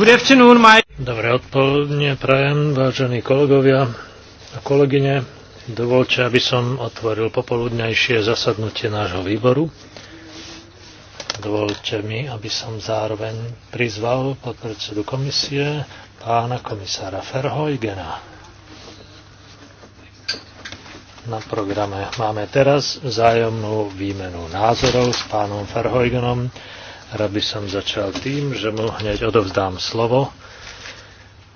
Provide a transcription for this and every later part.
Good afternoon, my... Dobré odpoludne, prajem, vážení kolegovia a kolegyne. Dovolte, aby som otvoril popoludnejšie zasadnutie nášho výboru. Dovolte mi, aby som zároveň prizval podpredsedu komisie pána komisára Ferhojgena. Na programe máme teraz vzájomnú výmenu názorov s pánom Ferhojgenom, Rád by som začal tým, že mu hneď odovzdám slovo.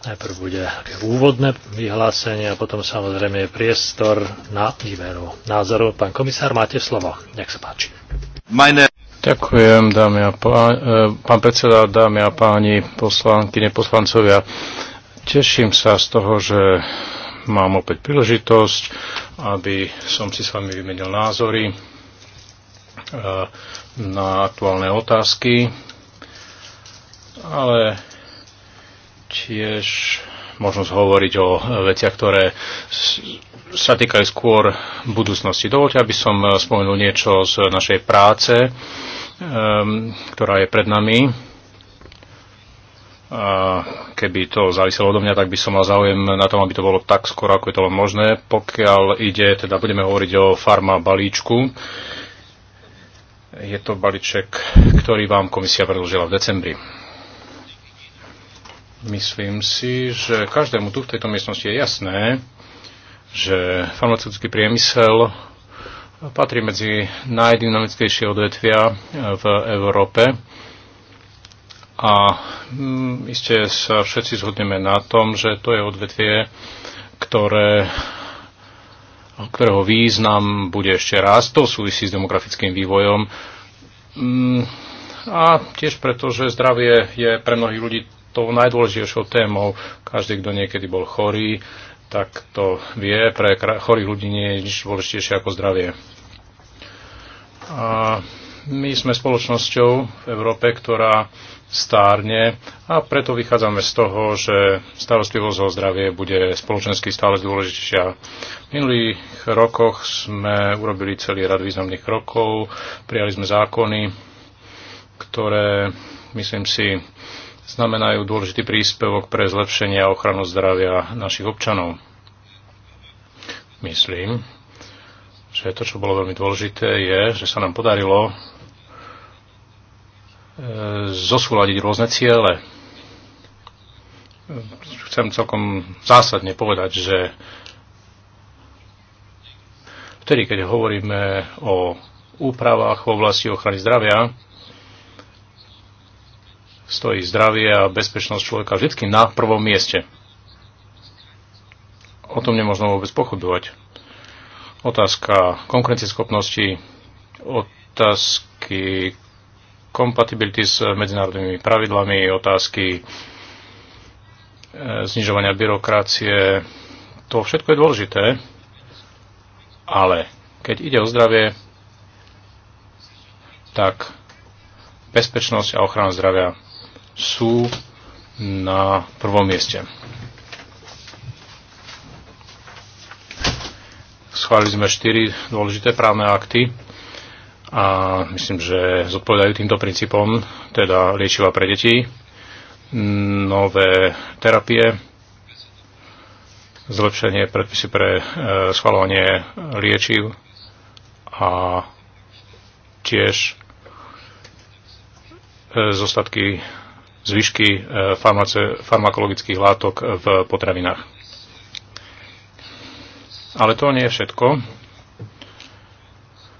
Najprv bude úvodné vyhlásenie a potom samozrejme je priestor na výberu názorov. Pán komisár, máte slovo. Nech sa páči. Meine... Ďakujem, dámy a páni, e, pán predseda, dámy a páni, poslanky, neposlancovia. Teším sa z toho, že mám opäť príležitosť, aby som si s vami vymenil názory e, na aktuálne otázky, ale tiež možnosť hovoriť o veciach, ktoré sa týkajú skôr budúcnosti. Dovolte, aby som spomenul niečo z našej práce, ehm, ktorá je pred nami. A keby to záviselo odo mňa, tak by som mal záujem na tom, aby to bolo tak skoro, ako je to len možné. Pokiaľ ide, teda budeme hovoriť o farma balíčku, Je to balíček, ktorý vám komisia predložila v decembri. Myslím si, že každému tu v tejto miestnosti je jasné, že farmaceutický priemysel patrí medzi najdynamickejšie odvetvia v Európe. A mm, iste sa všetci zhodneme na tom, že to je odvetvie, ktoré ktorého význam bude ešte rásť. To súvisí s demografickým vývojom. Mm, a tiež preto, že zdravie je pre mnohých ľudí tou najdôležitejšou témou. Každý, kto niekedy bol chorý, tak to vie. Pre chorých ľudí nie je nič dôležitejšie ako zdravie. A my sme spoločnosťou v Európe, ktorá stárne a preto vychádzame z toho, že starostlivosť o zdravie bude spoločensky stále dôležitejšia. V minulých rokoch sme urobili celý rad významných krokov, prijali sme zákony, ktoré, myslím si, znamenajú dôležitý príspevok pre zlepšenie a ochranu zdravia našich občanov. Myslím, že to, čo bolo veľmi dôležité, je, že sa nám podarilo E, zosúľadiť rôzne ciele. E, chcem celkom zásadne povedať, že vtedy, keď hovoríme o úpravách v oblasti ochrany zdravia, stojí zdravie a bezpečnosť človeka vždy na prvom mieste. O tom nemôžno vôbec pochybovať. Otázka konkurencieschopnosti, otázky kompatibility s eh, medzinárodnými pravidlami, otázky eh, znižovania byrokracie. To všetko je dôležité, ale keď ide o zdravie, tak bezpečnosť a ochrana zdravia sú na prvom mieste. Schválili sme štyri dôležité právne akty a myslím, že zodpovedajú týmto princípom, teda liečiva pre deti, nové terapie, zlepšenie predpisy pre e, schvalovanie liečiv a tiež e, zostatky zvyšky e, farmace, farmakologických látok v potravinách. Ale to nie je všetko.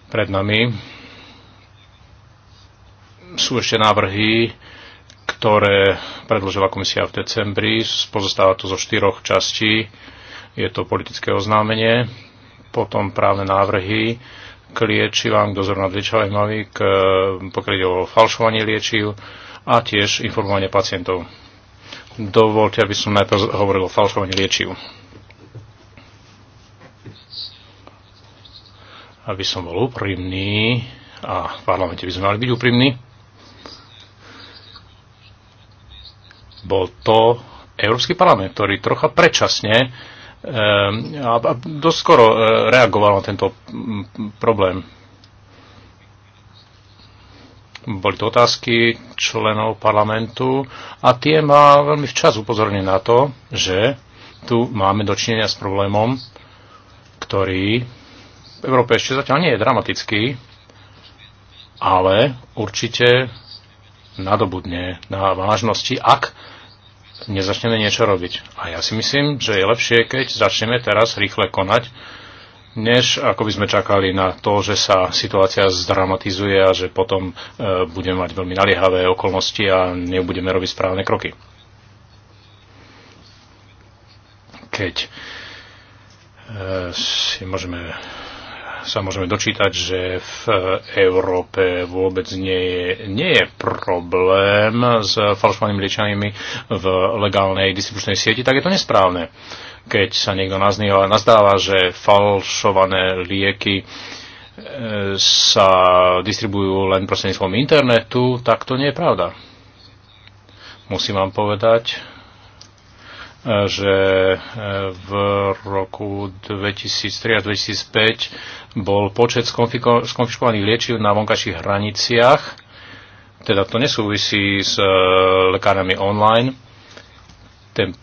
Pred nami sú ešte návrhy, ktoré predložila komisia v decembri. Pozostáva to zo štyroch častí. Je to politické oznámenie, potom právne návrhy k liečivám, k dozoru nad liečivami, k, pokiaľ ide o falšovanie liečiv a tiež informovanie pacientov. Dovolte, aby som najprv hovoril o falšovaní liečiv. Aby som bol úprimný, a v parlamente by sme mali byť úprimní, bol to Európsky parlament, ktorý trocha predčasne eh, a dosť skoro eh, reagoval na tento mm, problém. Boli to otázky členov parlamentu a tie ma veľmi včas upozornili na to, že tu máme dočinenia s problémom, ktorý v Európe ešte zatiaľ nie je dramatický, ale určite nadobudne na vážnosti, ak nezačneme niečo robiť. A ja si myslím, že je lepšie, keď začneme teraz rýchle konať, než ako by sme čakali na to, že sa situácia zdramatizuje a že potom e, budeme mať veľmi naliehavé okolnosti a nebudeme robiť správne kroky. Keď e, si môžeme sa môžeme dočítať, že v Európe vôbec nie je, nie je problém s falšovanými liečanými v legálnej distribučnej sieti, tak je to nesprávne. Keď sa niekto nazdáva, nazdáva že falšované lieky e, sa distribujú len prostredníctvom internetu, tak to nie je pravda. Musím vám povedať, e, že e, v roku 2003 až 2005 bol počet skonfiškovaných liečiv na vonkajších hraniciach, teda to nesúvisí s e, lekárami online. Ten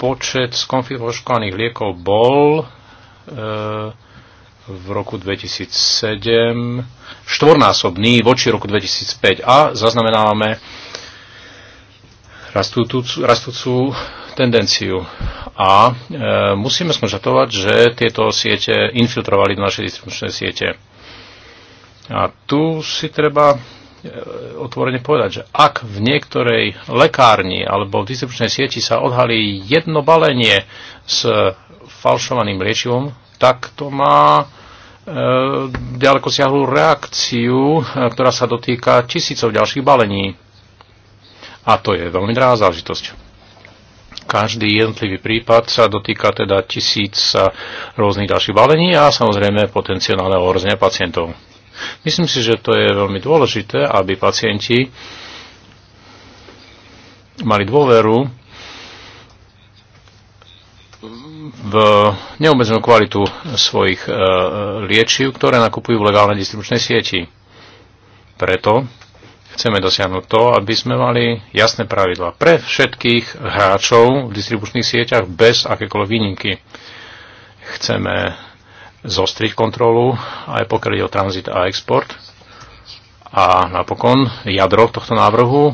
počet skonfiškovaných liekov bol e, v roku 2007 štvornásobný voči roku 2005 a zaznamenávame rastúcu, rastúcu tendenciu a e, musíme skonštatovať, že tieto siete infiltrovali do naše distribučné siete. A tu si treba e, otvorene povedať, že ak v niektorej lekárni alebo v distribučnej sieti sa odhalí jedno balenie s falšovaným liečivom, tak to má e, ďaleko siahlu reakciu, e, ktorá sa dotýka tisícov ďalších balení. A to je veľmi drahá záležitosť. Každý jednotlivý prípad sa dotýka teda tisíc rôznych ďalších balení a samozrejme potenciálne ohrozenia pacientov. Myslím si, že to je veľmi dôležité, aby pacienti mali dôveru v neobmedzenú kvalitu svojich e, e, liečiv, ktoré nakupujú v legálnej distribučnej sieti. Preto Chceme dosiahnuť to, aby sme mali jasné pravidla pre všetkých hráčov v distribučných sieťach bez akékoľvek výnimky. Chceme zostriť kontrolu, aj pokiaľ ide o tranzit a export. A napokon jadro tohto návrhu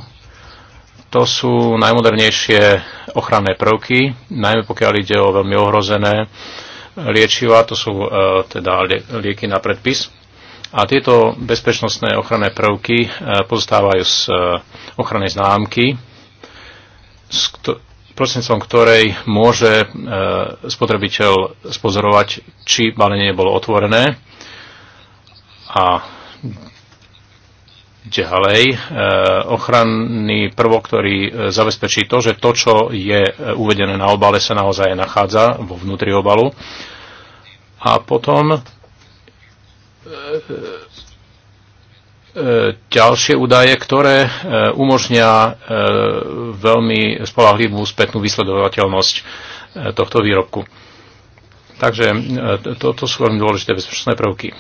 to sú najmodernejšie ochranné prvky, najmä pokiaľ ide o veľmi ohrozené liečiva, to sú e, teda lieky na predpis. A tieto bezpečnostné ochranné prvky e, pozostávajú z e, ochrannej známky, prostredníctvom ktorej môže e, spotrebiteľ spozorovať, či balenie bolo otvorené. A ďalej, ochranný prvok, ktorý zabezpečí to, že to, čo je uvedené na obale, sa naozaj nachádza vo vnútri obalu. A potom E, e, ďalšie údaje, ktoré e, umožnia veľmi spolahlivú spätnú vysledovateľnosť tohto výrobku. Takže toto sú veľmi dôležité bezpečnostné prvky.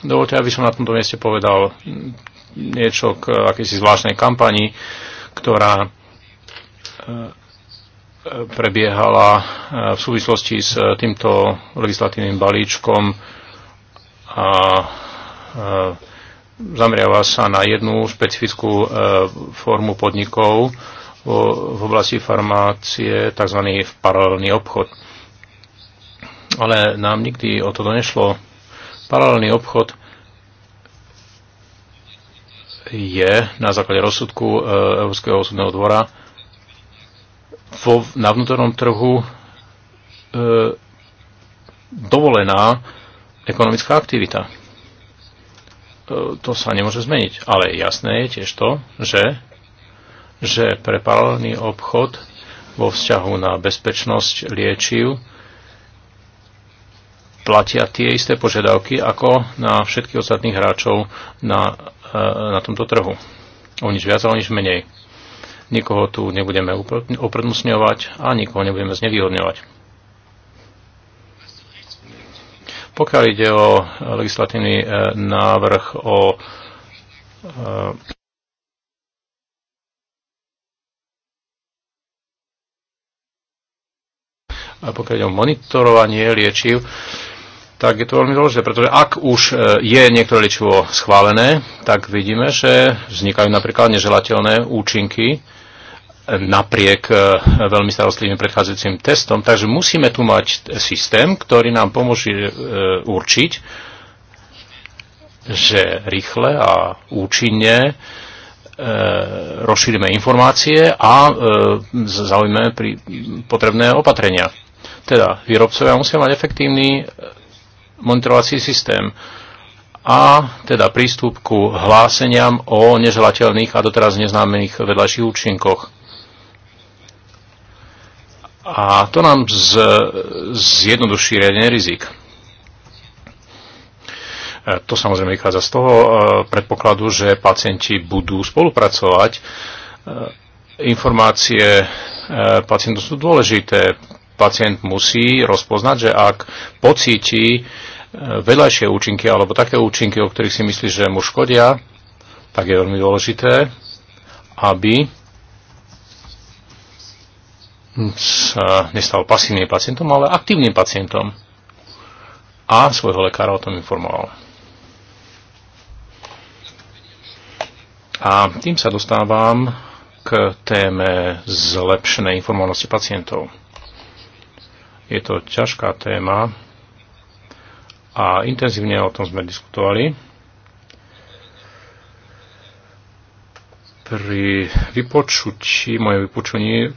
Dovolte, aby som na tomto mieste povedal niečo k akejsi zvláštnej kampani, ktorá prebiehala v súvislosti s týmto legislatívnym balíčkom a zameriava sa na jednu špecifickú e, formu podnikov v oblasti farmácie, tzv. paralelný obchod. Ale nám nikdy o toto nešlo. Paralelný obchod je na základe rozsudku e, Európskeho súdneho dvora vo, na vnútornom trhu e, dovolená ekonomická aktivita. E, to sa nemôže zmeniť. Ale jasné je tiež to, že, že pre paralelný obchod vo vzťahu na bezpečnosť liečiv platia tie isté požiadavky ako na všetkých ostatných hráčov na, e, na tomto trhu. O nič viac, o nič menej. Nikoho tu nebudeme uprednostňovať a nikoho nebudeme znevýhodňovať. Pokiaľ ide o e, legislatívny e, návrh o e, a pokiaľ ide o monitorovanie liečiv, tak je to veľmi dôležité, pretože ak už je niektoré liečivo schválené, tak vidíme, že vznikajú napríklad neželateľné účinky, napriek e, veľmi starostlivým predchádzajúcim testom. Takže musíme tu mať systém, ktorý nám pomôže e, určiť, že rýchle a účinne e, rozšírime informácie a zaujíme pri potrebné opatrenia. Teda výrobcovia musia mať efektívny monitorovací systém a teda prístup ku hláseniam o neželateľných a doteraz neznámených vedľajších účinkoch a to nám z, zjednoduší riadenie rizik. E, to samozrejme vychádza z toho e, predpokladu, že pacienti budú spolupracovať. E, informácie pacientov sú dôležité. Pacient musí rozpoznať, že ak pocíti vedľajšie účinky alebo také účinky, o ktorých si myslí, že mu škodia, tak je veľmi dôležité, aby sa nestal pasívnym pacientom, ale aktívnym pacientom a svojho lekára o tom informoval. A tým sa dostávam k téme zlepšenej informovanosti pacientov. Je to ťažká téma a intenzívne o tom sme diskutovali. Pri vypočutí, moje vypočuní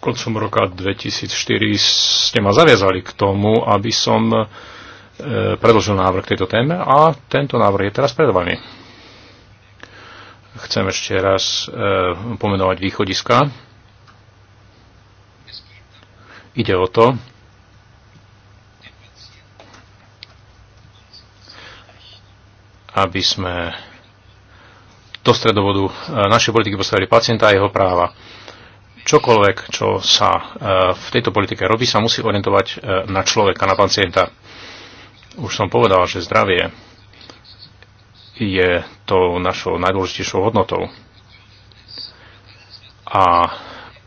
koncom roka 2004 ste ma zaviazali k tomu, aby som e, predložil návrh tejto téme a tento návrh je teraz pred vami. Chcem ešte raz e, pomenovať východiska. Ide o to, aby sme do stredovodu e, našej politiky postavili pacienta a jeho práva čokoľvek, čo sa e, v tejto politike robí, sa musí orientovať e, na človeka, na pacienta. Už som povedal, že zdravie je to našou najdôležitejšou hodnotou. A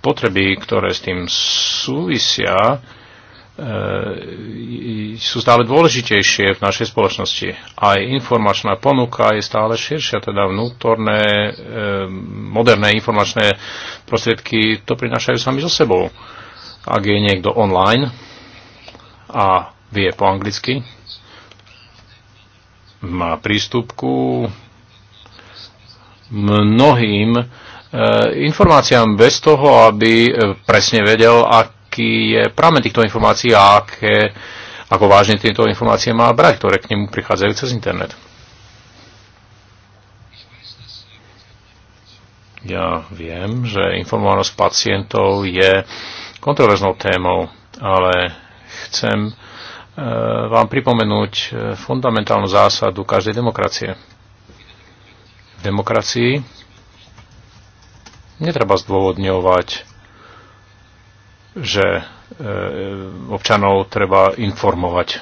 potreby, ktoré s tým súvisia, sú stále dôležitejšie v našej spoločnosti. Aj informačná ponuka je stále širšia, teda vnútorné, moderné informačné prostriedky to prinášajú sami so sebou. Ak je niekto online a vie po anglicky, má prístup ku mnohým informáciám bez toho, aby presne vedel, ak aký je pramen týchto informácií a aké, ako vážne tieto informácie má brať, ktoré k nemu prichádzajú cez internet. Ja viem, že informovanosť pacientov je kontroverznou témou, ale chcem eh, vám pripomenúť eh, fundamentálnu zásadu každej demokracie. V demokracii netreba zdôvodňovať že e, občanov treba informovať.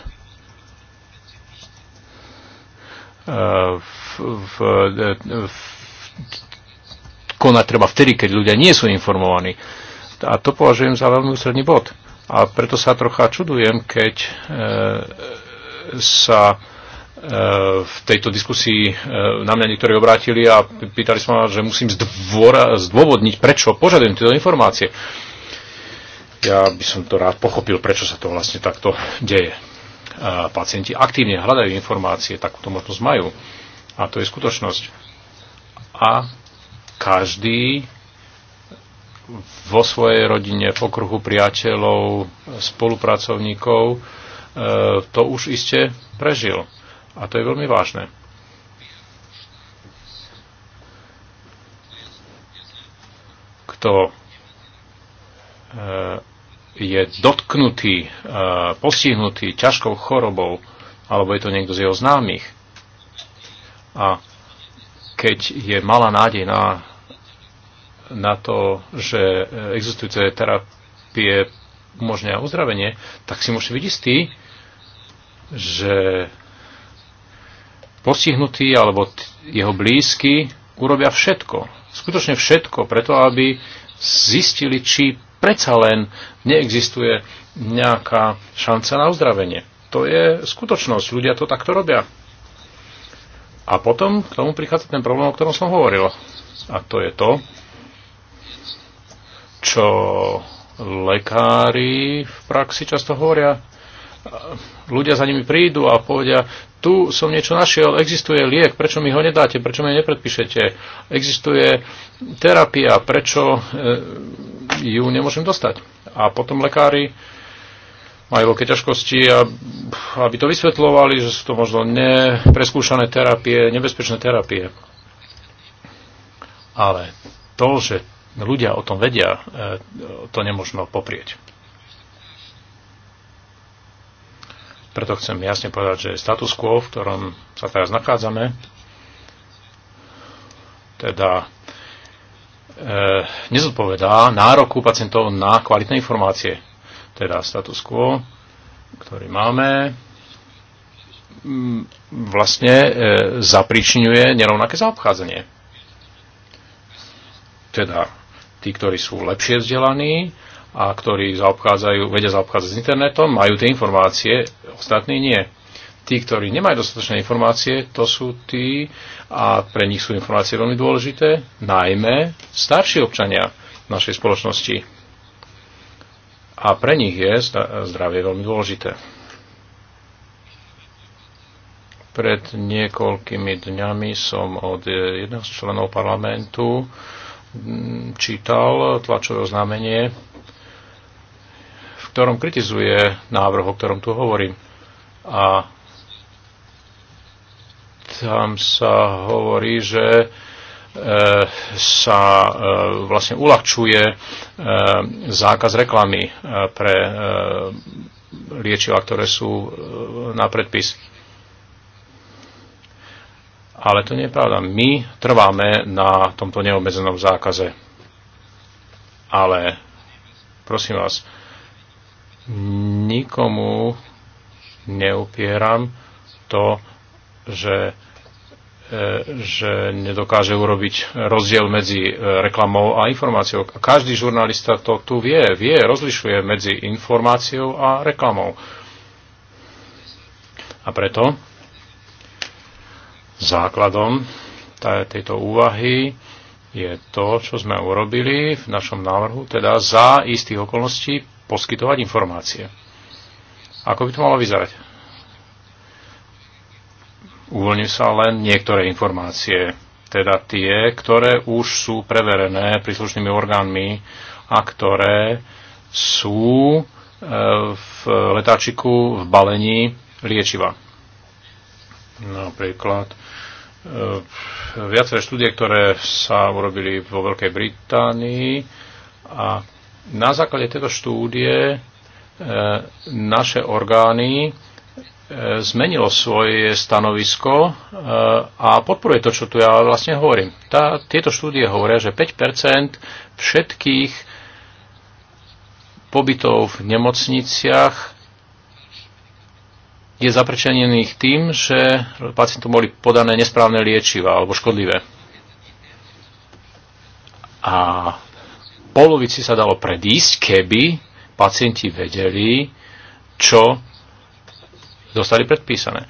E, v, v, v, e, konať treba vtedy, keď ľudia nie sú informovaní. A to považujem za veľmi ústredný bod. A preto sa trocha čudujem, keď e, sa e, v tejto diskusii e, na mňa niektorí obrátili a pýtali sa ma, že musím zdôvodniť, prečo požadujem tieto informácie. E, Ja by som to rád pochopil, prečo sa to vlastne takto deje. Pacienti aktívne hľadajú informácie, takúto možnosť majú. A to je skutočnosť. A každý vo svojej rodine, v okruhu priateľov, spolupracovníkov, e, to už iste prežil. A to je veľmi vážne. Kto E, je dotknutý, e, postihnutý ťažkou chorobou, alebo je to niekto z jeho známych. A keď je malá nádej na, na to, že existujúce terapie umožňujú uzdravenie, tak si môžete byť istý, že postihnutý alebo jeho blízky urobia všetko, skutočne všetko, preto aby zistili, či predsa len neexistuje nejaká šanca na uzdravenie. To je skutočnosť, ľudia to takto robia. A potom k tomu prichádza ten problém, o ktorom som hovoril. A to je to, čo lekári v praxi často hovoria. Ľudia za nimi prídu a povedia, tu som niečo našiel, existuje liek, prečo mi ho nedáte, prečo mi ho nepredpíšete, existuje terapia, prečo e, ju nemôžem dostať. A potom lekári majú veľké ťažkosti, a, aby to vysvetľovali, že sú to možno nepreskúšané terapie, nebezpečné terapie. Ale to, že ľudia o tom vedia, e, to nemožno poprieť. Preto chcem jasne povedať, že status quo, v ktorom sa teraz nachádzame, teda e, nezodpovedá nároku pacientov na kvalitné informácie. Teda status quo, ktorý máme, vlastne e, zapričňuje nerovnaké zaobchádzanie. Teda tí, ktorí sú lepšie vzdelaní, a ktorí zaobchádzajú, vedia zaobchádzať s internetom, majú tie informácie, ostatní nie. Tí, ktorí nemajú dostatočné informácie, to sú tí, a pre nich sú informácie veľmi dôležité, najmä starší občania našej spoločnosti. A pre nich je zdravie veľmi dôležité. Pred niekoľkými dňami som od jedného z členov parlamentu čítal tlačové oznámenie v ktorom kritizuje návrh, o ktorom tu hovorím. A tam sa hovorí, že e, sa e, vlastne uľahčuje e, zákaz reklamy e, pre e, liečiva, ktoré sú e, na predpis. Ale to nie je pravda. My trváme na tomto neobmedzenom zákaze. Ale prosím vás, nikomu neupieram to, že, e, že nedokáže urobiť rozdiel medzi e, reklamou a informáciou. Každý žurnalista to tu vie, vie, rozlišuje medzi informáciou a reklamou. A preto základom tejto úvahy je to, čo sme urobili v našom návrhu, teda za istých okolností poskytovať informácie. Ako by to malo vyzerať? Uvoľňujú sa len niektoré informácie, teda tie, ktoré už sú preverené príslušnými orgánmi a ktoré sú e, v letáčiku v balení liečiva. Napríklad e, viaceré štúdie, ktoré sa urobili vo Veľkej Británii a Na základe tejto štúdie e, naše orgány e, zmenilo svoje stanovisko e, a podporuje to, čo tu ja vlastne hovorím. Tá, tieto štúdie hovoria, že 5 všetkých pobytov v nemocniciach je zaprečenených tým, že pacientom boli podané nesprávne liečiva alebo škodlivé. A polovici sa dalo predísť, keby pacienti vedeli, čo dostali predpísané.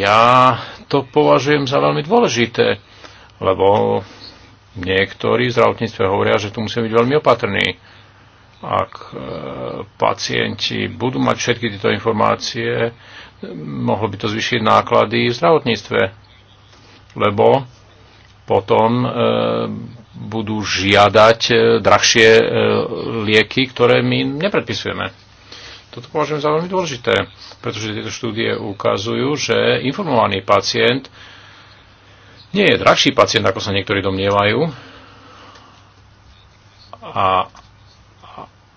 Ja to považujem za veľmi dôležité, lebo niektorí v zdravotníctve hovoria, že tu musíme byť veľmi opatrní. Ak e, pacienti budú mať všetky tieto informácie, mohlo by to zvýšiť náklady v zdravotníctve, lebo potom e, budú žiadať e, drahšie e, lieky, ktoré my nepredpisujeme. Toto považujem za veľmi dôležité, pretože tieto štúdie ukazujú, že informovaný pacient nie je drahší pacient, ako sa niektorí domnievajú, a,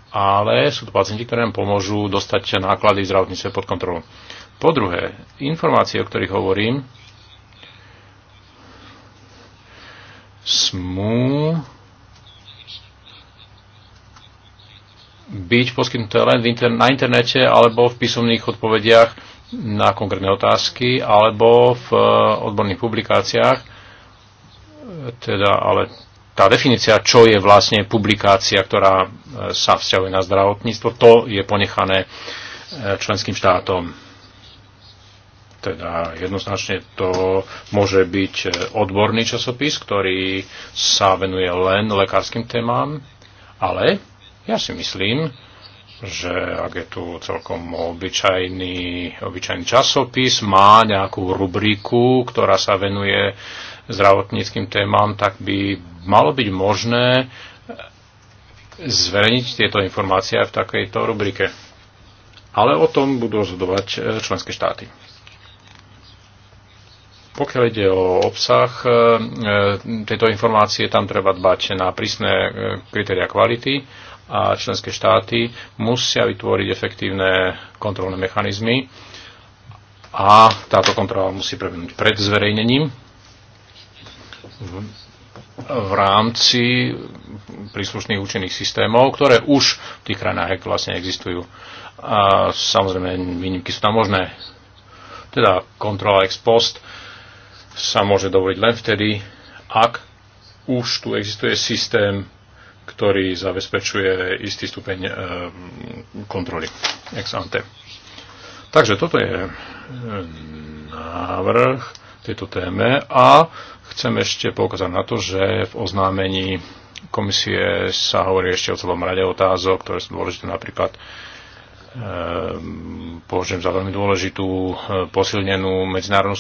ale sú to pacienti, ktoré nám pomôžu dostať náklady zdravotníctve pod kontrolu. Po druhé, informácie, o ktorých hovorím, smo byť poskytnuté len na internete alebo v písomných odpovediach na konkrétne otázky alebo v e, odborných publikáciách. E, teda, ale tá definícia, čo je vlastne publikácia, ktorá e, sa vzťahuje na zdravotníctvo, to je ponechané členským štátom. Teda jednoznačne to môže byť odborný časopis, ktorý sa venuje len lekárskym témam, ale ja si myslím, že ak je tu celkom obyčajný, obyčajný časopis, má nejakú rubriku, ktorá sa venuje zdravotníckým témam, tak by malo byť možné zverejniť tieto informácie aj v takejto rubrike. Ale o tom budú rozhodovať členské štáty. Pokiaľ ide o obsah e, e, tejto informácie, tam treba dbať na prísne e, kritéria kvality a členské štáty musia vytvoriť efektívne kontrolné mechanizmy a táto kontrola musí prebehnúť pred zverejnením v rámci príslušných účinných systémov, ktoré už v tých krajinách vlastne existujú. A samozrejme, výnimky sú tam možné. Teda kontrola ex post sa môže dovoliť len vtedy, ak už tu existuje systém, ktorý zabezpečuje istý stupeň eh, kontroly ex ante. Takže toto je eh, návrh tejto téme a chcem ešte poukázať na to, že v oznámení komisie sa hovorí ešte o celom rade otázok, ktoré sú dôležité napríklad Ehm, považujem za veľmi dôležitú e, posilnenú medzinárodnú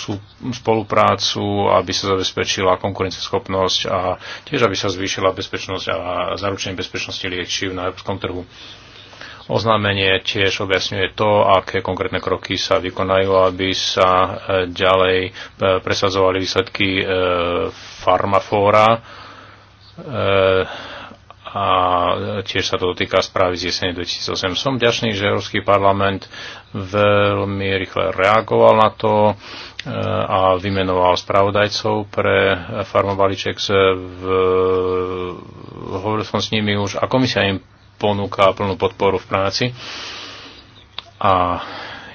spoluprácu, aby sa zabezpečila konkurenceschopnosť a tiež, aby sa zvýšila bezpečnosť a zaručenie bezpečnosti liečiv na európskom trhu. Oznámenie tiež objasňuje to, aké konkrétne kroky sa vykonajú, aby sa e, ďalej e, presadzovali výsledky farmafóra a tiež sa to dotýka správy z jesene 2008. Som ďačný, že Európsky parlament veľmi rýchle reagoval na to e, a vymenoval spravodajcov pre farmobaliček. V... Hovoril som s nimi už a komisia im ponúka plnú podporu v práci. A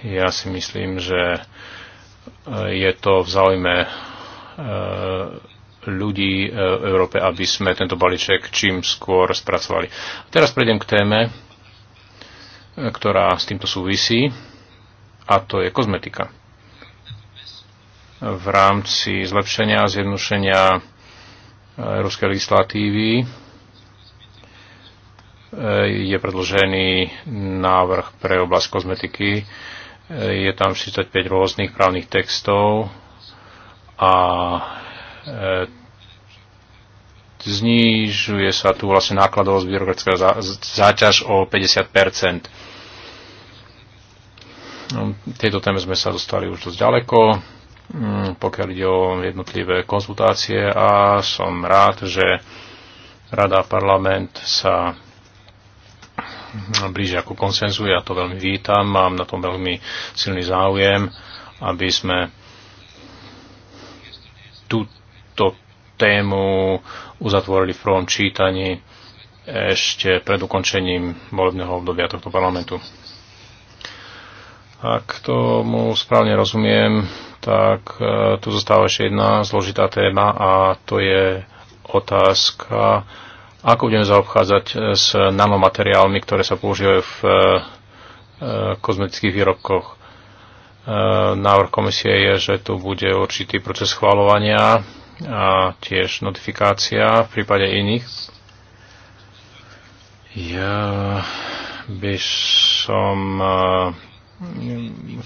ja si myslím, že e, je to v záujme e, ľudí e, v Európe, aby sme tento balíček čím skôr spracovali. Teraz prejdem k téme, e, ktorá s týmto súvisí, a to je kozmetika. V rámci zlepšenia a zjednušenia európskej legislatívy e, je predložený návrh pre oblasť kozmetiky. Je tam 45 rôznych právnych textov a E, znižuje sa tu vlastne nákladovosť byrokratická záťaž o 50 No, tejto téme sme sa dostali už dosť ďaleko, mm, pokiaľ ide o jednotlivé konzultácie a som rád, že Rada a parlament sa blížia ku konsenzu, ja to veľmi vítam, mám na tom veľmi silný záujem, aby sme tú túto tému uzatvorili v prvom čítaní ešte pred ukončením volebného obdobia tohto parlamentu. Ak tomu správne rozumiem, tak e, tu zostáva ešte jedna zložitá téma a to je otázka, ako budeme zaobchádzať s nanomateriálmi, ktoré sa používajú v e, e, kozmetických výrobkoch. Návrh komisie je, že tu bude určitý proces schvalovania a tiež notifikácia v prípade iných. Ja by som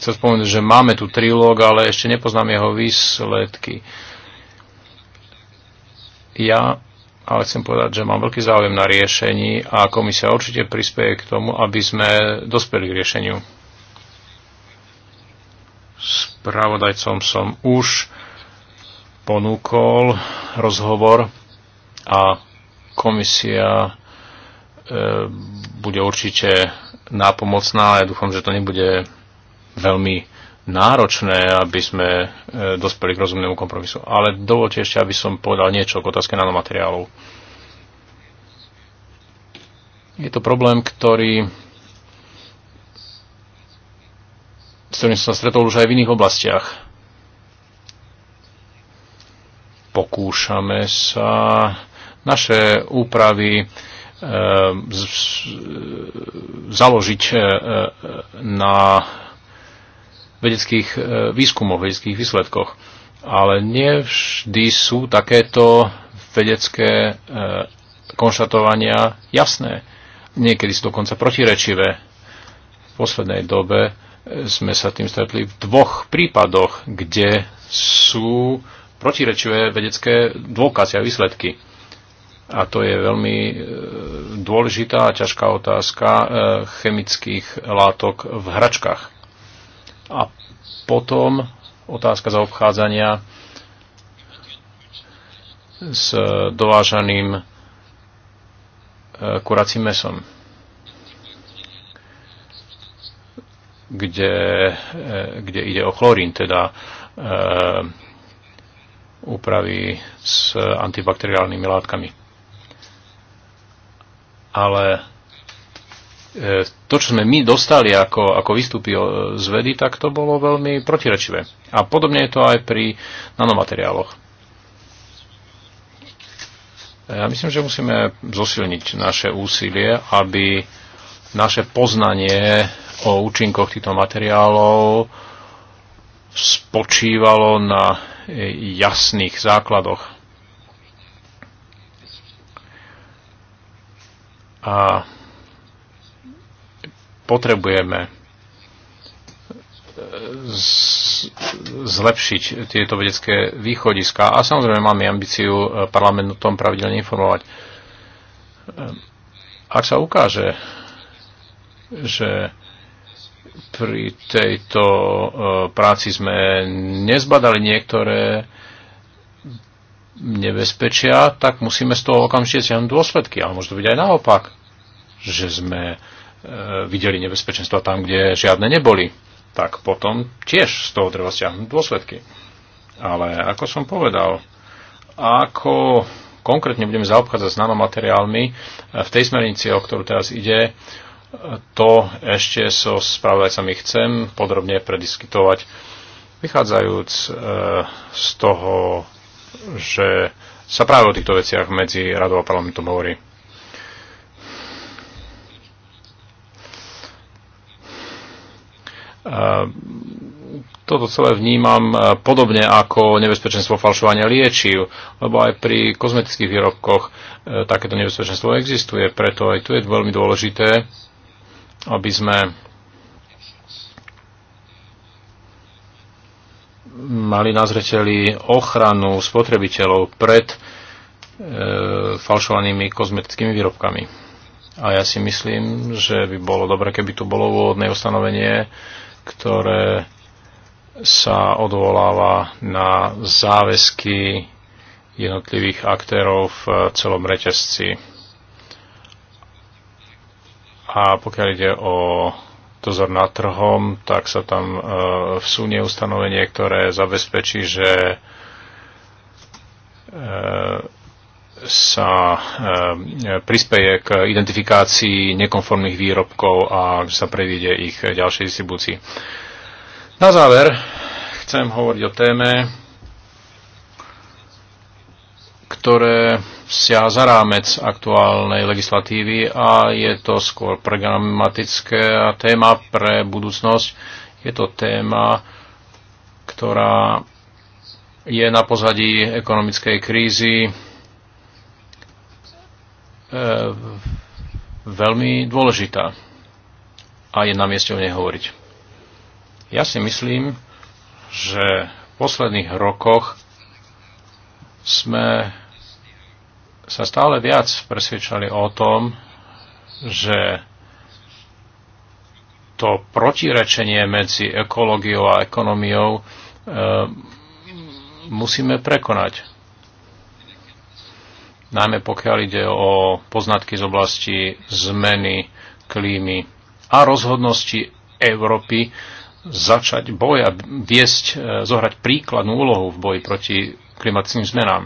chcel spomenúť, že máme tu trilóg, ale ešte nepoznám jeho výsledky. Ja ale chcem povedať, že mám veľký záujem na riešení a komisia určite prispieje k tomu, aby sme dospeli k riešeniu. Spravodajcom som už ponúkol rozhovor a komisia e, bude určite nápomocná a ja dúfam, že to nebude veľmi náročné, aby sme e, dospeli k rozumnému kompromisu. Ale dovolte ešte, aby som povedal niečo k otázke nanomateriálov. Je to problém, ktorý s ktorým som sa stretol už aj v iných oblastiach. pokúšame sa naše úpravy e, založiť e, e, na vedeckých výskumoch, vedeckých výsledkoch. Ale nevždy sú takéto vedecké konštatovania jasné. Niekedy sú dokonca protirečivé. V poslednej dobe sme sa tým stretli v dvoch prípadoch, kde sú protirečuje vedecké dôkazy a výsledky. A to je veľmi e, dôležitá a ťažká otázka e, chemických látok v hračkách. A potom otázka zaobchádzania s dovážaným e, kuracím mesom, kde, kde ide o chlorín, teda úpravy s antibakteriálnymi látkami. Ale e, to, čo sme my dostali ako, ako výstupy z vedy, tak to bolo veľmi protirečivé. A podobne je to aj pri nanomateriáloch. E, ja myslím, že musíme zosilniť naše úsilie, aby naše poznanie o účinkoch týchto materiálov spočívalo na jasných základoch. A potrebujeme e, zlepšiť tieto vedecké východiska. A samozrejme máme ambíciu e, parlament o tom pravidelne informovať. E, ak sa ukáže, že pri tejto e, práci sme nezbadali niektoré nebezpečia, tak musíme z toho okamžite ťahnuť dôsledky. Ale môže to byť aj naopak, že sme e, videli nebezpečenstva tam, kde žiadne neboli. Tak potom tiež z toho treba stiahnuť dôsledky. Ale ako som povedal, ako konkrétne budeme zaobchádzať s nanomateriálmi e, v tej smernici, o ktorú teraz ide, To ešte so spravodajcami chcem podrobne prediskutovať, vychádzajúc e, z toho, že sa práve o týchto veciach medzi radou a parlamentom hovorí. E, toto celé vnímam e, podobne ako nebezpečenstvo falšovania liečiv, lebo aj pri kozmetických výrobkoch takéto nebezpečenstvo existuje, preto aj tu je veľmi dôležité aby sme mali na zreteli ochranu spotrebiteľov pred e, falšovanými kozmetickými výrobkami. A ja si myslím, že by bolo dobre, keby tu bolo úvodné ustanovenie, ktoré sa odvoláva na záväzky jednotlivých aktérov v celom reťazci A pokiaľ ide o dozor nad trhom, tak sa tam vsunie ustanovenie, ktoré zabezpečí, že e, sa e, prispeje k identifikácii nekonformných výrobkov a že sa predíde ich ďalšej distribúcii. Na záver chcem hovoriť o téme, ktoré sia za rámec aktuálnej legislatívy a je to skôr programatické téma pre budúcnosť. Je to téma, ktorá je na pozadí ekonomickej krízy e, veľmi dôležitá a je na mieste o nej hovoriť. Ja si myslím, že v posledných rokoch sme sa stále viac presvedčali o tom, že to protirečenie medzi ekológiou a ekonomiou e, musíme prekonať. Najmä pokiaľ ide o poznatky z oblasti zmeny klímy a rozhodnosti Európy začať boj a viesť, e, zohrať príkladnú úlohu v boji proti klimatickým zmenám.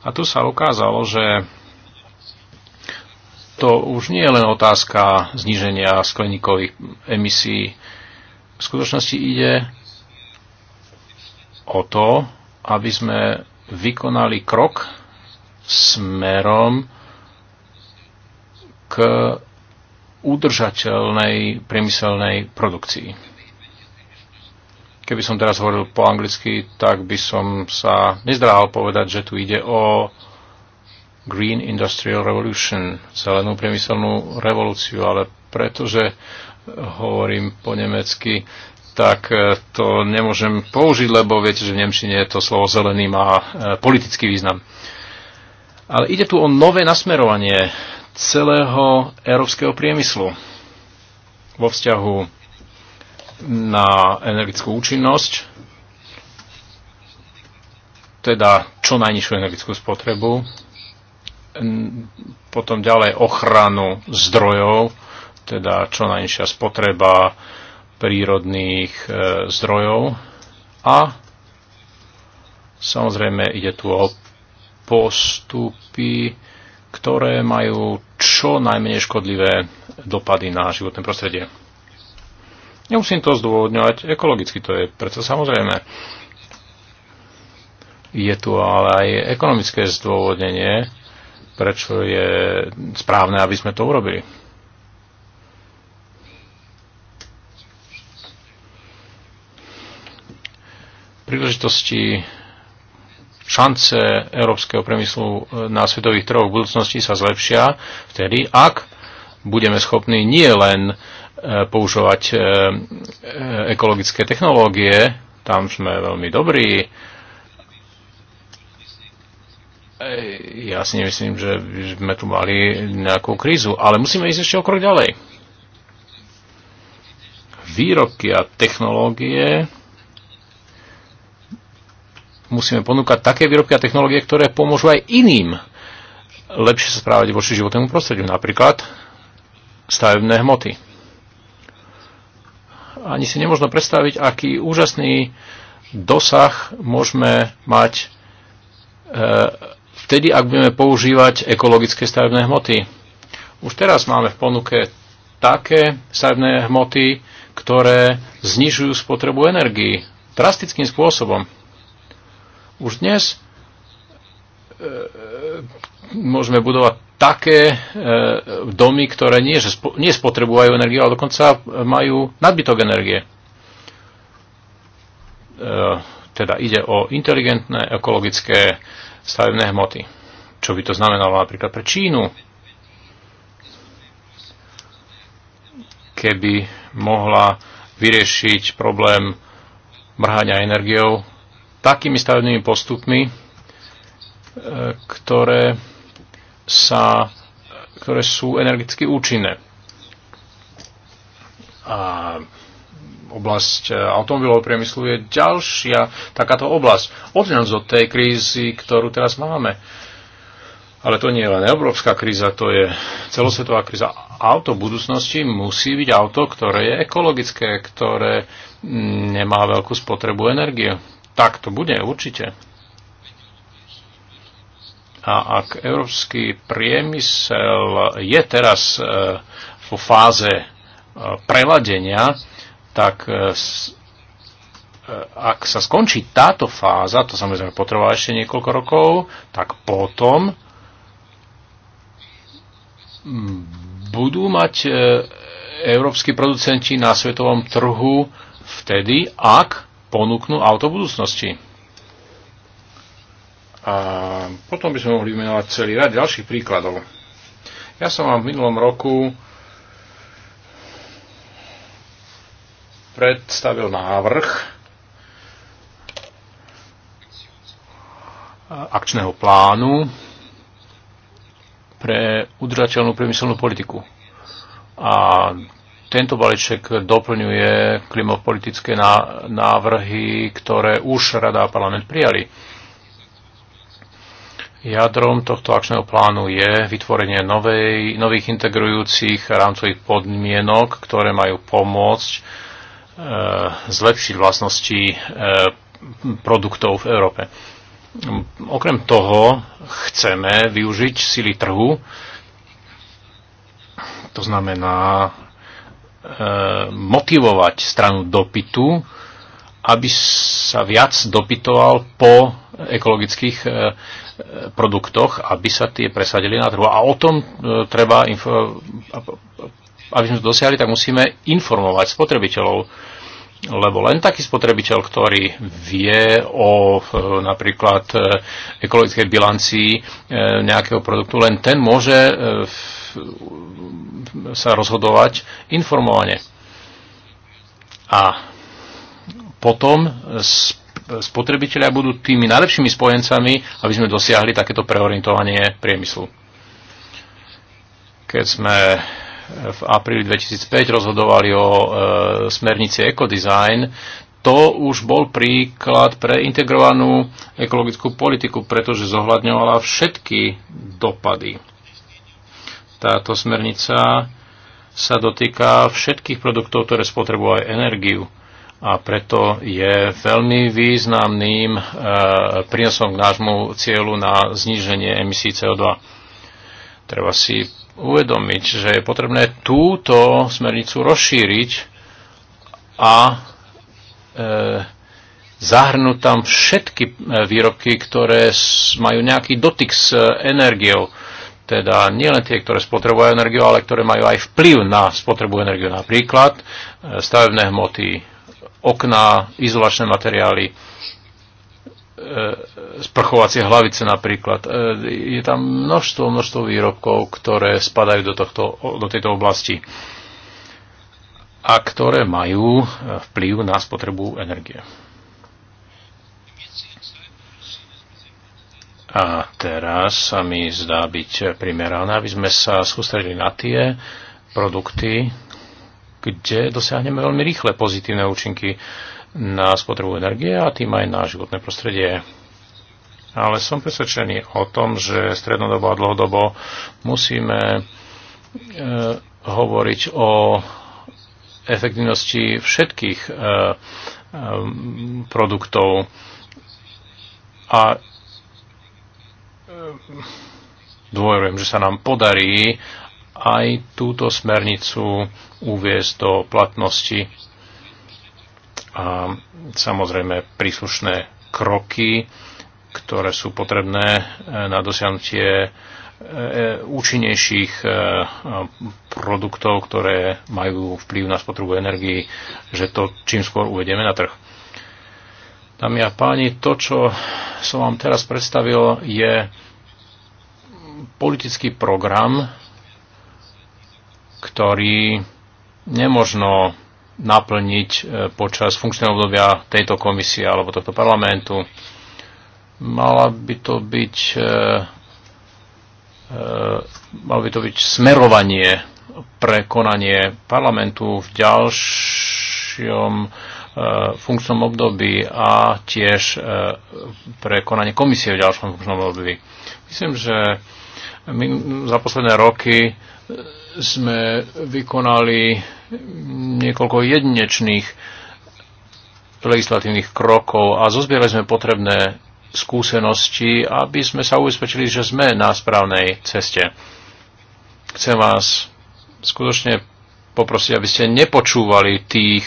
A tu sa ukázalo, že to už nie je len otázka zníženia skleníkových emisí. V skutočnosti ide o to, aby sme vykonali krok smerom k udržateľnej priemyselnej produkcii. Keby som teraz hovoril po anglicky, tak by som sa nezdráhal povedať, že tu ide o Green Industrial Revolution, zelenú priemyselnú revolúciu, ale pretože hovorím po nemecky, tak e, to nemôžem použiť, lebo viete, že v Nemčine to slovo zelený má e, politický význam. Ale ide tu o nové nasmerovanie celého európskeho priemyslu vo vzťahu na energetickú účinnosť, teda čo najnižšiu energetickú spotrebu, potom ďalej ochranu zdrojov, teda čo najnižšia spotreba prírodných e, zdrojov a samozrejme ide tu o postupy, ktoré majú čo najmenej škodlivé dopady na životné prostredie. Nemusím to zdôvodňovať, ekologicky to je preto samozrejme. Je tu ale aj ekonomické zdôvodnenie, prečo je správne, aby sme to urobili. Príležitosti, šance európskeho priemyslu na svetových trhoch v budúcnosti sa zlepšia vtedy, ak budeme schopní nie len Eh, používať eh, eh, ekologické technológie, tam sme veľmi dobrí. Ja si nemyslím, že sme tu mali nejakú krízu, ale musíme ísť ešte o krok ďalej. Výrobky a technológie musíme ponúkať také výrobky a technológie, ktoré pomôžu aj iným lepšie sa správať voči životnému prostrediu, napríklad stavebné hmoty ani si nemôžno predstaviť, aký úžasný dosah môžeme mať e, vtedy, ak budeme používať ekologické stavebné hmoty. Už teraz máme v ponuke také stavebné hmoty, ktoré znižujú spotrebu energii drastickým spôsobom. Už dnes E, e, môžeme budovať také e, domy, ktoré nie, že spo, nie spotrebujú energiu, ale dokonca majú nadbytok energie. Teda ide o inteligentné ekologické stavebné hmoty. Čo by to znamenalo napríklad pre Čínu, keby mohla vyriešiť problém mrhania energiou takými stavebnými postupmi, ktoré, sa, ktoré sú energeticky účinné. A oblasť eh, automobilového priemyslu je ďalšia takáto oblasť. Odňať od tej krízy, ktorú teraz máme. Ale to nie je len európska kríza, to je celosvetová kríza. Auto v budúcnosti musí byť auto, ktoré je ekologické, ktoré mm, nemá veľkú spotrebu energie. Tak to bude určite. A ak európsky priemysel je teraz e, vo fáze e, preladenia, tak e, ak sa skončí táto fáza, to samozrejme potrvá ešte niekoľko rokov, tak potom budú mať európsky producenti na svetovom trhu vtedy, ak ponúknú auto budúcnosti. A potom by sme mohli vymenovať celý rad ďalších príkladov. Ja som vám v minulom roku predstavil návrh akčného plánu pre udržateľnú priemyselnú politiku. A tento balíček doplňuje klimopolitické návrhy, ktoré už Rada a parlament prijali Jadrom tohto akčného plánu je vytvorenie novej, nových integrujúcich rámcových podmienok, ktoré majú pomôcť e, zlepšiť vlastnosti e, produktov v Európe. Okrem toho chceme využiť sily trhu, to znamená e, motivovať stranu dopytu, aby sa viac dopytoval po ekologických e, produktoch, aby sa tie presadili na trhu. A o tom e, treba, aby sme to dosiahli, tak musíme informovať spotrebiteľov, lebo len taký spotrebiteľ, ktorý vie o e, napríklad e, ekologickej bilancii nejakého produktu, len ten môže sa rozhodovať informovane. A potom spotrebitelia budú tými najlepšími spojencami, aby sme dosiahli takéto preorientovanie priemyslu. Keď sme v apríli 2005 rozhodovali o e, smernici ekodesign, to už bol príklad pre integrovanú ekologickú politiku, pretože zohľadňovala všetky dopady. Táto smernica sa dotýka všetkých produktov, ktoré spotrebujú aj energiu a preto je veľmi významným e, prínosom k nášmu cieľu na zníženie emisí CO2. Treba si uvedomiť, že je potrebné túto smernicu rozšíriť a e, zahrnúť tam všetky e, výrobky, ktoré majú nejaký dotyk s e, energiou. Teda nielen tie, ktoré spotrebujú energiu, ale ktoré majú aj vplyv na spotrebu energiu. Napríklad stavebné hmoty, okná, izolačné materiály, e, sprchovacie hlavice napríklad. E, je tam množstvo, množstvo výrobkov, ktoré spadajú do, tohto, do tejto oblasti a ktoré majú e, vplyv na spotrebu energie. A teraz sa mi zdá byť primerané, aby sme sa sústredili na tie produkty, kde dosiahneme veľmi rýchle pozitívne účinky na spotrebu energie a tým aj na životné prostredie. Ale som presvedčený o tom, že strednodobo a dlhodobo musíme e, hovoriť o efektivnosti všetkých e, e, produktov a e, dôverujem, že sa nám podarí aj túto smernicu uviezť do platnosti a samozrejme príslušné kroky, ktoré sú potrebné e, na dosiahnutie e, účinnejších e, produktov, ktoré majú vplyv na spotrebu energii, že to čím skôr uvedieme na trh. Dámy a páni, to, čo som vám teraz predstavil, je politický program, ktorý nemožno naplniť e, počas funkčného obdobia tejto komisie alebo tohto parlamentu. Mala by to byť, e, e, malo by to byť smerovanie pre konanie parlamentu v ďalšom funkčnom období a tiež pre konanie komisie v ďalšom funkčnom období. Myslím, že my za posledné roky sme vykonali niekoľko jedinečných legislatívnych krokov a zozbierali sme potrebné skúsenosti, aby sme sa ubezpečili, že sme na správnej ceste. Chcem vás skutočne poprosiť, aby ste nepočúvali tých,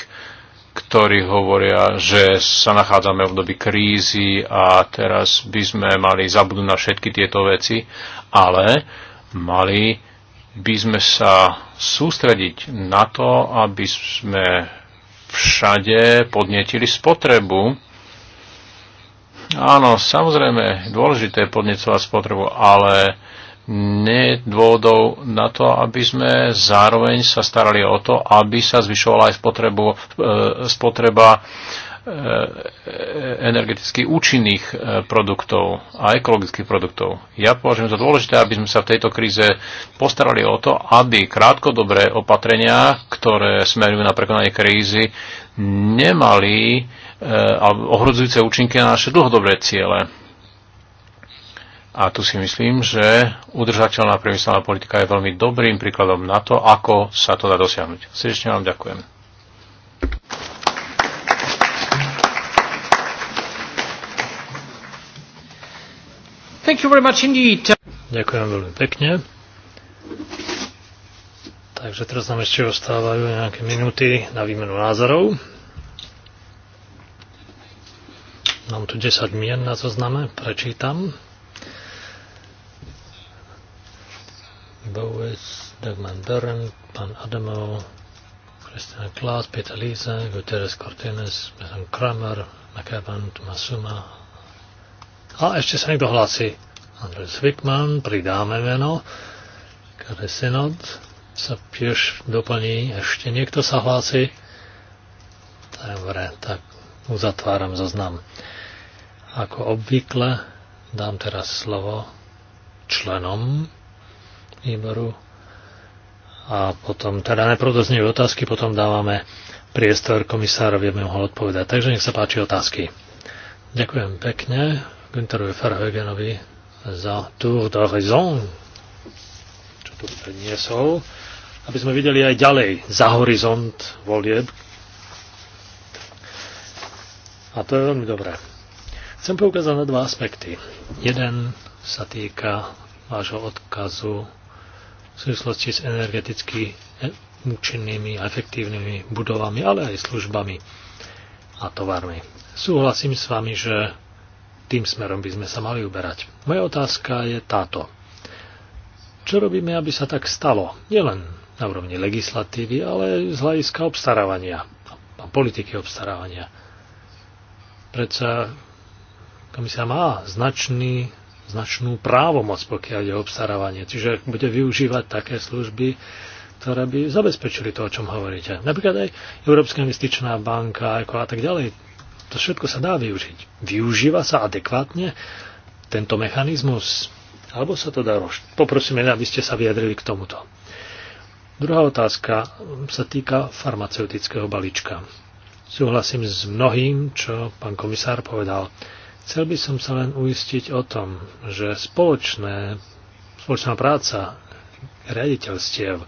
ktorí hovoria, že sa nachádzame v období krízy a teraz by sme mali zabudnúť na všetky tieto veci, ale mali by sme sa sústrediť na to, aby sme všade podnetili spotrebu. Áno, samozrejme, dôležité je podnecovať spotrebu, ale nie je dôvodov na to, aby sme zároveň sa starali o to, aby sa zvyšovala aj spotrebu, e, spotreba E, e, energeticky účinných e, produktov a ekologických produktov. Ja považujem za dôležité, aby sme sa v tejto kríze postarali o to, aby krátkodobé opatrenia, ktoré smerujú na prekonanie krízy, nemali alebo ohrozujúce účinky na naše dlhodobé ciele. A tu si myslím, že udržateľná priemyselná politika je veľmi dobrým príkladom na to, ako sa to dá dosiahnuť. Srdečne vám ďakujem. Thank you very much indeed. Ďakujem veľmi pekne. Takže teraz nám ešte ostávajú nejaké minúty na výmenu názorov. Mám tu 10 mien na zozname, prečítam. Bowes, Dagman Beren, pán Adamo, Christian Klaas, Peter Liese, Guterres Cortines, Mesan Kramer, McEwan, Tomasuma, A ešte sa niekto hlási. Andrej Wickman, pridáme meno. Karesinod sa tiež doplní. Ešte niekto sa hlási. Dobre, tak uzatváram zoznam. Ako obvykle dám teraz slovo členom výboru a potom, teda najprv doznejú otázky, potom dávame priestor komisárovi, aby mohol odpovedať. Takže nech sa páči otázky. Ďakujem pekne. Günterovi Ferhögenovi za Tour de Raison, čo tu predniesol, aby sme videli aj ďalej za horizont volieb. A to je veľmi dobré. Chcem poukázať na dva aspekty. Jeden sa týka vášho odkazu v súvislosti s energeticky účinnými a efektívnymi budovami, ale aj službami a tovarmi. Súhlasím s vami, že tým smerom by sme sa mali uberať. Moja otázka je táto. Čo robíme, aby sa tak stalo? Nielen na úrovni legislatívy, ale z hľadiska obstarávania a politiky obstarávania. Predsa komisia má značný, značnú právomoc, pokiaľ ide o obstarávanie. Čiže bude využívať také služby, ktoré by zabezpečili to, o čom hovoríte. Napríklad aj Európska investičná banka ako a tak ďalej. To všetko sa dá využiť. Využíva sa adekvátne tento mechanizmus? Alebo sa to dá rozšíriť? Poprosíme, aby ste sa vyjadrili k tomuto. Druhá otázka sa týka farmaceutického balíčka. Súhlasím s mnohým, čo pán komisár povedal. Chcel by som sa len uistiť o tom, že spoločné, spoločná práca riaditeľstiev,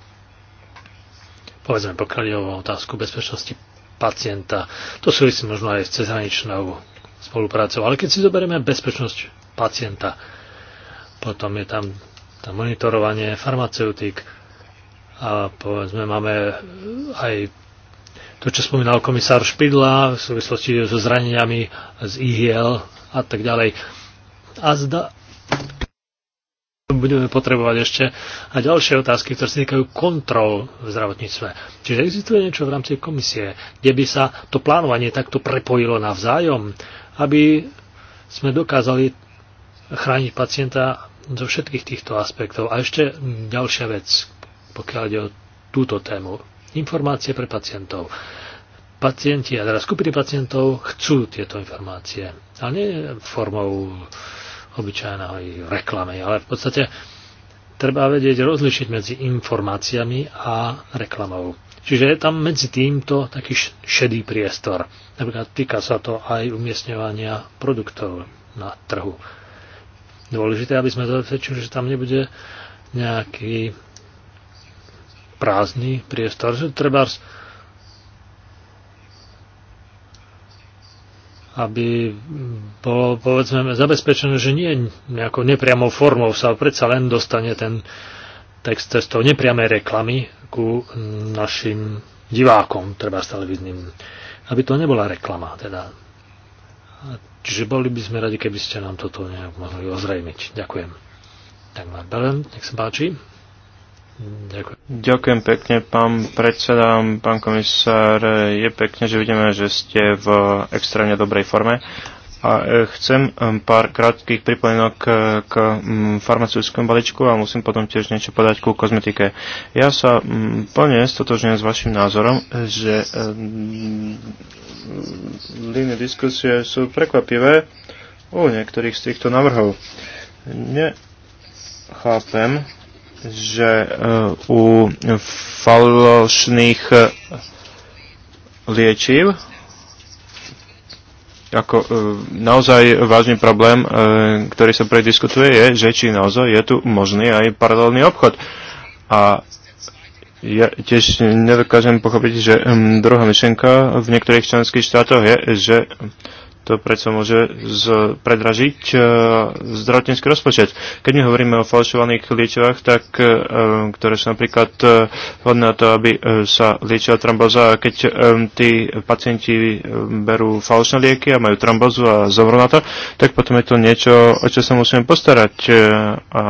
povedzme pokiaľ o otázku bezpečnosti pacienta. To súvisí možno aj s cezhraničnou spoluprácou. Ale keď si zoberieme bezpečnosť pacienta, potom je tam, tam monitorovanie farmaceutík a povedzme máme aj to, čo spomínal komisár Špidla v súvislosti so zraneniami z IHL a tak ďalej. A zda, budeme potrebovať ešte a ďalšie otázky, ktoré sa týkajú kontrol v zdravotníctve. Čiže existuje niečo v rámci komisie, kde by sa to plánovanie takto prepojilo navzájom, aby sme dokázali chrániť pacienta zo všetkých týchto aspektov. A ešte ďalšia vec, pokiaľ ide o túto tému. Informácie pre pacientov. Pacienti, a teda skupiny pacientov chcú tieto informácie, ale nie formou obyčajná aj reklame. Ale v podstate treba vedieť rozlišiť medzi informáciami a reklamou. Čiže je tam medzi týmto taký šedý priestor. Napríklad týka sa to aj umiestňovania produktov na trhu. Dôležité, aby sme zabezpečili, že tam nebude nejaký prázdny priestor. Treba aby bolo, povedzme, zabezpečené, že nie nejakou nepriamou formou sa predsa len dostane ten text cestou nepriamej reklamy ku našim divákom, treba televíznym. Aby to nebola reklama, teda. Čiže boli by sme radi, keby ste nám toto nejak mohli ozrejmiť. Ďakujem. Tak Belen, nech sa páči. Ďakujem. Ďakujem pekne, pán predseda, pán komisár. Je pekne, že vidíme, že ste v extrémne dobrej forme. A e, chcem e, pár krátkých pripomienok e, k farmaceutickému balíčku a musím potom tiež niečo podať ku kozmetike. Ja sa plne stotožňujem s vašim názorom, že líny diskusie sú prekvapivé u niektorých z týchto návrhov. Nechápem, že eh, u falošných eh, liečiv ako eh, naozaj vážny problém, ktorý sa prediskutuje, je, že či naozaj je tu možný aj paralelný obchod. A ja tiež nedokážem pochopiť, že hm, druhá myšlenka v niektorých členských štátoch je, že to predsa môže z, predražiť e, zdravotnícky rozpočet. Keď my hovoríme o falšovaných liečivách, tak, e, ktoré sú napríklad e, hodné na to, aby e, sa liečila tromboza, a keď e, tí pacienti e, berú falšné lieky a majú trombozu a zomrú na to, tak potom je to niečo, o čo sa musíme postarať e, a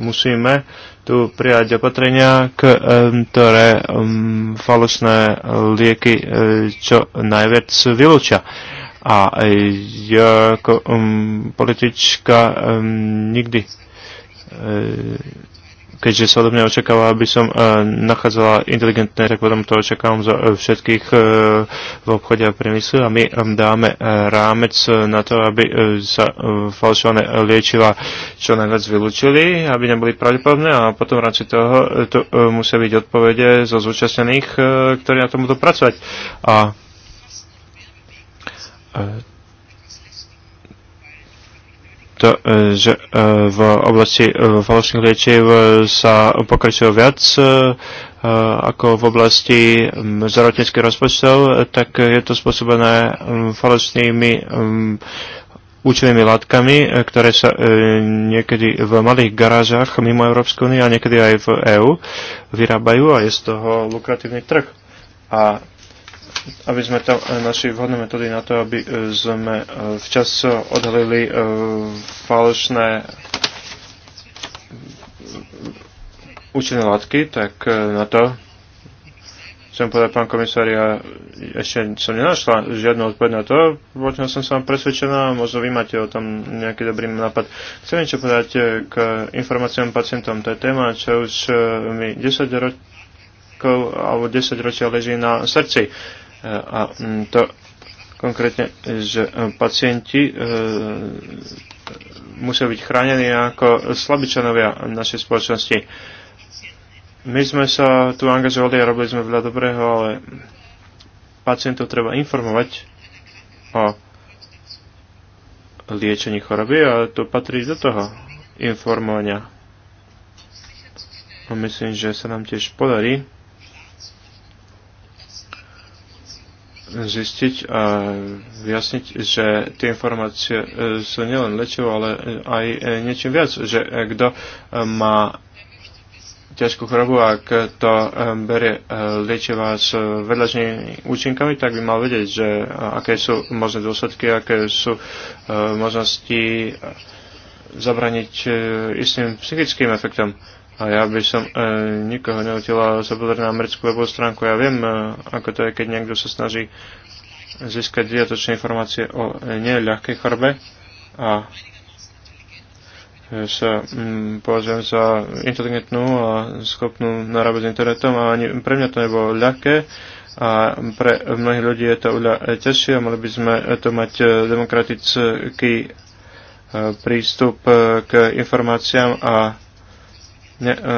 musíme tu prijať opatrenia, e, ktoré um, falošné e, lieky čo najviac vylúčia. A jako um, politička um, nikdy, e, keďže sa odo mňa očakáva, aby som e, uh, nachádzala inteligentné, tak potom to očakávam za e, všetkých e, v obchode a priemysle a my e, dáme e, rámec e, na to, aby e, sa e, falšované liečiva čo najviac vylúčili, aby neboli pravdepodobné a potom v rámci toho e, to, e, musia byť odpovede zo zúčastnených, e, ktorí na tom budú pracovať. A E, to, e, že e, v oblasti falošných liečiv sa pokračuje viac ako v oblasti zdravotníckých rozpočtov, tak je to spôsobené falošnými účinnými látkami, ktoré sa niekedy v malých garážach mimo Európskej únie a niekedy aj v EÚ vyrábajú a je z toho lukratívny trh. A aby sme tam e, našli vhodné metódy na to, aby e, sme e, včas odhalili falošné účinné látky, tak na to chcem povedať, pán komisár, ja ešte som nenašla žiadnu odpoveď na to, možno som sa vám presvedčená, možno vy máte o tom nejaký dobrý nápad. Chcem niečo povedať k informáciám pacientom, to je téma, čo už mi 10 ročí rokov alebo 10 ročia leží na srdci. E, a mm, to konkrétne, že e, pacienti e, musia byť chránení ako slabičanovia našej spoločnosti. My sme sa tu angažovali a robili sme veľa dobrého, ale pacientov treba informovať o liečení choroby a to patrí do toho informovania. A myslím, že sa nám tiež podarí zistiť a vyjasniť, že tie informácie e, sú nielen lečivo, ale aj e, niečím viac, že e, kto má ťažkú chorobu a kto berie liečivá s vedľažnými účinkami, tak by mal vedieť, že aké sú možné dôsledky, aké sú možnosti zabraniť istým psychickým efektom. A ja by som e, nikoho neutila sa pozrieť na americkú webovú stránku. Ja viem, e, ako to je, keď niekto sa snaží získať dodatočné informácie o e, neľahkej chorobe a e, sa mm, považujem za inteligentnú a schopnú narábať s internetom a ani, pre mňa to nebolo ľahké a pre mnohých ľudí je to oľa e, ťažšie a mali by sme to mať e, demokratický prístup k informáciám a Ne, e,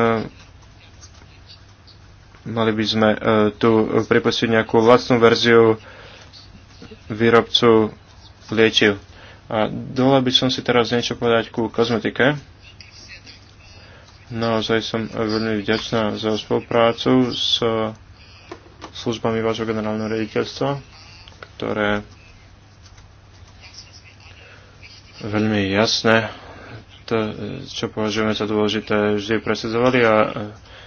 mali by sme e, tu pripustiť nejakú vlastnú verziu výrobcu liečiv. A dole by som si teraz niečo povedať ku kozmetike. Naozaj som veľmi vďačná za spoluprácu s službami vášho generálneho rediteľstva, ktoré veľmi jasne to, čo považujeme za dôležité, vždy presadzovali a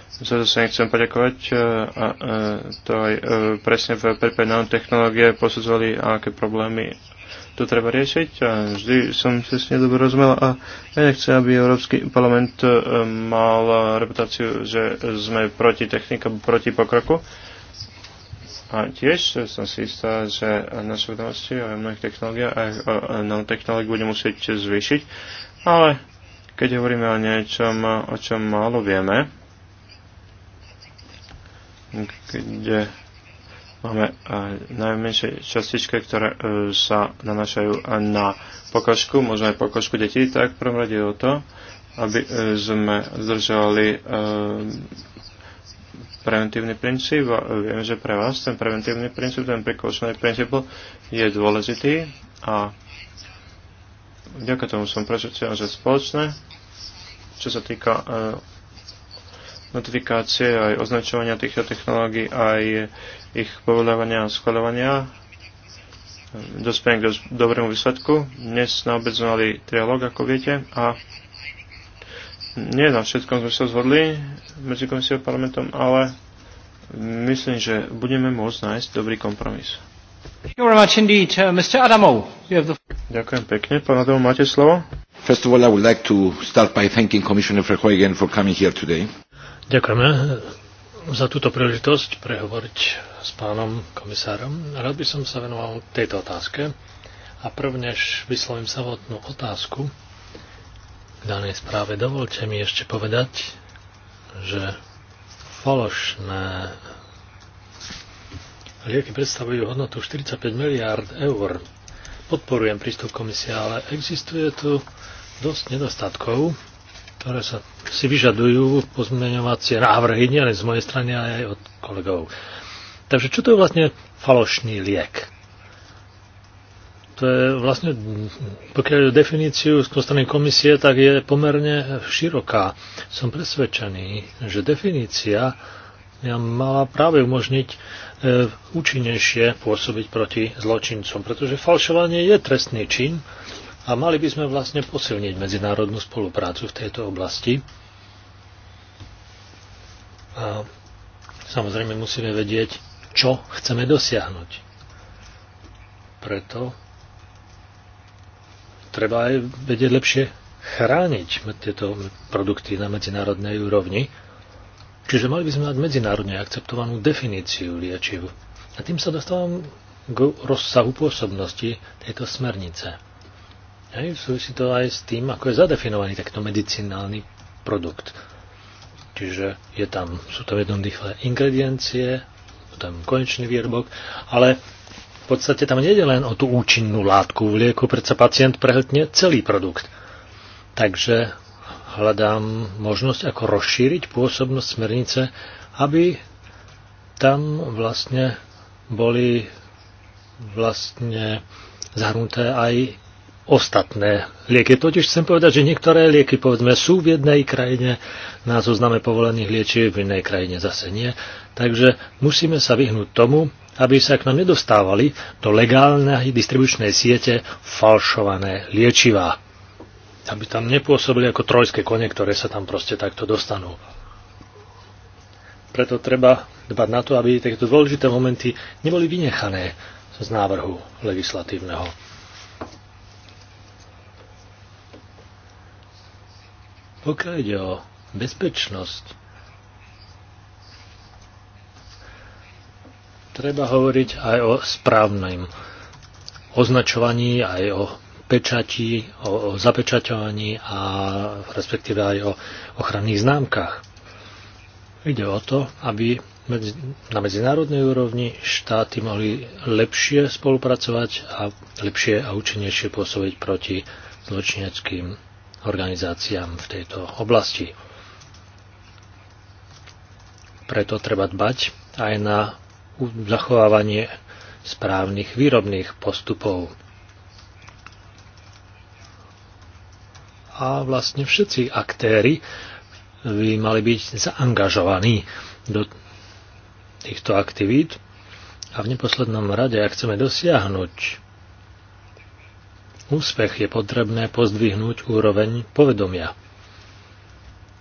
e, za to sa im chcem poďakovať e, a e, to aj presne v prípade nanotechnológie posudzovali, aké problémy to treba riešiť a vždy som si s nej dobre rozumel a ja nechcem, aby Európsky parlament mal reputáciu, že sme proti technike, proti pokroku. A tiež som si istá, že naše vedomosti o mnohých technológiách a nanotechnológiách budeme musieť zvýšiť, ale Keď hovoríme o niečom, o čom málo vieme, kde máme eh, najmenšie častičky, ktoré eh, sa nanašajú na pokožku, možno aj pokožku detí, tak v prvom rade o to, aby eh, sme zdržovali preventívny princíp. Viem, že pre vás ten preventívny princíp, ten precautionary princíp je dôležitý a vďaka tomu som prečítal, že spoločné, čo sa týka e, notifikácie, aj označovania týchto technológií, aj ich povolávania a schvaľovania, dospiem k dobrému výsledku. Dnes na obec sme mali trialog, ako viete, a nie na všetkom sme sa zhodli medzi komisiou a parlamentom, ale myslím, že budeme môcť nájsť dobrý kompromis. Indeed, uh, the... Ďakujem pekne. Pán Adamo, máte slovo? First of all, I would like to start by thanking Commissioner Verheugen for coming here today. Ďakujeme uh, za túto príležitosť prehovoriť s pánom komisárom. Rád by som sa venoval tejto otázke. A prvnež vyslovím samotnú otázku k danej správe. Dovolte mi ešte povedať, že falošné lieky predstavujú hodnotu 45 miliárd eur. Podporujem prístup komisie, ale existuje tu dosť nedostatkov, ktoré sa si vyžadujú pozmeňovacie návrhy, nielen z mojej strany, ale aj od kolegov. Takže čo to je vlastne falošný liek? To je vlastne, pokiaľ je definíciu z strany komisie, tak je pomerne široká. Som presvedčený, že definícia mala práve umožniť e, účinnejšie pôsobiť proti zločincom, pretože falšovanie je trestný čin a mali by sme vlastne posilniť medzinárodnú spoluprácu v tejto oblasti. A samozrejme musíme vedieť, čo chceme dosiahnuť. Preto treba aj vedieť lepšie chrániť tieto produkty na medzinárodnej úrovni Čiže mali by sme mať medzinárodne akceptovanú definíciu liečiv. A tým sa dostávam k rozsahu pôsobnosti tejto smernice. Hej, súvisí to aj s tým, ako je zadefinovaný takto medicinálny produkt. Čiže je tam, sú tam jednoduché ingrediencie, potom konečný výrobok, ale v podstate tam nejde len o tú účinnú látku v lieku, predsa pacient prehltne celý produkt. Takže hľadám možnosť, ako rozšíriť pôsobnosť smernice, aby tam vlastne boli vlastne zahrnuté aj ostatné lieky. Totiž chcem povedať, že niektoré lieky povedzme sú v jednej krajine na zozname povolených liečiv, v inej krajine zase nie. Takže musíme sa vyhnúť tomu, aby sa k nám nedostávali do legálnej distribučnej siete falšované liečivá aby tam nepôsobili ako trojské kone, ktoré sa tam proste takto dostanú. Preto treba dbať na to, aby takéto dôležité momenty neboli vynechané z návrhu legislatívneho. Pokiaľ ide o bezpečnosť, treba hovoriť aj o správnom označovaní, aj o pečati, o, o zapečaťovaní a respektíve aj o ochranných známkach. Ide o to, aby medzi, na medzinárodnej úrovni štáty mohli lepšie spolupracovať a lepšie a účinnejšie pôsobiť proti zločineckým organizáciám v tejto oblasti. Preto treba dbať aj na zachovávanie správnych výrobných postupov a vlastne všetci aktéry by mali byť zaangažovaní do týchto aktivít a v neposlednom rade, ak chceme dosiahnuť úspech, je potrebné pozdvihnúť úroveň povedomia.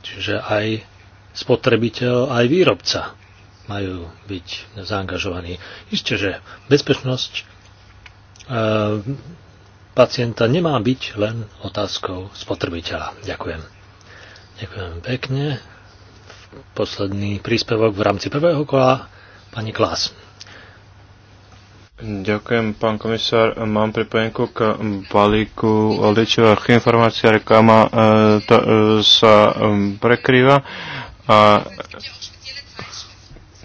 Čiže aj spotrebiteľ, aj výrobca majú byť zaangažovaní. Isté, že bezpečnosť eh, pacienta nemá byť len otázkou spotrebiteľa. Ďakujem. Ďakujem pekne. Posledný príspevok v rámci prvého kola pani Klás. Ďakujem, pán komisár. Mám pripojenku k balíku o liečivách. Informácia reklama e, to, e, sa prekrýva a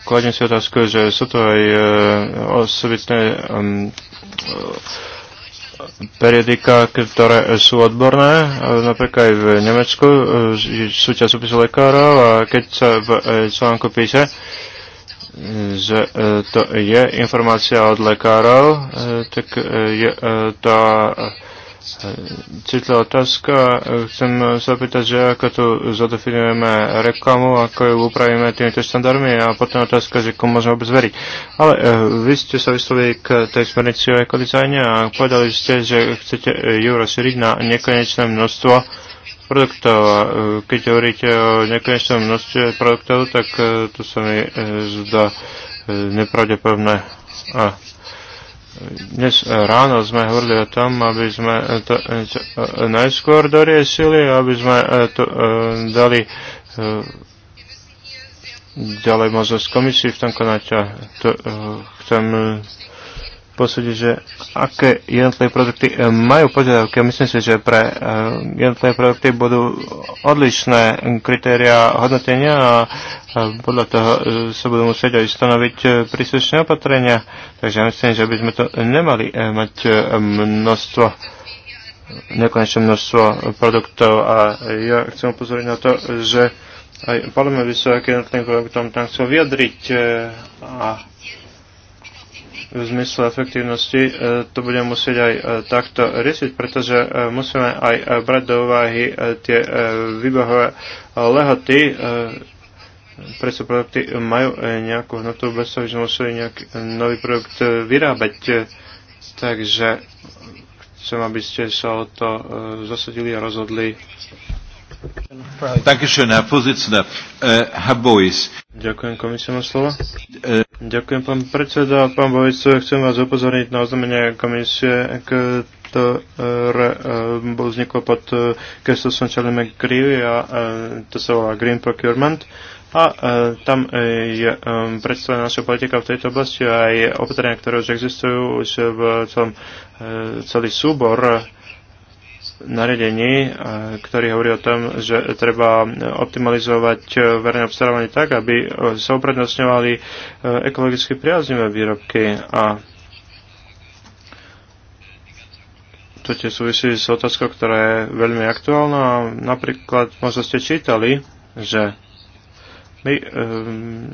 kladem si otázku, že sú to aj e, osobitné periodika, ktoré sú odborné, napríklad aj v Nemecku, e, sú časopisy lekárov a keď sa v e, článku píše, že e, to je informácia od lekárov, tak je to citlivá otázka. Chcem sa opýtať, že ako tu zadefinujeme reklamu, ako ju upravíme týmito štandardmi a potom otázka, že komu môžeme vôbec veriť. Ale e, vy ste sa vyslovili k tej smernici o ekodizajne a povedali ste, že chcete eh, ju rozšíriť na nekonečné množstvo produktov. Eh, keď hovoríte o nekonečnom množstve produktov, tak to sa mi zdá nepravdepodobné. A Dnes ráno sme hovorili o tom, aby sme to eh, najskôr doriešili, aby sme eh, to eh, dali ďalej možnosť komisii v tom konať. A to chcem posúdiť, že aké jednotlivé produkty e, majú požiadavky. Myslím si, že pre e, jednotlivé produkty budú odlišné kritéria hodnotenia a e, podľa toho sa budú musieť aj stanoviť príslušné opatrenia. Takže myslím, že by sme to nemali mať množstvo nekonečné množstvo produktov a ja chcem upozoriť na to, že aj parlament by sa k jednotlivým produktom tam chcel vyjadriť a v zmysle efektívnosti e, to budeme musieť aj e, takto riešiť, pretože e, musíme aj brať do úvahy tie výbehové lehoty, prečo produkty majú nejakú hodnotu, bez toho, že museli nejaký nový produkt vyrábať. Takže chcem, aby ste sa o to zasadili a rozhodli. Äh, Ďakujem, komisia má slovo. Äh, Ďakujem, pán predseda. Pán Bovic, chcem vás upozorniť na oznámenie komisie, ktoré eh, vzniklo pod Kristosom eh, Charlie McGreevy a eh, to sa volá Green Procurement. A e, tam je e, predstavená naša politika v tejto oblasti a aj opatrenia, ktoré už existujú, už v celom, e, celý súbor nariadení, e, ktorý hovorí o tom, že treba optimalizovať e, verejné obstarávanie tak, aby e, sa uprednostňovali ekologicky priaznivé výrobky a to tiež súvisí s otázkou, ktorá je veľmi aktuálna. Napríklad možno ste čítali, že my um,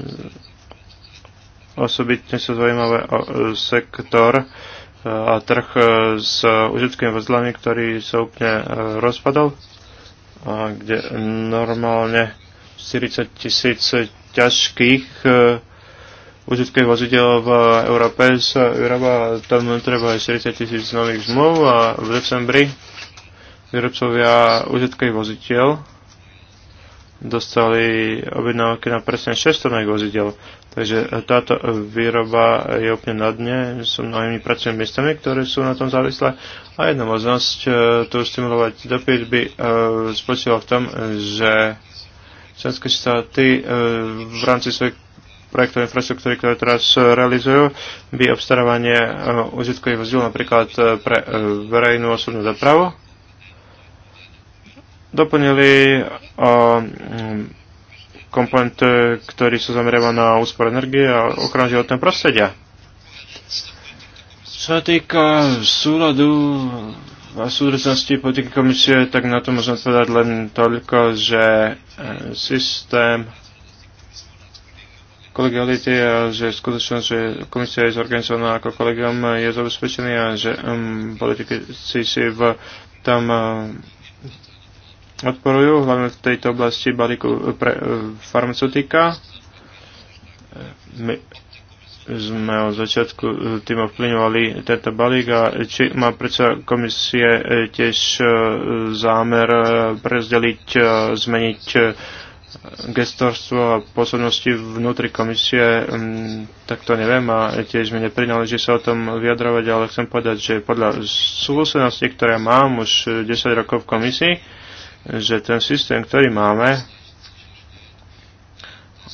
osobitne sa zaujímavé o sektor uh, a trh e, s e, užitkovými vozidlami, ktorý sa úplne e, rozpadol, a kde normálne 40 tisíc ťažkých užitkových vozidel v Európe sa vyrába, tam treba aj 40 tisíc nových zmluv a v decembri výrobcovia užitkových vozidel dostali objednávky na presne 600 nových vozidel. Takže e, táto výroba je úplne na dne s mnohými pracovnými miestami, ktoré sú na tom závislé. A jedna možnosť e, to stimulovať dopyt by e, spočívala v tom, že členské štáty v rámci svojich projektov infraštruktúry, ktoré teraz realizujú, by obstarávanie užitkových vozidel napríklad pre verejnú osobnú dopravu doplnili o komponent, e, ktorý sa zameriava na úspor energie a ochranu životného prostredia. Čo sa týka súladu a súdržnosti politiky komisie, tak na to môžem povedať len toľko, že e, systém kolegiality a že skutočnosť, že komisia je zorganizovaná ako kolegium, je zabezpečený a že um, politici si v tam um, odporujú, hlavne v tejto oblasti balíku eh, pre eh, farmaceutika. Eh, my sme od začiatku tým ovplyvňovali tento balík a či má predsa komisie tiež zámer prezdeliť, zmeniť gestorstvo a pôsobnosti vnútri komisie, mm, tak to neviem a tiež mi neprináleží sa o tom vyjadrovať, ale chcem povedať, že podľa súlosenosti, ktoré mám už 10 rokov v komisii, že ten systém, ktorý máme,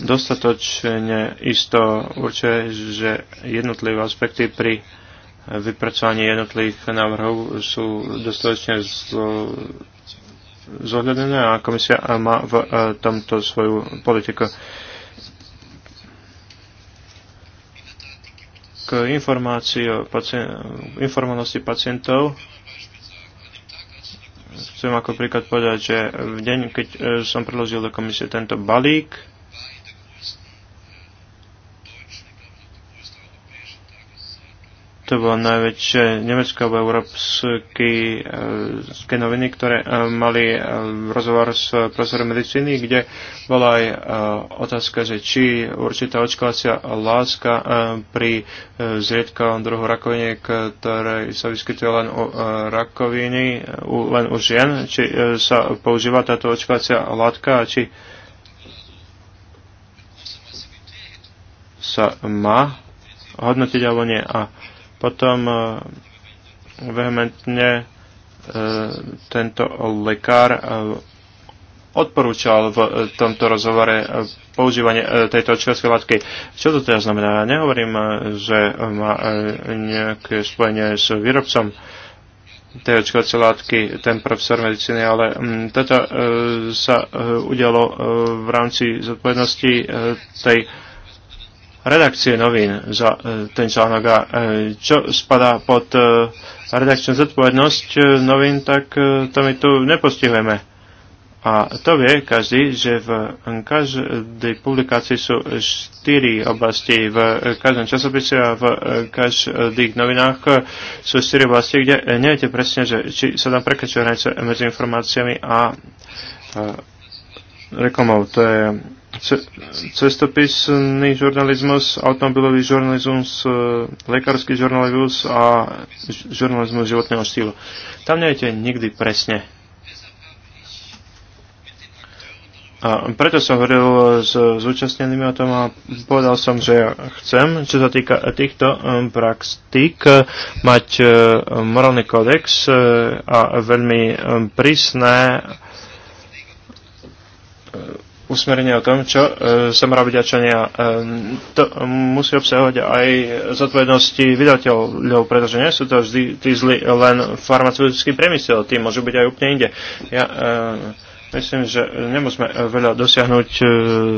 dostatočne isto určuje, že jednotlivé aspekty pri vypracovaní jednotlivých návrhov sú dostatočne zlo, zohľadené a komisia má v e, tomto svoju politiku. K informácii o pacien- informovanosti pacientov chcem ako príklad povedať, že v deň, keď eh, som predložil do komisie tento balík, to bolo najväčšie nemecké alebo európske eh, noviny, ktoré eh, mali eh, rozhovor s profesorom medicíny, kde bola aj otázka, že či určitá očkovacia láska pri zriedkavom druhu rakovine, ktoré sa vyskytuje len u rakoviny, len u žien, či sa používa táto očkovacia látka, či sa má hodnotiť alebo nie. A potom e, vehementne e, tento lekár e, odporúčal v tomto rozhovore používanie tejto očkovacej látky. Čo to teda znamená? Ja nehovorím, že má nejaké spojenie s výrobcom tej očkovacej látky, ten profesor medicíny, ale mm, toto sa udialo v rámci zodpovednosti tej redakcie novín za e, ten článok a e, čo spadá pod e, redakčnú zodpovednosť novín, tak to my tu nepostihujeme. A to vie každý, že v každej publikácii sú štyri oblasti. V každom časopise a v každých novinách sú štyri oblasti, kde neviete presne, že či sa tam prekračuje hranice medzi informáciami a reklamou. To je cestopisný žurnalizmus, automobilový žurnalizmus, e, lekársky žurnalizmus a žurnalizmus životného štýlu. Tam nejete nikdy presne. A preto som hovoril s zúčastnenými o tom a povedal som, že ja chcem, čo sa týka týchto e, praktík, e, mať morálny kódex a veľmi prísne usmerenie o tom, čo e, sa má robiť a čo nie. E, to musí obsahovať aj zodpovednosti vydateľov, pretože nie sú to vždy tí zlí len farmaceutický priemysel, tí môžu byť aj úplne inde. Ja, e, Myslím, že nemôžeme veľa dosiahnuť e,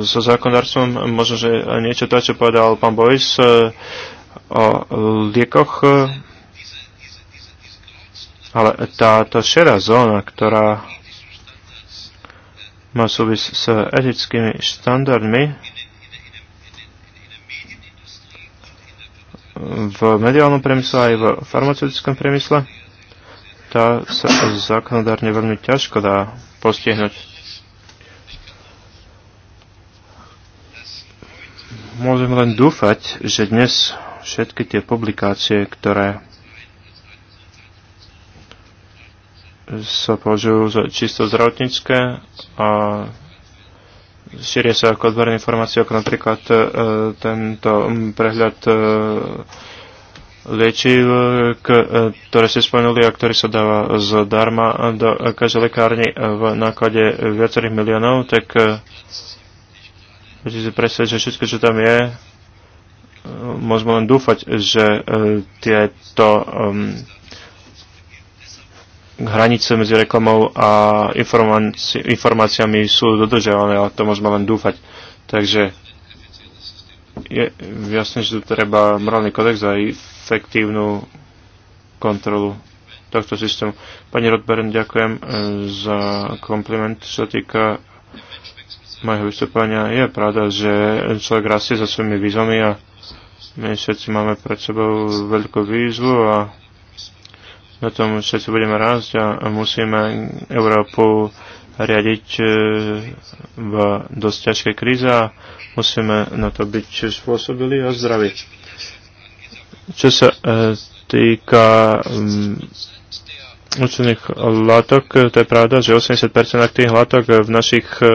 so zákonodárstvom. Možno, že niečo to, čo povedal pán Boris e, o liekoch. E, ale táto šedá zóna, ktorá má súvisť s etickými štandardmi v mediálnom priemysle aj v farmaceutickom priemysle. Tá sa zákonodárne veľmi ťažko dá postihnúť. Môžem len dúfať, že dnes všetky tie publikácie, ktoré sa považujú za čisto zdravotnícke a šíria sa ako odborné informácie, ako napríklad e, tento prehľad e, liečiv, k, e, ktoré ste spomenuli a ktorý sa dáva zdarma do každej lekárni v náklade viacerých miliónov, tak budete e, si predstaviť, že všetko, čo tam je, e, môžeme len dúfať, že e, tieto um, hranice medzi reklamou a informáci informáciami sú dodržované, ale to môžeme len dúfať. Takže je jasné, že tu treba morálny kodex a efektívnu kontrolu tohto systému. Pani Rodberen, ďakujem e, za kompliment, čo sa týka mojho vystúpania. Je pravda, že človek rastie so svojimi výzvami a my všetci máme pred sebou veľkú výzvu a na tom všetci budeme rásť a musíme Európu riadiť e, v dosť ťažkej kríze a musíme na to byť spôsobili a zdraví. Čo sa e, týka účinných látok, to je pravda, že 80% aktívnych látok v našich e,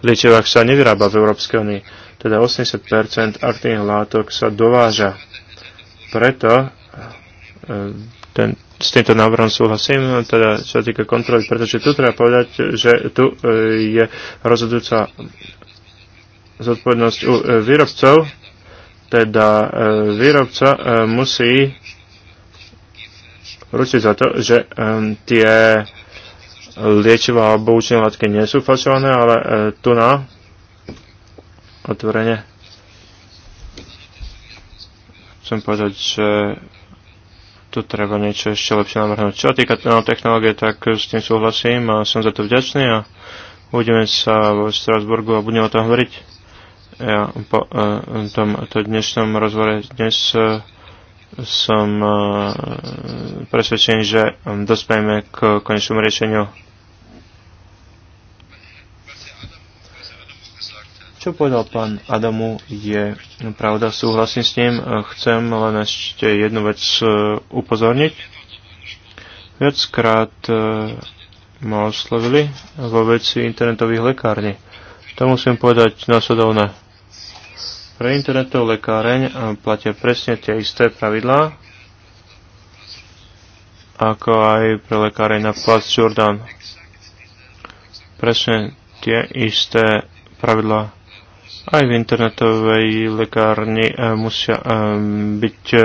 liečivách sa nevyrába v Európskej unii. Teda 80% aktívnych látok sa dováža. Preto ten s týmto návrhom súhlasím, teda čo týka kontroly, pretože tu treba povedať, že tu e, je rozhodujúca zodpovednosť u e, výrobcov, teda e, výrobca musí ručiť za to, že tie liečivá alebo účinné látky nie sú falšované, ale tu na otvorene chcem povedať, že tu treba niečo ešte lepšie navrhnúť. Čo týka nanotechnológie, tak s tým súhlasím a som za to vďačný a uvidíme sa v Strasburgu a budeme o tom hovoriť. Ja po uh, tom to dnešnom rozvore dnes uh, som uh, presvedčený, že dospejeme k konečnému riešeniu Čo povedal pán Adamu je pravda, súhlasím s ním. E, chcem len ešte jednu vec e, upozorniť. Viackrát e, ma oslovili vo veci internetových lekární. To musím povedať následovne. Pre internetovú lekáreň platia presne tie isté pravidlá, ako aj pre lekáreň na Plac Jordan. Presne tie isté pravidlá Aj v internetovej lekárni eh, musia eh, byť eh,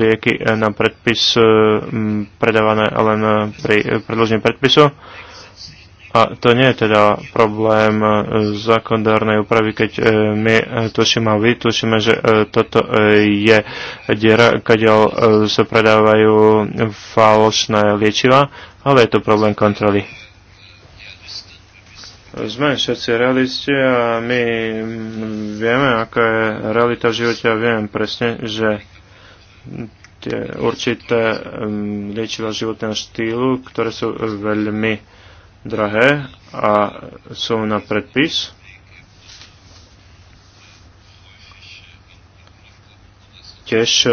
lieky na predpis predávané len pri predložení predpisu. A to nie je teda problém zákonodárnej úpravy, keď my tušíme a vy tušíme, že toto je diera, kadeľ sa predávajú falošné liečiva, ale je to problém kontroly sme všetci realisti a my vieme, aká je realita života. Viem presne, že tie určité mm, liečiva životného štýlu, ktoré sú veľmi drahé a sú na predpis. Tiež e,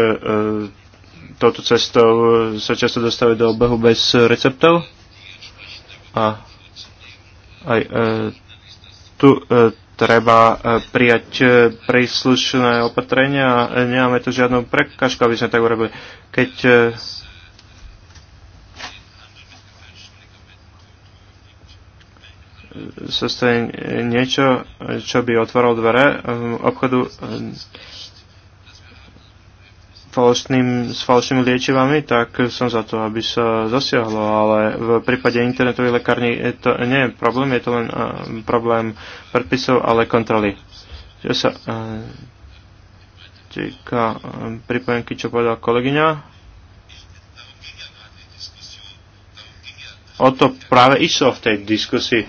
touto cestou sa často dostávajú do obehu bez receptov a Aj e, tu e, treba e, prijať príslušné opatrenia. Nemáme tu žiadnu prekažku, aby sme tak urobili. Keď sa stane niečo, čo by otvoril dvere obchodu falošným, s falošnými liečivami, tak som za to, aby sa zasiahlo, ale v prípade internetovej lekárny je to nie je problém, je to len uh, problém predpisov, ale kontroly. Čo sa uh, týka um, pripojenky, čo povedala kolegyňa, o to práve išlo v tej diskusii.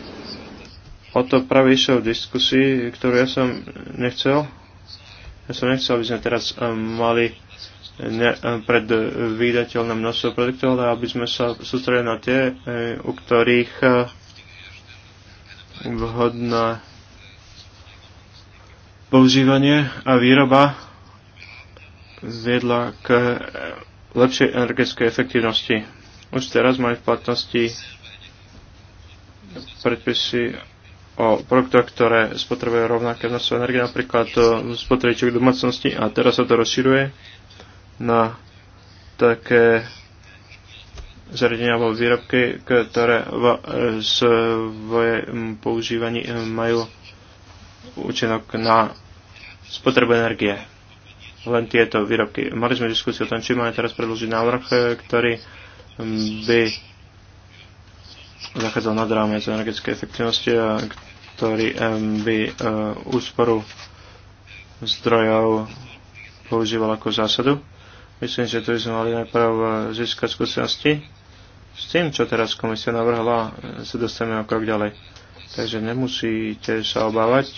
O to práve išlo v diskusii, ktorú ja som nechcel. Ja som nechcel, aby sme teraz um, mali nepredvídateľné množstvo produktov, ale aby sme sa sústredili na tie, e, u ktorých e, vhodné používanie a výroba viedla k e, lepšej energetickej efektivnosti. Už teraz majú v platnosti predpisy o produktoch, ktoré spotrebujú rovnaké množstvo energie, napríklad spotrebičok domácnosti a teraz sa to rozširuje na také zariadenia alebo výrobky, ktoré v svojom používaní majú účinok na spotrebu energie. Len tieto výrobky. Mali sme diskusiu o tom, či máme teraz predložiť návrh, ktorý by zachádzal nad rámec energetickej efektivnosti a ktorý by e, úsporu zdrojov používal ako zásadu Myslím, že tu by sme mali najprv e, získať skúsenosti s tým, čo teraz komisia navrhla, e, sa dostaneme o krok ďalej. Takže nemusíte sa obávať.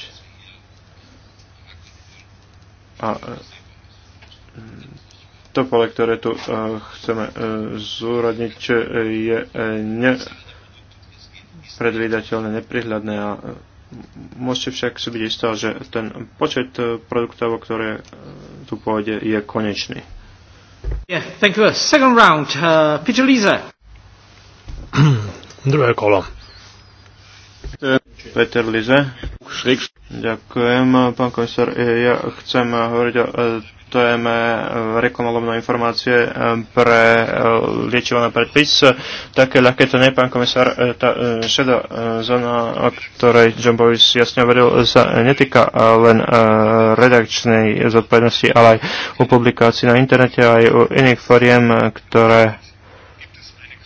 A e, mm, to pole, ktoré tu chceme zúrodniť, je nepredvídateľné, neprihľadné a môžete však si byť istá, že ten počet produktov, ktoré tu pôjde, je konečný. Yeah, thank you. Second round, uh, Peter Lise. Druhé kolo. Peter Lize. Ďakujem, pán komisár. Ja chcem hovoriť o e, poskytujeme reklamolovné informácie eh, pre eh, liečivo na predpis. Také ľahké to nie, pán komisár, eh, tá šedá zóna, o ktorej John Boyce jasne hovoril, sa netýka len redakčnej zodpovednosti, ale aj u publikácií na internete, aj u iných foriem, ktoré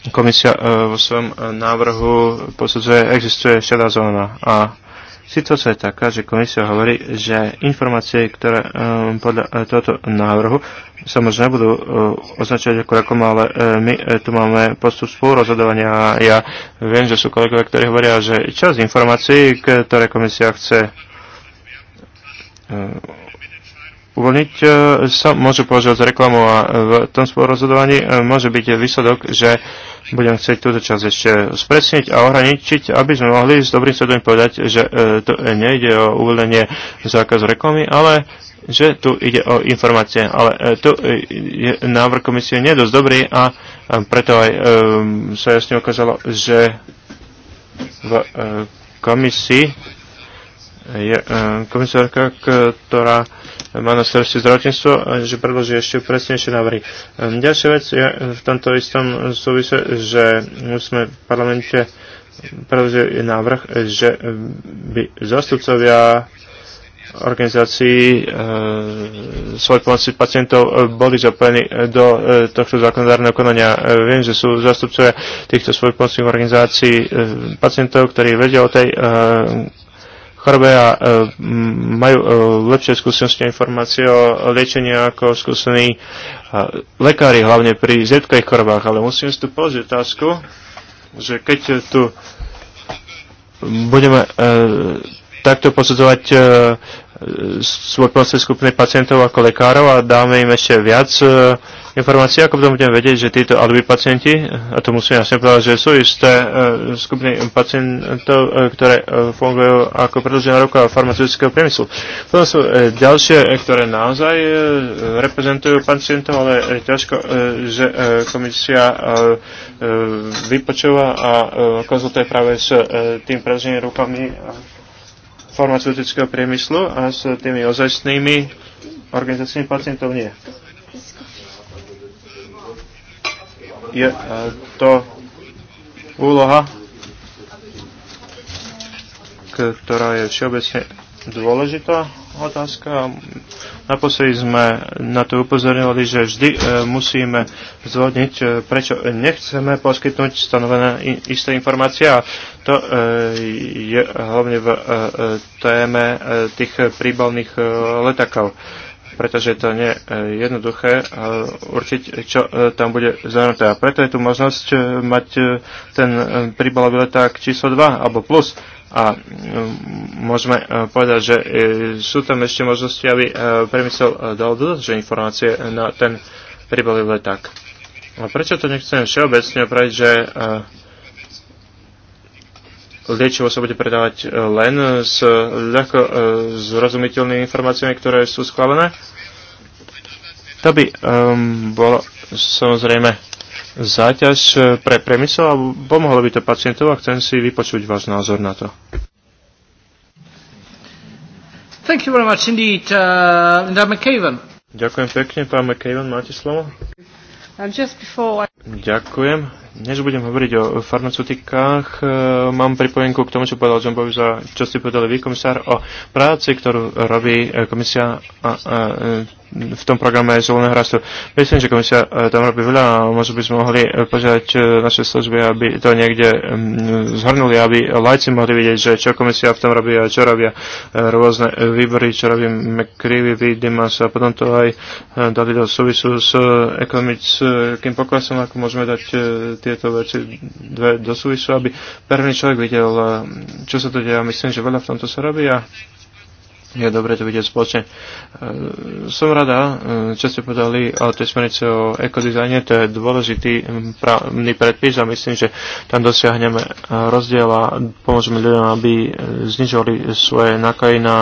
komisia vo svojom návrhu posudzuje, existuje šedá zóna. A Situácia je taká, že komisia hovorí, že informácie, ktoré um, podľa eh, tohto návrhu sa možno nebudú eh, označovať ako rakom, ale eh, my tu máme postup spolurozhodovania a ja viem, že sú kolegovia, ktorí hovoria, že časť informácií, ktoré komisia chce uvoľniť, e, sa môžu považovať za reklamu a v tom spolurozhodovaní e, môže byť výsledok, že budem chcieť túto časť ešte spresniť a ohraničiť, aby sme mohli s dobrým svedomím povedať, že e, to nejde o uvolenie zákazu reklamy, ale že tu ide o informácie. Ale tu je, návrh komisie nie je dosť dobrý a preto aj sa jasne ukázalo, že v komisii je e, komisárka, ktorá má na starosti zdravotníctvo, že predloží ešte presnejšie návrhy. E, ďalšia vec je v tomto istom súvise, že sme v parlamente predložili návrh, že by zastupcovia organizácií e, svoj pomoci pacientov boli zapojení do e, tohto zákonodárneho konania. E, viem, že sú zastupcovia týchto svojpomocných organizácií e, pacientov, ktorí vedia o tej e, chorobé a e, majú e, lepšie skúsenosti a informácie o liečení ako skúsení e, lekári, hlavne pri zriedkých chorobách. Ale musím si tu položiť otázku, že keď tu budeme takto posudzovať svoj skupiny pacientov ako lekárov a dáme im ešte viac informácií, ako potom budeme vedieť, že títo alibi pacienti, a to musíme jasne povedať, že sú isté skupiny pacientov, ktoré fungujú ako predlžená ruka farmaceutického priemyslu. Potom sú ďalšie, ktoré naozaj reprezentujú pacientov, ale je ťažko, že komisia vypočúva a konzultuje práve s tým predlženým rukami farmaceutického priemyslu a s tými ozajstnými organizáciami pacientov nie. Je e, to úloha, ktorá je všeobecne dôležitá otázka. Naposledy sme na to upozorňovali, že vždy e, musíme zvodniť, e, prečo nechceme poskytnúť stanovené isté informácie a to e, je hlavne v téme tých príbalných letakov pretože to nie je jednoduché určiť, čo tam bude zahrnuté. A preto je tu možnosť mať ten príbalový leták číslo 2 alebo plus A môžeme e, povedať, že e, sú tam ešte možnosti, aby e, premysel dal dodatočné informácie na ten príbalý leták. A prečo to nechcem všeobecne opraviť, že liečivo sa bude predávať len s ľahko zrozumiteľnými informáciami, ktoré sú schválené? To by um, bolo samozrejme záťaž eh, pre priemysel a pomohlo by to pacientov a chcem si vypočuť váš názor na to. Thank you very much indeed, uh, Linda McCaven. Ďakujem pekne, pán McCaven, máte slovo? Um, just before I... Ďakujem Než budem hovoriť o farmaceutikách, e, mám pripojenku k tomu, čo povedal John Bowie, za čo ste povedali vy, komisár, o práci, ktorú robí e, komisia a, a, e, v tom programe zeleného rastu. Myslím, že komisia tam robí veľa a možno by sme mohli požiadať naše služby, aby to niekde zhrnuli, aby lajci mohli vidieť, že čo komisia v tom robí a čo robia rôzne výbory, čo robí McCreevy, Dimas a potom to aj dali do súvisu s ekonomickým poklesom, ako môžeme dať tieto veci dve dosúvisú, aby prvý človek videl, eh, čo sa to deje. Myslím, že veľa v tomto sa robí a je dobre to vidieť spoločne. Eh, som rada, eh, čo ste povedali o tej smernice o ekodizajne, to je dôležitý mm, právny predpis a myslím, že tam dosiahneme rozdiel a pomôžeme ľuďom, aby znižovali svoje náklady na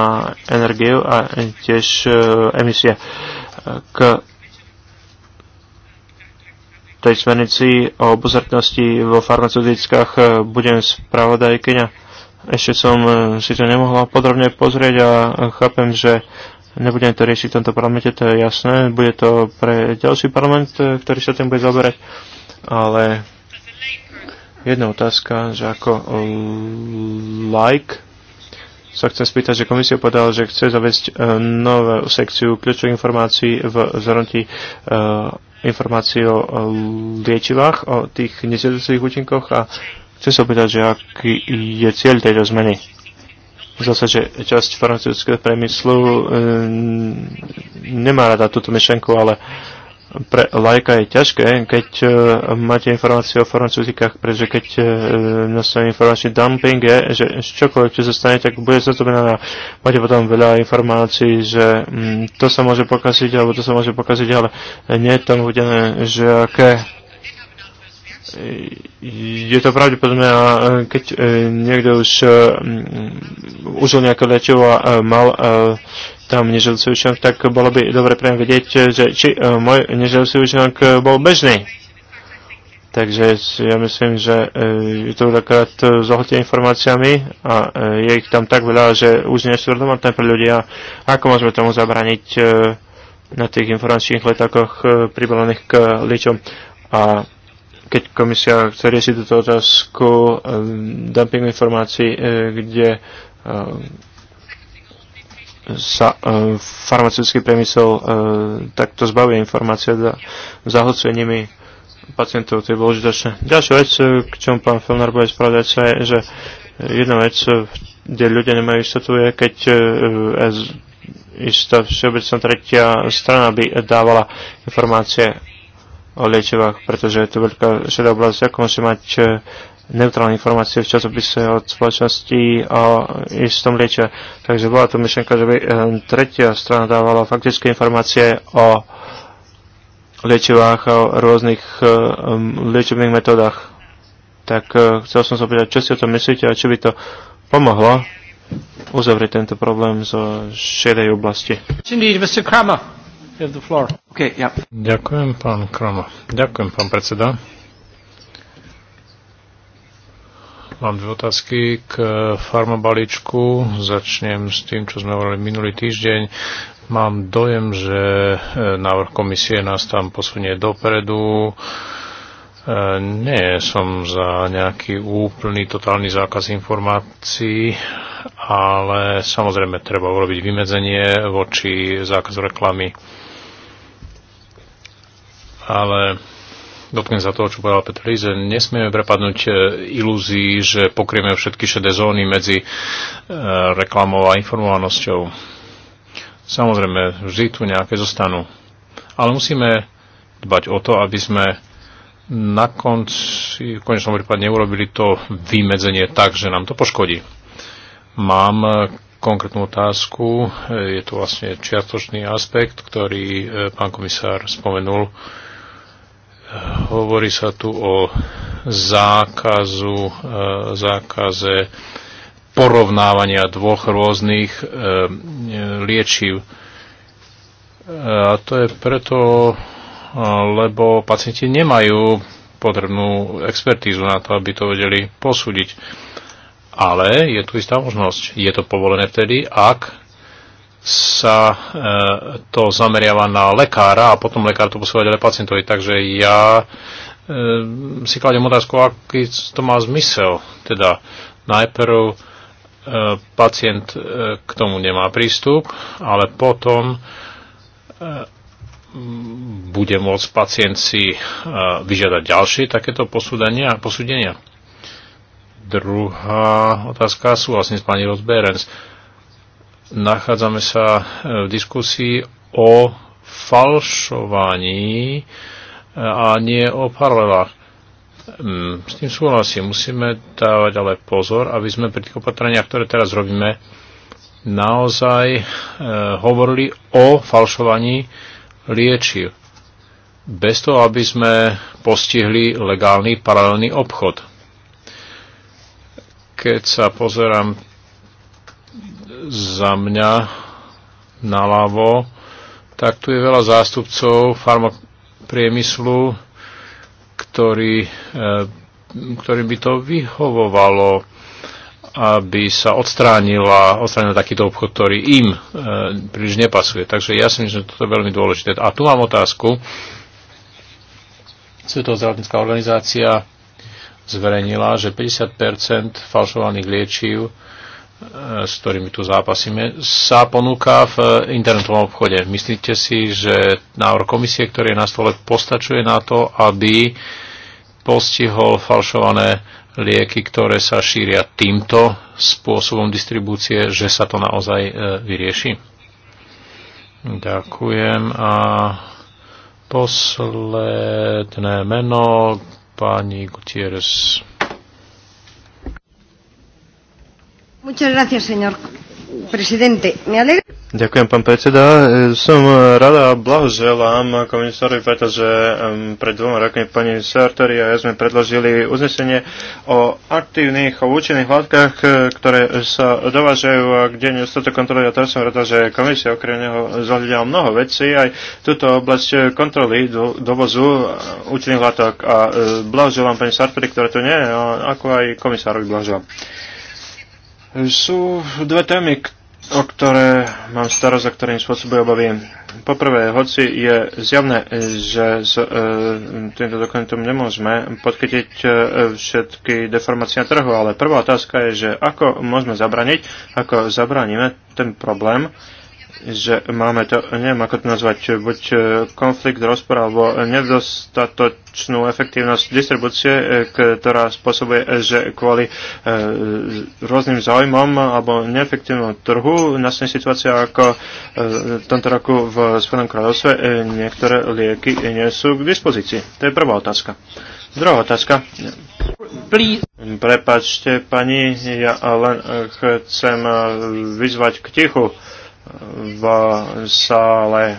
energiu a tiež emisie. K tej smernici o obozretnosti vo farmaceutickách e, budem spravodajkyňa. Ešte som e, si to nemohla podrobne pozrieť a e, chápem, že nebudeme to riešiť v tomto parlamente, to je jasné. Bude to pre ďalší parlament, ktorý sa tým bude zaberať. Ale jedna otázka, že ako like sa chcem spýtať, že komisia povedala, že chce zavesť novú sekciu kľúčových informácií v zhrnutí informácií o liečivách, o tých nesiedúcich účinkoch a chcem sa opýtať, že aký je cieľ tejto zmeny. Zdá sa, že časť farmaceutického priemyslu e, nemá rada túto myšlenku, ale e, pre lajka je ťažké, keď uh, máte informáciu o farmaceutikách, pretože keď uh, e, nastane informačný dumping, je, že čokoľvek, čo sa stane, tak bude zastupená. Máte potom veľa informácií, že um, to sa môže pokaziť, alebo to sa môže pokaziť, ale nie je tam uvedené, že aké je to pravdepodobné, e, keď niekto už užil nejaké liečivo a mal tam neželúci účinok, tak bolo by dobre pre vedieť, eh, že či eh, môj neželúci účinok eh, bol bežný. Takže ja myslím, že je to veľakrát zohltie informáciami a je ich tam tak veľa, že už nie sú relevantné pre ľudia. Ako môžeme tomu zabraniť na tých informačných letákoch pribalených k ličom? A keď komisia chce riešiť túto otázku dumpingu informácií, kde sa e, farmaceutický priemysel e, takto zbaví informácie zahlcenými pacientov, to je bolo užitočné. Ďalšia vec, e, k čomu pán Filner bude spravodať sa, je, že jedna vec, kde ľudia nemajú istotu, je, keď istá všeobecná tretia strana by dávala informácie o liečivách, pretože je to veľká šedá oblasť, ako musí mať neutrálne informácie v časopise od spoločnosti o istom lieče. Takže bola tu myšlenka, že by eh, tretia strana dávala faktické informácie o liečivách a o rôznych eh, liečebných metodách. Tak eh, chcel som sa opýtať, čo si o tom myslíte a či by to pomohlo uzavrieť tento problém zo šedej oblasti. Indeed, Mr. Kramer. Okay, yeah. Ďakujem, pán Kroma. Ďakujem, pán predseda. Mám dve otázky k e, farmabaličku. Začnem s tým, čo sme hovorili minulý týždeň. Mám dojem, že e, návrh komisie nás tam posunie dopredu. E, nie som za nejaký úplný, totálny zákaz informácií, ale samozrejme treba urobiť vymedzenie voči zákazu reklamy. Ale dotknem za toho, čo povedal Petr že nesmieme prepadnúť e, ilúzii, že pokrieme všetky šedé zóny medzi e, reklamou a informovanosťou. Samozrejme, vždy tu nejaké zostanú. Ale musíme dbať o to, aby sme na konci, v konečnom prípade neurobili to vymedzenie tak, že nám to poškodí. Mám e, konkrétnu otázku. Je tu vlastne čiastočný aspekt, ktorý pán komisár spomenul Hovorí sa tu o zákazu, e, zákaze porovnávania dvoch rôznych e, liečiv. E, a to je preto, lebo pacienti nemajú potrebnú expertízu na to, aby to vedeli posúdiť. Ale je tu istá možnosť. Je to povolené vtedy, ak sa e, to zameriava na lekára a potom lekár to posiela ďalej pacientovi. Takže ja e, si kladem otázku, aký to má zmysel. Teda najprv e, pacient e, k tomu nemá prístup, ale potom e, bude môcť pacient si e, vyžiadať ďalšie takéto posúdania, posúdenia. Druhá otázka, súhlasím s pani Rosberens. E, nachádzame sa e, v diskusii o falšovaní e, a nie o paralelách. Mm, s tým súhlasím. Musíme dávať ale pozor, aby sme pri tých opatreniach, ktoré teraz robíme, naozaj e, hovorili o falšovaní liečiv. Bez toho, aby sme postihli legálny paralelný obchod. Keď sa pozerám za mňa naľavo, tak tu je veľa zástupcov farmapriemyslu, ktorý, eh, ktorým by to vyhovovalo, aby sa odstránila, odstránil takýto obchod, ktorý im eh, príliš nepasuje. Takže ja si myslím, že toto je veľmi dôležité. A tu mám otázku. Svetová zdravotnícká organizácia zverejnila, že 50 falšovaných liečiv s ktorými tu zápasíme, sa ponúka v eh, internetovom obchode. Myslíte si, že návrh komisie, ktorý je na stole, postačuje na to, aby postihol falšované lieky, ktoré sa šíria týmto spôsobom distribúcie, že sa to naozaj eh, vyrieši? Ďakujem. A posledné meno pani Gutierrez. Gracias, aleg... Ďakujem, pán predseda. E, som rada a blahoželám komisárovi, pretože pred dvoma rokmi pani Sartori a ja sme predložili uznesenie o aktívnych a účinných látkach, e, ktoré sa dovážajú a kde nedostatok kontroly. A teraz som rada, že komisia okrem neho zohľadila mnoho vecí, aj túto oblasť kontroly do, dovozu e, účinných látok. A blahoželám pani Sartori, ktorá tu nie je, ako aj komisárovi blahoželám. Sú dve témy, o ktoré mám starosť a ktoré im spôsobujú obavy. Poprvé, hoci je zjavné, že s e, týmto dokumentom nemôžeme podchytiť e, všetky deformácie na trhu, ale prvá otázka je, že ako môžeme zabraniť, ako zabraníme ten problém, e, že máme to, neviem ako to nazvať, buď e, konflikt, rozpor alebo nedostatočnú efektívnosť distribúcie, e, ktorá spôsobuje, e, že kvôli rôznym záujmom alebo neefektívnom trhu nastane situácia ako v tomto roku v Spojenom kráľovstve niektoré lieky nie sú k dispozícii. To je prvá otázka. Druhá otázka. Please. Prepačte, pani, ja len chcem vyzvať k tichu. Uh, v sále,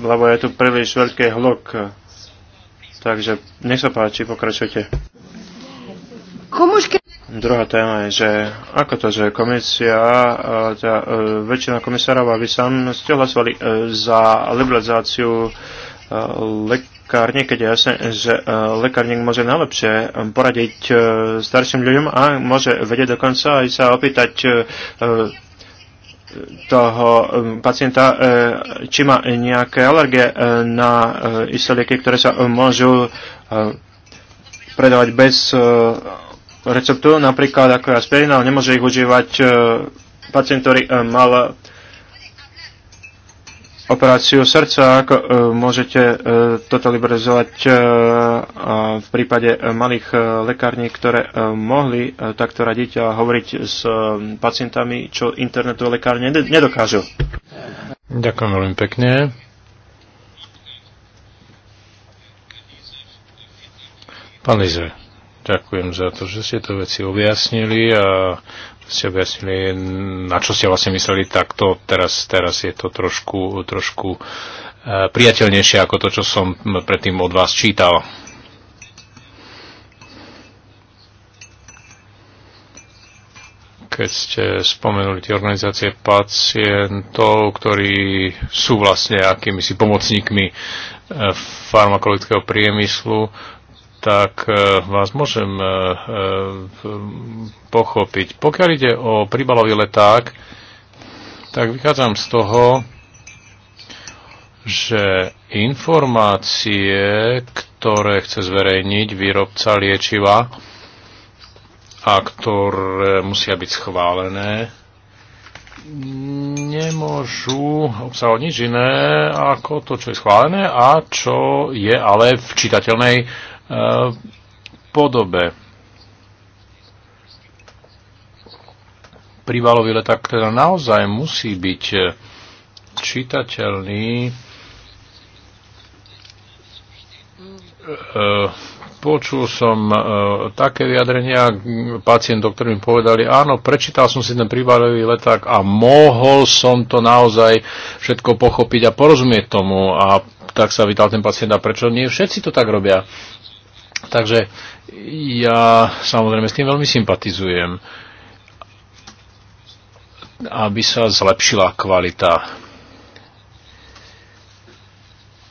lebo je tu príliš veľký hluk. Takže nech sa páči, pokračujte. Komuške... Druhá téma je, že ako to, že komisia, teda, e, väčšina komisárov, aby sám ste hlasovali e, za liberalizáciu e, lekárne, keď je jasné, že lekárnik môže najlepšie poradiť starším ľuďom a môže vedieť dokonca aj sa opýtať toho pacienta, e, či má nejaké alergie e, na e, isté lieky, ktoré sa môžu predávať bez receptu, napríklad ako je aspirina, ale nemôže ich užívať pacient, ktorý mal operáciu srdca, ako e, môžete e, toto liberalizovať e, v prípade malých lekární, ktoré mohli takto radiť a hovoriť s pacientami, čo internetové lekárne nedokážu. Ďakujem veľmi pekne. Pán Lize, ďakujem za to, že ste to veci objasnili a si objasnili, na čo ste vlastne mysleli, tak to teraz, teraz je to trošku, trošku e, priateľnejšie ako to, čo som predtým od vás čítal. Keď ste spomenuli tie organizácie pacientov, ktorí sú vlastne akýmisi pomocníkmi e, farmakologického priemyslu, tak e, vás môžem e, e, pochopiť. Pokiaľ ide o príbalový leták, tak vychádzam z toho, že informácie, ktoré chce zverejniť výrobca liečiva a ktoré musia byť schválené, nemôžu obsahovať nič iné ako to, čo je schválené a čo je ale v čitateľnej podobe. Prívalový leták teda naozaj musí byť e, čitateľný e, počul som e, také vyjadrenia pacientov, ktorí mi povedali, áno, prečítal som si ten príbalový leták a mohol som to naozaj všetko pochopiť a porozumieť tomu. A tak sa vytal ten pacient, a prečo nie? Všetci to tak robia. Takže ja samozrejme s tým veľmi sympatizujem, aby sa zlepšila kvalita.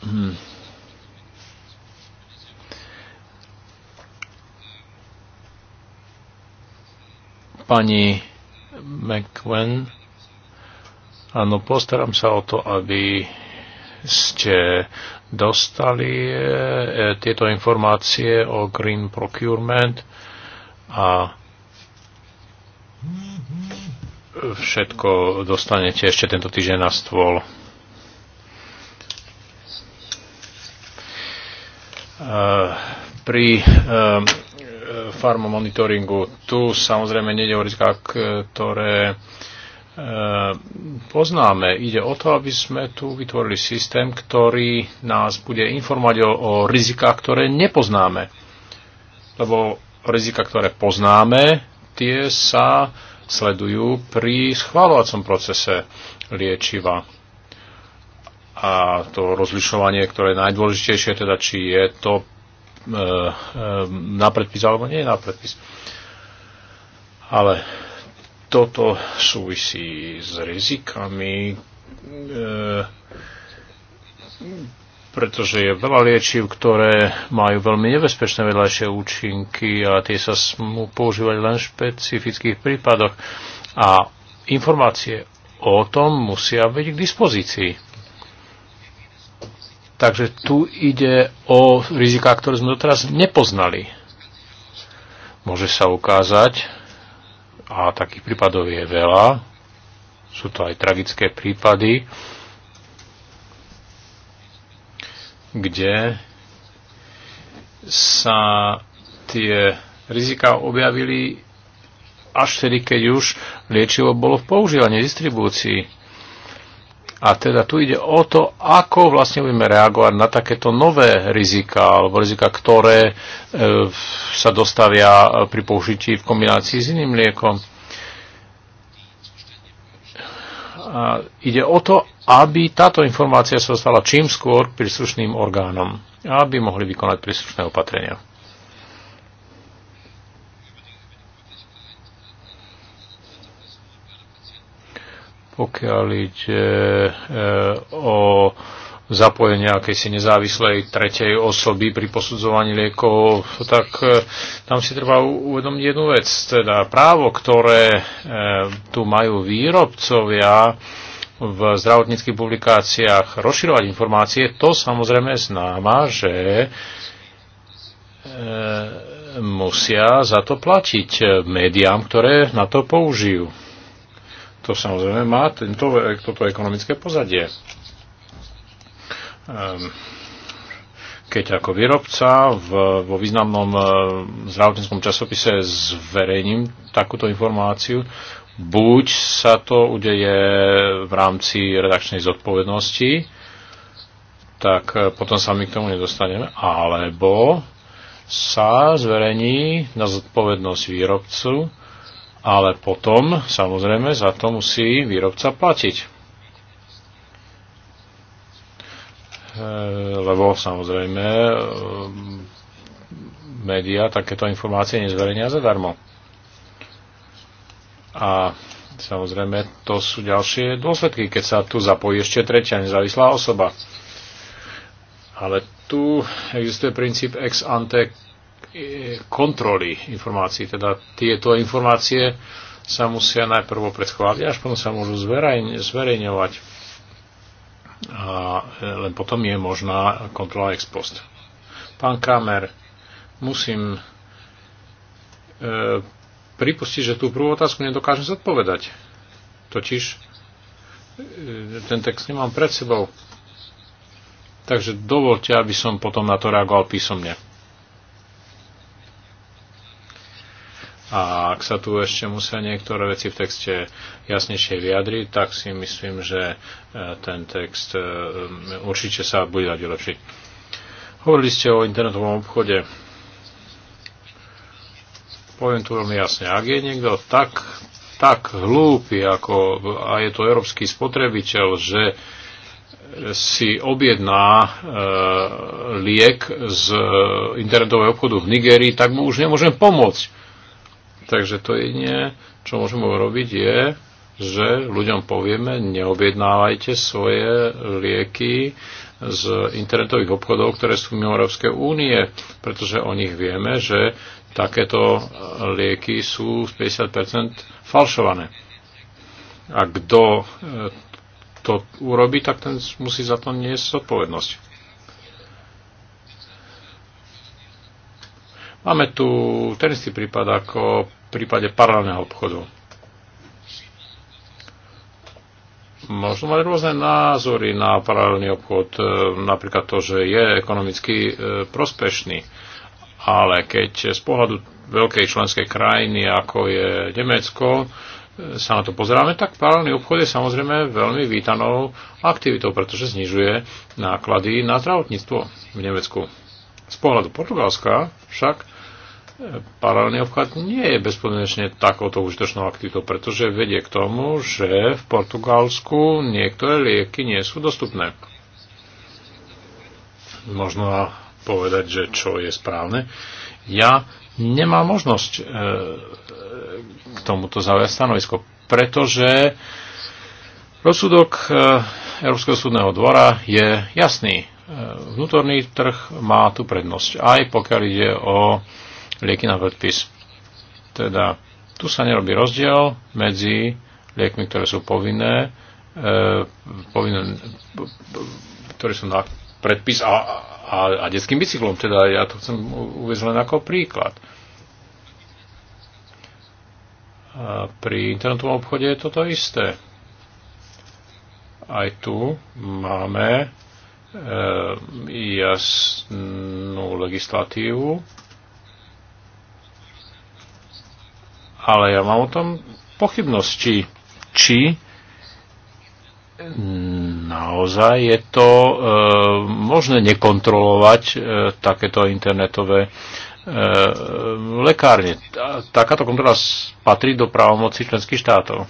Hmm. Pani McWen, áno, postaram sa o to, aby ste dostali e, e, tieto informácie o Green Procurement a všetko dostanete ešte tento týždeň na stôl. E, pri farmomonitoringu tu samozrejme nede o rizika, ktoré Eh, poznáme. Ide o to, aby sme tu vytvorili systém, ktorý nás bude informovať o, o rizikách, ktoré nepoznáme. Lebo rizika, ktoré poznáme, tie sa sledujú pri schváľovacom procese liečiva. A to rozlišovanie, ktoré je najdôležitejšie, teda či je to e, e, na predpis alebo nie je na predpis. Ale Toto súvisí s rizikami, e, pretože je veľa liečiv, ktoré majú veľmi nebezpečné vedľajšie účinky a tie sa smú používať len v špecifických prípadoch. A informácie o tom musia byť k dispozícii. Takže tu ide o rizika, ktoré sme doteraz nepoznali. Môže sa ukázať, a takých prípadov je veľa. Sú to aj tragické prípady, kde sa tie rizika objavili až tedy, keď už liečivo bolo v používaní distribúcii A teda tu ide o to, ako vlastne budeme reagovať na takéto nové rizika, alebo rizika, ktoré e, sa dostavia e, pri použití v kombinácii s iným liekom. A ide o to, aby táto informácia sa dostala čím skôr príslušným orgánom, aby mohli vykonať príslušné opatrenia. pokiaľ ide e, o zapojenie akejsi nezávislej tretej osoby pri posudzovaní liekov, tak e, tam si treba uvedomiť jednu vec. Teda právo, ktoré e, tu majú výrobcovia v zdravotníckých publikáciách rozširovať informácie, to samozrejme známa, že musia za to platiť médiám, ktoré na to použijú to samozrejme má tento, toto ekonomické pozadie. Ehm, keď ako výrobca v, vo významnom e, zdravotníckom časopise zverejním takúto informáciu, buď sa to udeje v rámci redakčnej zodpovednosti, tak e, potom sa my k tomu nedostaneme, alebo sa zverejní na zodpovednosť výrobcu, ale potom samozrejme za to musí výrobca platiť. E, lebo samozrejme e, médiá takéto informácie nezverejnia zadarmo. A samozrejme to sú ďalšie dôsledky, keď sa tu zapojí ešte tretia nezávislá osoba. Ale tu existuje princíp ex ante E, kontroly informácií. Teda tieto informácie sa musia najprv predchovať, až potom sa môžu zverejňovať. A e, len potom je možná kontrola ex post. Pán Kamer, musím e, pripustiť, že tú prvú otázku nedokážem zodpovedať. Totiž e, ten text nemám pred sebou. Takže dovolte, aby som potom na to reagoval písomne. A ak sa tu ešte musia niektoré veci v texte jasnejšie vyjadriť, tak si myslím, že e, ten text e, určite sa bude dať vylepšiť. Hovorili ste o internetovom obchode. Poviem tu veľmi jasne, ak je niekto tak, tak hlúpy, ako, a je to európsky spotrebiteľ, že si objedná e, liek z e, internetového obchodu v Nigerii, tak mu už nemôžem pomôcť Takže to jedine, čo môžeme urobiť, je, že ľuďom povieme, neobjednávajte svoje lieky z internetových obchodov, ktoré sú mimo Európskej únie, pretože o nich vieme, že takéto e, lieky sú 50% falšované. A kto e, to urobí, tak ten musí za to niesť zodpovednosť. Máme tu ten istý prípad ako v prípade paralelného obchodu. Možno mať rôzne názory na paralelný obchod, e, napríklad to, že je ekonomicky e, prospešný, ale keď z pohľadu veľkej členskej krajiny, ako je Nemecko, e, sa na to pozeráme, tak paralelný obchod je samozrejme veľmi vítanou aktivitou, pretože znižuje náklady na zdravotníctvo v Nemecku. Z pohľadu Portugalska však paralelný obchod nie je bezpodmienečne takouto užitočnou aktivitou, pretože vedie k tomu, že v Portugalsku niektoré lieky nie sú dostupné. Možno povedať, že čo je správne. Ja nemám možnosť e, k tomuto zaujať stanovisko, pretože rozsudok e, Európskeho súdneho dvora je jasný. E, vnútorný trh má tu prednosť, aj pokiaľ ide o lieky na predpis. Teda tu sa nerobí rozdiel medzi liekmi, ktoré sú povinné, e, povinné ktoré sú na predpis a, a, a detským bicyklom. Teda ja to chcem uvieť len ako príklad. A pri internetovom obchode je toto isté. Aj tu máme e, jasnú legislatívu, ale ja mám o tom pochybnosti, či naozaj je to e, možné nekontrolovať e, takéto internetové e, lekárne. Takáto kontrola patrí do právomoci členských štátov.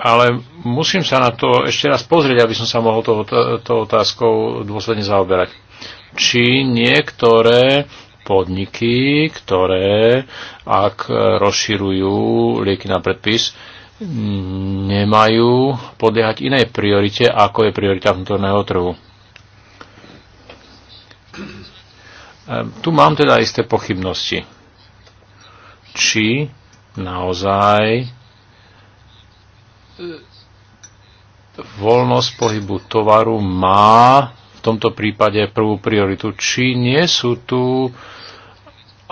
Ale musím sa na to ešte raz pozrieť, aby som sa mohol tou to otázkou dôsledne zaoberať. Či niektoré podniky, ktoré, ak rozširujú lieky na predpis, nemajú podliehať inej priorite, ako je priorita vnútorného trhu. Ehm, tu mám teda isté pochybnosti. Či naozaj e, voľnosť pohybu tovaru má v tomto prípade prvú prioritu. Či nie sú tu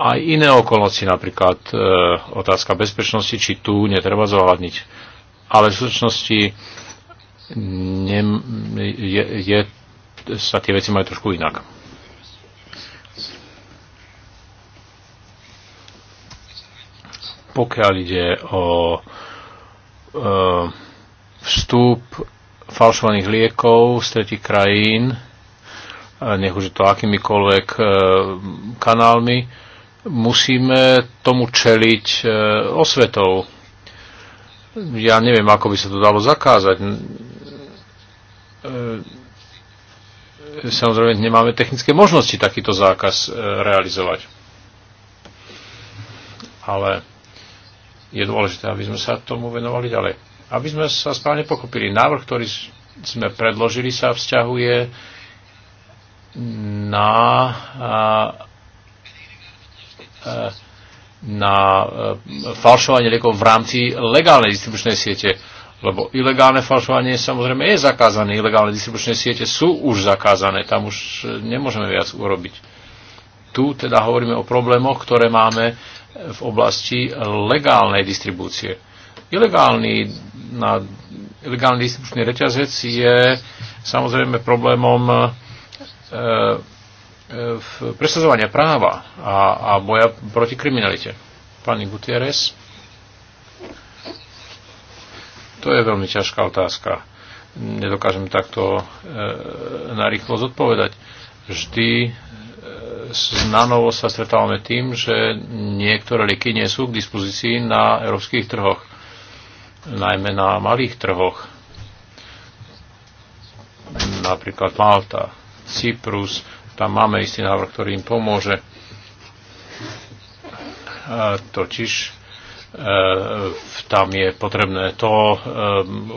aj iné okolnosti, napríklad e, otázka bezpečnosti, či tu netreba zohľadniť. Ale v súčasnosti ne, je, je, sa tie veci majú trošku inak. Pokiaľ ide o e, vstup falšovaných liekov z tretich krajín, e, nech už je to akýmikoľvek e, kanálmi, musíme tomu čeliť e, osvetou. Ja neviem, ako by sa to dalo zakázať. E, samozrejme, nemáme technické možnosti takýto zákaz e, realizovať. Ale je dôležité, aby sme sa tomu venovali ďalej. Aby sme sa správne pochopili, návrh, ktorý sme predložili, sa vzťahuje na Eh, na eh, falšovanie liekov v rámci legálnej distribučnej siete. Lebo ilegálne falšovanie samozrejme je zakázané. Ilegálne distribučné siete sú už zakázané. Tam už eh, nemôžeme viac urobiť. Tu teda hovoríme o problémoch, ktoré máme v oblasti legálnej distribúcie. Ilegálny, na, ilegálny distribučný reťazec je samozrejme problémom e, presadzovania práva a, a boja proti kriminalite. Pani Gutierrez? To je veľmi ťažká otázka. Nedokážem takto e, narýchlo zodpovedať. Vždy e, znanovo sa stretávame tým, že niektoré lieky nie sú k dispozícii na európskych trhoch, najmä na malých trhoch, napríklad Malta, Cyprus, tam máme istý návrh, ktorý im pomôže. Totiž e, tam je potrebné to e,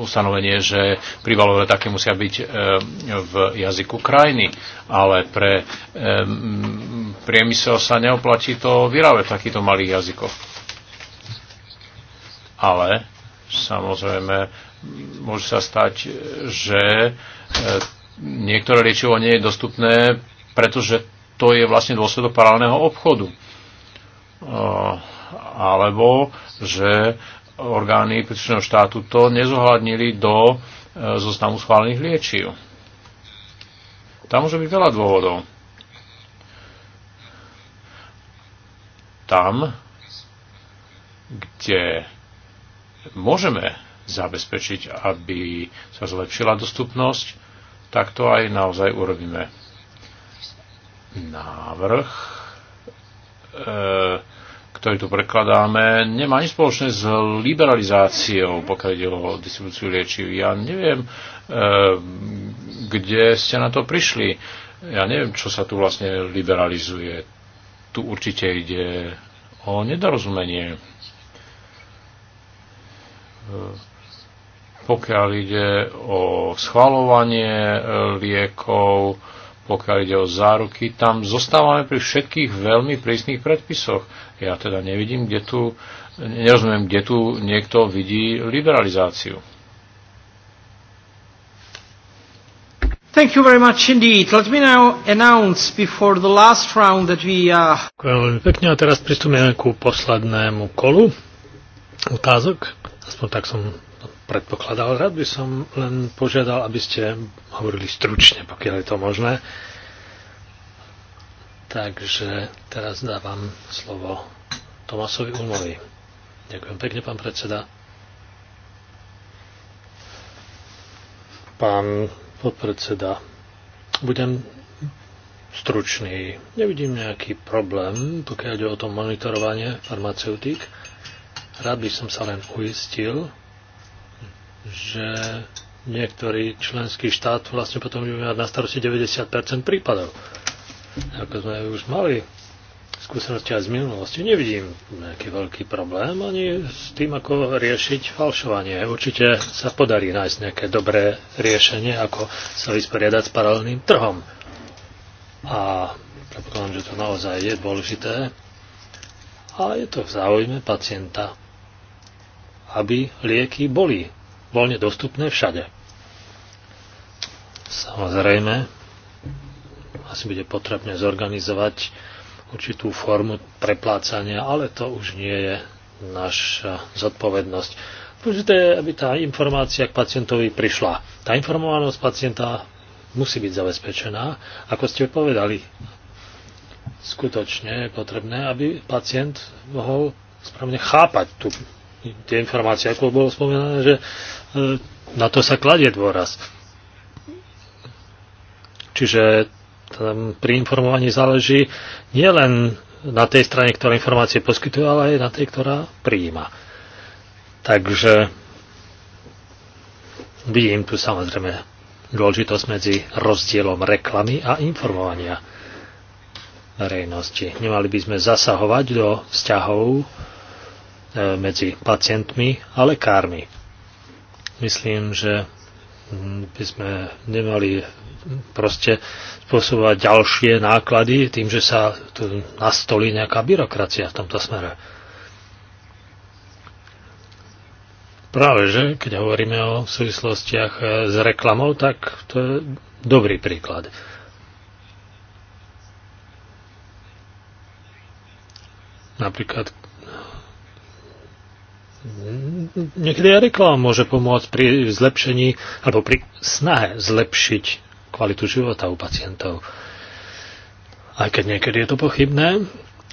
ustanovenie, že prívalové také musia byť e, v jazyku krajiny, ale pre priemysel sa neoplatí to vyrábať v takýchto malých jazykoch. Ale samozrejme môže sa stať, že niektoré liečivo nie je dostupné pretože to je vlastne dôsledok paralelného obchodu. Alebo, že orgány príslušného štátu to nezohľadnili do e, zoznamu schválených liečiv. Tam môže byť veľa dôvodov. Tam, kde môžeme zabezpečiť, aby sa zlepšila dostupnosť, tak to aj naozaj urobíme návrh, e, ktorý tu prekladáme, nemá nič spoločné s liberalizáciou, pokiaľ ide o distribúciu liečiv. Ja neviem, e, kde ste na to prišli. Ja neviem, čo sa tu vlastne liberalizuje. Tu určite ide o nedorozumenie. E, pokiaľ ide o schvalovanie liekov, Pokiaľ ide o záruky, tam zostávame pri všetkých veľmi prísnych predpisoch. Ja teda nevidím, kde tu, nerozumiem, kde tu niekto vidí liberalizáciu. Thank you very much indeed. Let me now announce before the last round that we uh, are... Veľmi pekne a teraz pristúpime ku poslednému kolu otázok. Aspoň tak som predpokladal. Rád by som len požiadal, aby ste hovorili stručne, pokiaľ je to možné. Takže teraz dávam slovo Tomasovi Ulmovi. Ďakujem pekne, pán predseda. Pán podpredseda, budem stručný. Nevidím nejaký problém, pokiaľ ide o to monitorovanie farmaceutík. Rád by som sa len uistil, že niektorý členský štát vlastne potom bude mať na starosti 90% prípadov. Ako sme už mali skúsenosti aj z minulosti, nevidím nejaký veľký problém ani s tým, ako riešiť falšovanie. Určite sa podarí nájsť nejaké dobré riešenie, ako sa vysporiadať s paralelným trhom. A predpokladám, že to naozaj je dôležité. A je to v záujme pacienta, aby lieky boli voľne dostupné všade. Samozrejme, asi bude potrebné zorganizovať určitú formu preplácania, ale to už nie je naša zodpovednosť. Dôležité je, aby tá informácia k pacientovi prišla. Tá informovanosť pacienta musí byť zabezpečená. Ako ste povedali, skutočne je potrebné, aby pacient mohol správne chápať tú tie informácie, ako bolo spomenané, že e, na to sa kladie dôraz. Čiže tam pri informovaní záleží nielen na tej strane, ktorá informácie poskytuje, ale aj na tej, ktorá prijíma. Takže vidím tu samozrejme dôležitosť medzi rozdielom reklamy a informovania verejnosti. Nemali by sme zasahovať do vzťahov E, medzi pacientmi a lekármi. Myslím, že by sme nemali proste spôsobovať ďalšie náklady tým, že sa tu nastolí nejaká byrokracia v tomto smere. Práve, že keď hovoríme o súvislostiach s reklamou, tak to je dobrý príklad. Napríklad niekedy aj reklama môže pomôcť pri zlepšení alebo pri snahe zlepšiť kvalitu života u pacientov. Aj keď niekedy je to pochybné,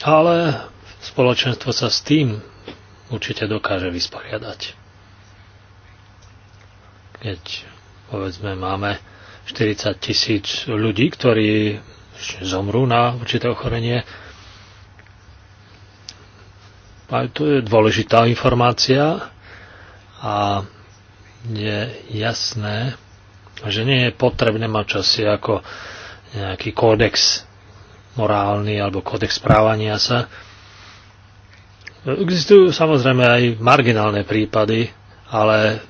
ale spoločenstvo sa s tým určite dokáže vysporiadať. Keď povedzme máme 40 tisíc ľudí, ktorí zomrú na určité ochorenie, ale to je dôležitá informácia a je jasné, že nie je potrebné mať časy ako nejaký kódex morálny alebo kódex správania sa. Existujú samozrejme aj marginálne prípady, ale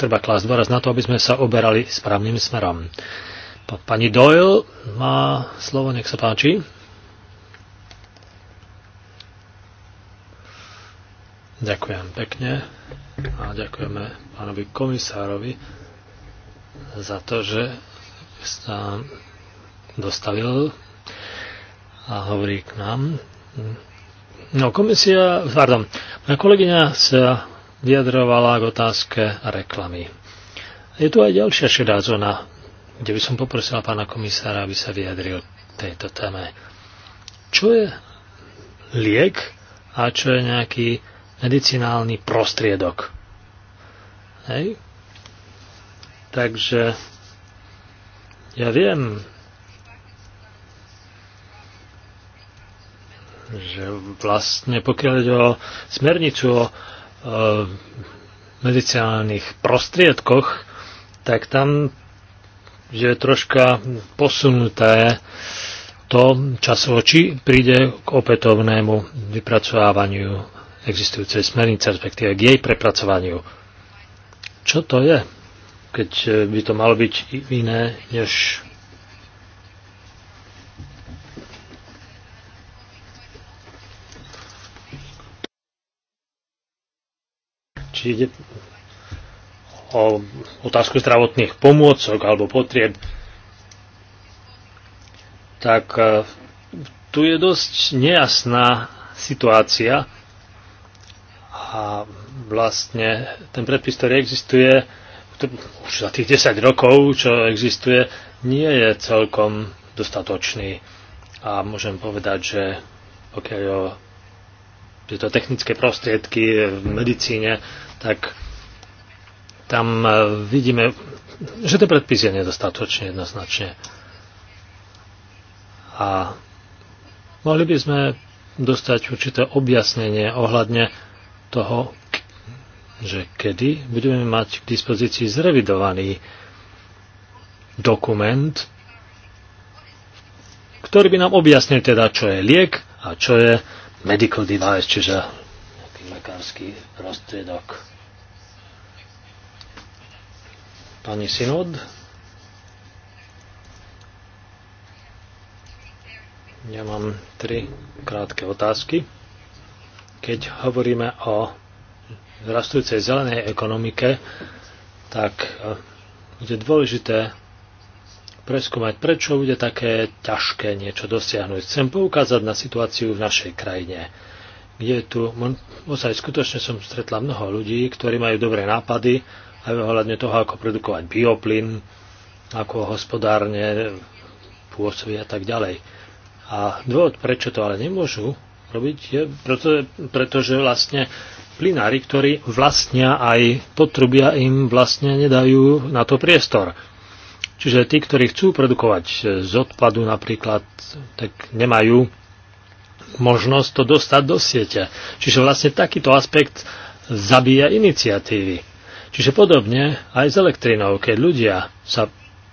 treba klásť dôraz na to, aby sme sa oberali správnym smerom. Pani Doyle má slovo, nech sa páči. Ďakujem pekne a ďakujeme pánovi komisárovi za to, že sa dostavil a hovorí k nám. No, komisia, pardon, moja kolegyňa sa vyjadrovala k otázke reklamy. Je tu aj ďalšia šedá zóna, kde by som poprosila pána komisára, aby sa vyjadril k tejto téme. Čo je liek a čo je nejaký medicinálny prostriedok. Hej? Takže ja viem, že vlastne pokiaľ ide o smernicu o e, medicinálnych prostriedkoch, tak tam je troška posunuté to časovo, či príde k opätovnému vypracovávaniu existujúcej smernice, respektíve k jej prepracovaniu. Čo to je, keď e, by to malo byť iné než či ide o otázku zdravotných pomôcok alebo potrieb, tak e, tu je dosť nejasná situácia A vlastne ten predpis, ktorý existuje už za tých 10 rokov, čo existuje, nie je celkom dostatočný. A môžem povedať, že pokiaľ o tieto technické prostriedky v medicíne, tak tam e, vidíme, že ten predpis je nedostatočný jednoznačne. A mohli by sme dostať určité objasnenie ohľadne toho, že kedy budeme mať k dispozícii zrevidovaný dokument, ktorý by nám objasnil teda, čo je liek a čo je medical device, čiže nejaký lekársky prostriedok. Pani Synod? Ja mám tri krátke otázky. Keď hovoríme o rastúcej zelenej ekonomike, tak e, bude dôležité preskúmať, prečo bude také ťažké niečo dosiahnuť. Chcem poukázať na situáciu v našej krajine, kde tu, ozaj skutočne som stretla mnoho ľudí, ktorí majú dobré nápady aj ohľadne toho, ako produkovať bioplyn, ako hospodárne pôsobí a tak ďalej. A dôvod, prečo to ale nemôžu robiť, je preto, pretože vlastne plinári, ktorí vlastnia aj potrubia, im vlastne nedajú na to priestor. Čiže tí, ktorí chcú produkovať z odpadu napríklad, tak nemajú možnosť to dostať do siete. Čiže vlastne takýto aspekt zabíja iniciatívy. Čiže podobne aj s elektrinou, keď ľudia sa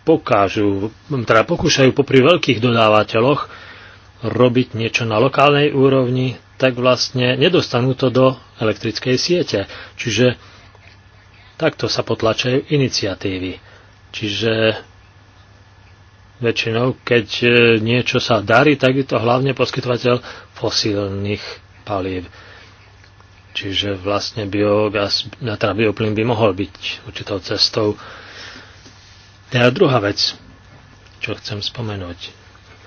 pokážu, teda pokúšajú popri veľkých dodávateľoch robiť niečo na lokálnej úrovni, tak vlastne nedostanú to do elektrickej siete. Čiže takto sa potlačajú iniciatívy. Čiže väčšinou, keď e, niečo sa darí, tak je to hlavne poskytovateľ fosílnych palív. Čiže vlastne biogaz, teda bioplyn by mohol byť určitou cestou. A druhá vec, čo chcem spomenúť.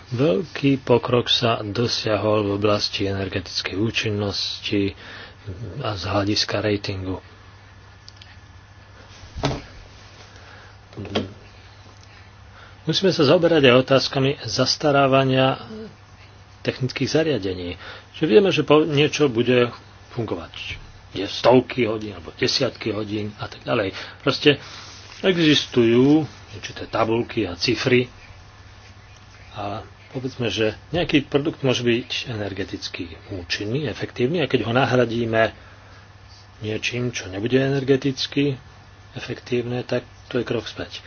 Veľký pokrok sa dosiahol v oblasti energetickej účinnosti a z hľadiska ratingu. Musíme sa zaoberať aj otázkami zastarávania technických zariadení. Čiže vieme, že niečo bude fungovať. Je stovky hodín alebo desiatky hodín a tak ďalej. Proste existujú určité tabulky a cifry a povedzme, že nejaký produkt môže byť energeticky účinný, efektívny, a keď ho nahradíme niečím, čo nebude energeticky efektívne, tak to je krok späť.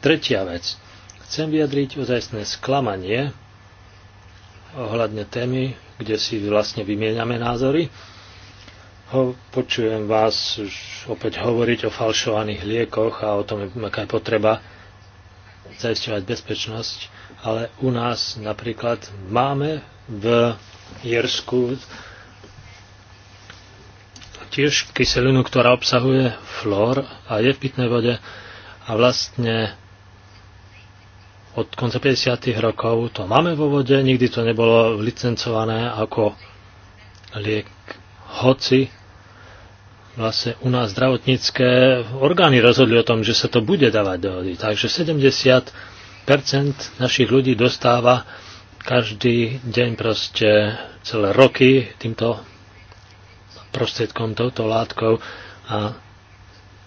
Tretia vec. Chcem vyjadriť ozajstné sklamanie ohľadne témy, kde si vlastne vymieňame názory. Ho, počujem vás už opäť hovoriť o falšovaných liekoch a o tom, aká je potreba zaisťovať bezpečnosť, ale u nás napríklad máme v Jersku tiež kyselinu, ktorá obsahuje flór a je v pitnej vode a vlastne od konca 50. rokov to máme vo vode, nikdy to nebolo licencované ako liek, hoci vlastne u nás zdravotnícke orgány rozhodli o tom, že sa to bude dávať do vody. Takže 70% našich ľudí dostáva každý deň proste celé roky týmto prostriedkom, touto látkou a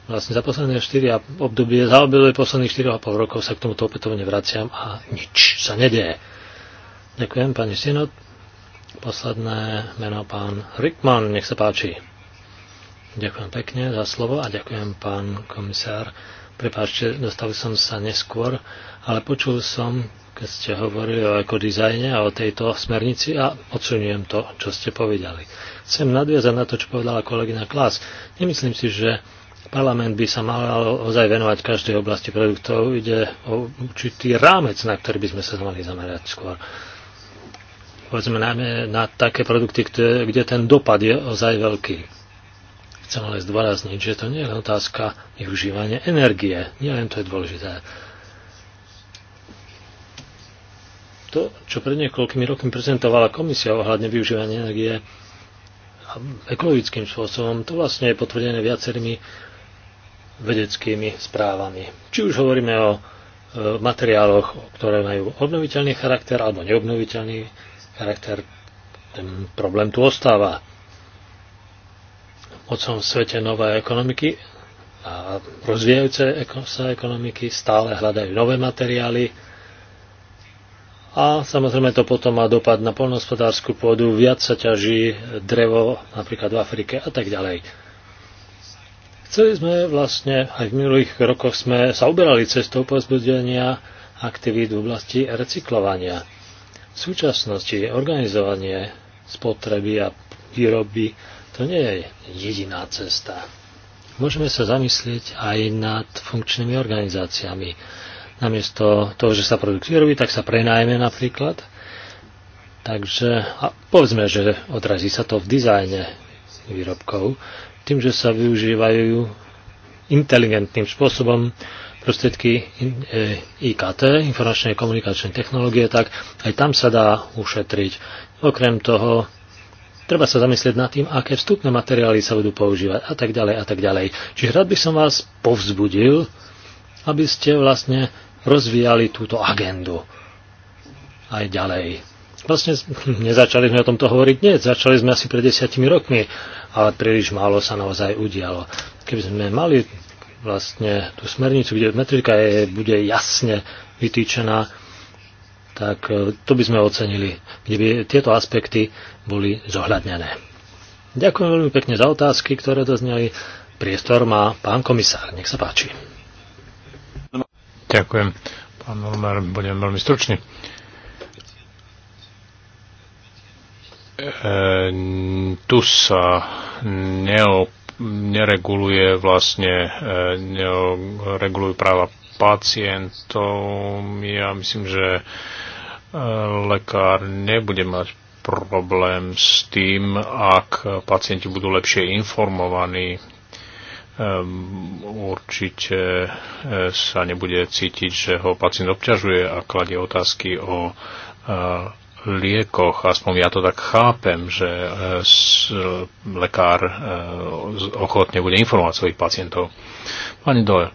vlastne za posledné 4 a obdobie, za obdobie posledných 4,5 rokov sa k tomuto opätovne vraciam a nič sa nedieje. Ďakujem, pani Sinot. Posledné meno pán Rickman, nech sa páči. Ďakujem pekne za slovo a ďakujem pán komisár. Prepáčte, dostal som sa neskôr, ale počul som, keď ste hovorili o ekodizajne a o tejto smernici a ocenujem to, čo ste povedali. Chcem nadviazať na to, čo povedala kolegyna Klas. Nemyslím si, že parlament by sa mal ozaj venovať každej oblasti produktov. Ide o určitý rámec, na ktorý by sme sa mali zamerať skôr povedzme najmä na také produkty, kde, kde ten dopad je ozaj veľký. Chcem ale zdôrazniť, že to nie je len otázka využívania energie. Nie len to je dôležité. To, čo pred niekoľkými rokmi prezentovala komisia ohľadne využívania energie ekologickým spôsobom, to vlastne je potvrdené viacerými vedeckými správami. Či už hovoríme o e, materiáloch, ktoré majú obnoviteľný charakter alebo neobnoviteľný charakter, ten problém tu ostáva po celom svete nové ekonomiky a rozvíjajúce sa ekonomiky stále hľadajú nové materiály a samozrejme to potom má dopad na polnospodárskú pôdu, viac sa ťaží drevo napríklad v Afrike a tak ďalej. Chceli sme vlastne, aj v minulých rokoch sme sa uberali cestou pozbudenia aktivít v oblasti recyklovania. V súčasnosti organizovanie spotreby a výroby To nie je jediná cesta. Môžeme sa zamyslieť aj nad funkčnými organizáciami. Namiesto toho, že sa produkty robí, tak sa prenajme napríklad. Takže a povedzme, že odrazí sa to v dizajne výrobkov, tým, že sa využívajú inteligentným spôsobom prostriedky IKT, e, informačné komunikačné technológie, tak aj tam sa dá ušetriť. Okrem toho Treba sa zamyslieť nad tým, aké vstupné materiály sa budú používať a tak ďalej a tak ďalej. Čiže rád by som vás povzbudil, aby ste vlastne rozvíjali túto agendu aj ďalej. Vlastne nezačali sme o tomto hovoriť dnes, začali sme asi pred desiatimi rokmi, ale príliš málo sa naozaj udialo. Keby sme mali vlastne tú smernicu, kde metrika e je, bude jasne vytýčená, tak e, to by sme ocenili, kde by tieto aspekty boli zohľadnené. Ďakujem veľmi pekne za otázky, ktoré dozneli. Priestor má pán komisár. Nech sa páči. Ďakujem. Pán Ulmer, budem veľmi stručný. E, tu sa neop, nereguluje vlastne, e, neregulujú práva pacientov. Ja myslím, že lekár nebude mať problém s tým, ak pacienti budú lepšie informovaní. Ehm, určite eh, sa nebude cítiť, že ho pacient obťažuje a kladie otázky o eh, liekoch, aspoň ja to tak chápem, že eh, lekár ochotne bude informovať svojich pacientov. Pani Doyle,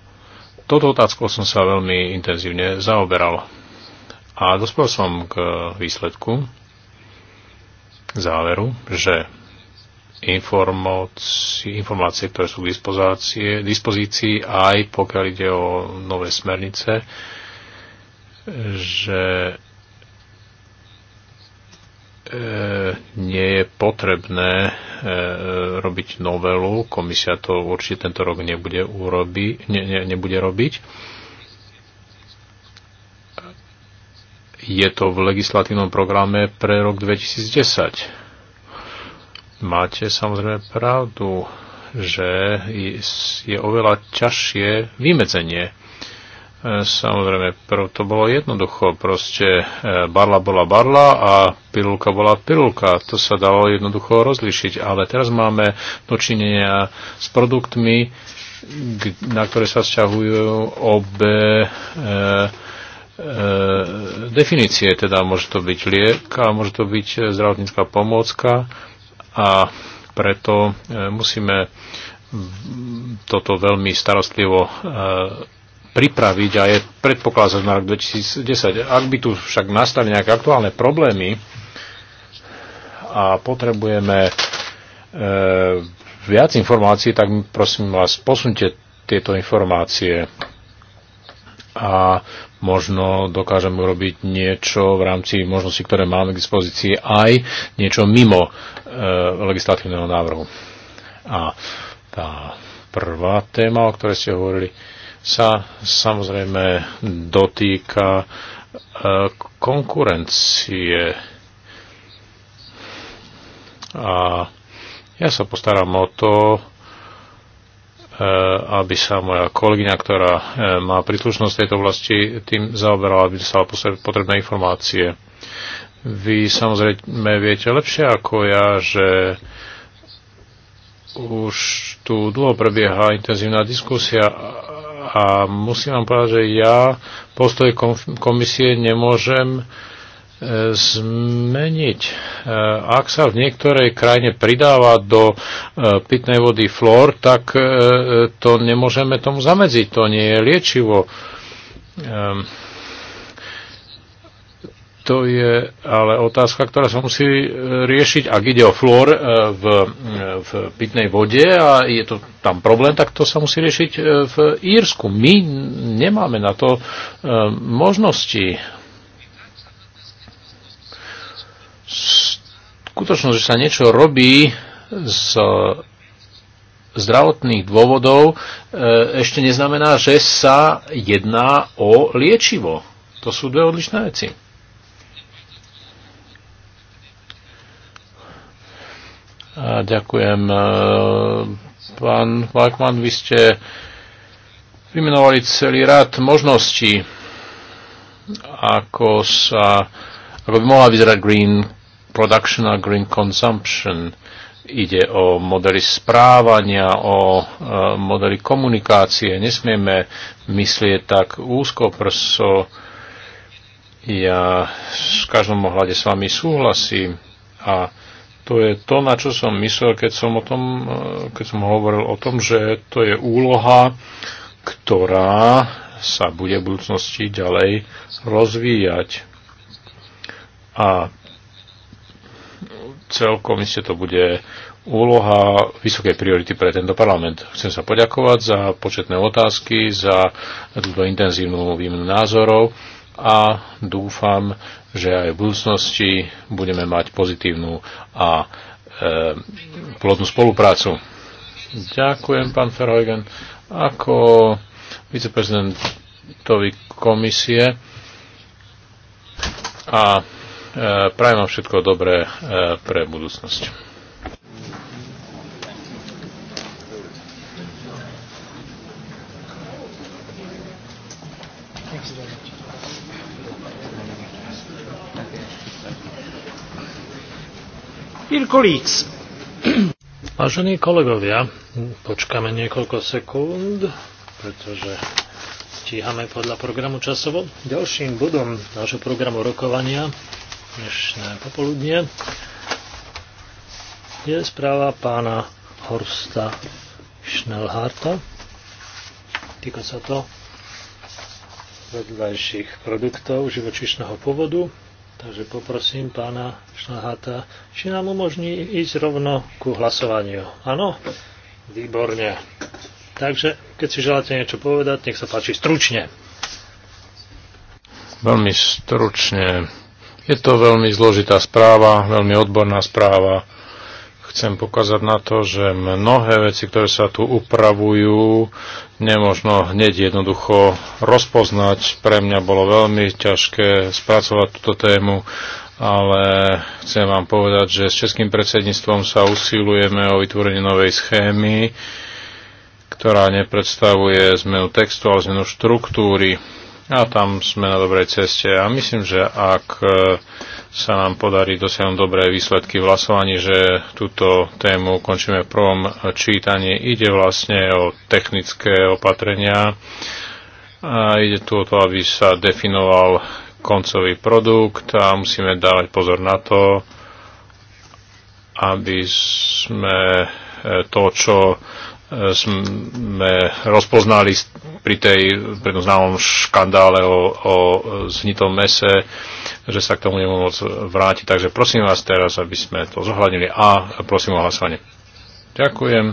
toto otázkou som sa veľmi intenzívne zaoberal A dospel som k výsledku, k záveru, že informácie, ktoré sú k dispozícii, dispozícii aj pokiaľ ide o nové smernice, že e, nie je potrebné e, robiť novelu. Komisia to určite tento rok nebude, urobi, ne, ne, nebude robiť. Je to v legislatívnom programe pre rok 2010. Máte samozrejme pravdu, že je oveľa ťažšie vymedzenie. E, samozrejme, to bolo jednoducho. Proste e, barla bola barla a pilulka bola pilulka. To sa dalo jednoducho rozlišiť. Ale teraz máme dočinenia s produktmi, na ktoré sa vzťahujú obe e, E, definície. Teda môže to byť liek a môže to byť e, zdravotnícká pomôcka a preto e, musíme toto veľmi starostlivo pripraviť a je predpoklad na rok 2010. Ak by tu však nastali nejaké aktuálne problémy a potrebujeme e, viac informácií, tak prosím vás, posunte tieto informácie a možno dokážeme urobiť niečo v rámci možností, ktoré máme k dispozícii, aj niečo mimo e, legislatívneho návrhu. A tá prvá téma, o ktorej ste hovorili, sa samozrejme dotýka e, konkurencie. A ja sa postaram o to, E, aby sa moja kolegyňa, ktorá e, má príslušnosť tejto oblasti, tým zaoberala, aby sa potrebné informácie. Vy samozrejme viete lepšie ako ja, že už tu dlho prebieha intenzívna diskusia a musím vám povedať, že ja postoj komisie nemôžem zmeniť. Eh, ak sa v niektorej krajine pridáva do eh, pitnej vody flór, tak eh, to nemôžeme tomu zamedziť. To nie je liečivo. Ehm, to je ale otázka, ktorá sa musí riešiť. Ak ide o flór v, v pitnej vode a je to tam problém, tak to sa musí riešiť v Írsku. My nemáme na to možnosti skutočnosť, že sa niečo robí z zdravotných dôvodov, e, ešte neznamená, že sa jedná o liečivo. To sú dve odlišné veci. A ďakujem. E, pán Vákman, vy ste vymenovali celý rad možností, ako, sa, ako by mohla vyzerať Green production a green consumption. Ide o modely správania, o e, modely komunikácie. Nesmieme myslieť tak úzko prso. Ja v každom ohľade s vami súhlasím a to je to, na čo som myslel, keď som, o tom, e, keď som hovoril o tom, že to je úloha, ktorá sa bude v budúcnosti ďalej rozvíjať. A celkom iste to bude úloha vysokej priority pre tento parlament. Chcem sa poďakovať za početné otázky, za túto intenzívnu výmenu názorov a dúfam, že aj v budúcnosti budeme mať pozitívnu a e, plodnú spoluprácu. Ďakujem, pán Verhoeven. Ako viceprezidentovi komisie a E, Prajem vám všetko dobré e, pre budúcnosť. Kolíc. Vážení kolegovia, počkáme niekoľko sekúnd, pretože stíhame podľa programu časovo. Ďalším bodom nášho programu rokovania dnešné popoludnie je správa pána Horsta Schnellharta. Týka sa to vedľajších produktov živočišného pôvodu. Takže poprosím pána Šlahata, či nám umožní ísť rovno ku hlasovaniu. Áno? Výborne. Takže, keď si želáte niečo povedať, nech sa páči stručne. Veľmi stručne Je to veľmi zložitá správa, veľmi odborná správa. Chcem pokazať na to, že mnohé veci, ktoré sa tu upravujú, nemožno hneď jednoducho rozpoznať. Pre mňa bolo veľmi ťažké spracovať túto tému, ale chcem vám povedať, že s českým predsedníctvom sa usilujeme o vytvorenie novej schémy, ktorá nepredstavuje zmenu textu, ale zmenu štruktúry a tam sme na dobrej ceste. A myslím, že ak e, sa nám podarí dosiahnuť dobré výsledky v hlasovaní, že túto tému končíme v prvom čítaní. Ide vlastne o technické opatrenia. A ide tu o to, aby sa definoval koncový produkt a musíme dávať pozor na to, aby sme e, to, čo sme rozpoznali pri tej prednom známom škandále o, o zhnitom mese, že sa k tomu nemôžu moc vrátiť. Takže prosím vás teraz, aby sme to zohľadnili a prosím o hlasovanie. Ďakujem.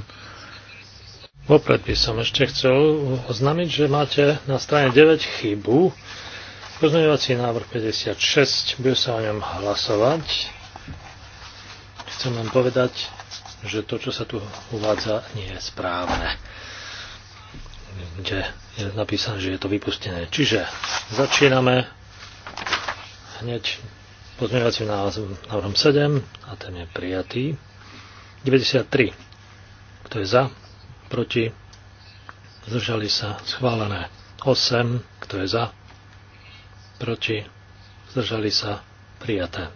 Vopred by som ešte chcel oznámiť, že máte na strane 9 chybu. Pozmeňovací návrh 56, bude sa o ňom hlasovať. Chcem len povedať, že to, čo sa tu uvádza, nie je správne. Kde je napísané, že je to vypustené. Čiže začíname hneď pozmeňovacím návrhom 7 a ten je prijatý. 93. Kto je za? Proti? Zdržali sa? Schválené. 8. Kto je za? Proti? Zdržali sa? Prijaté.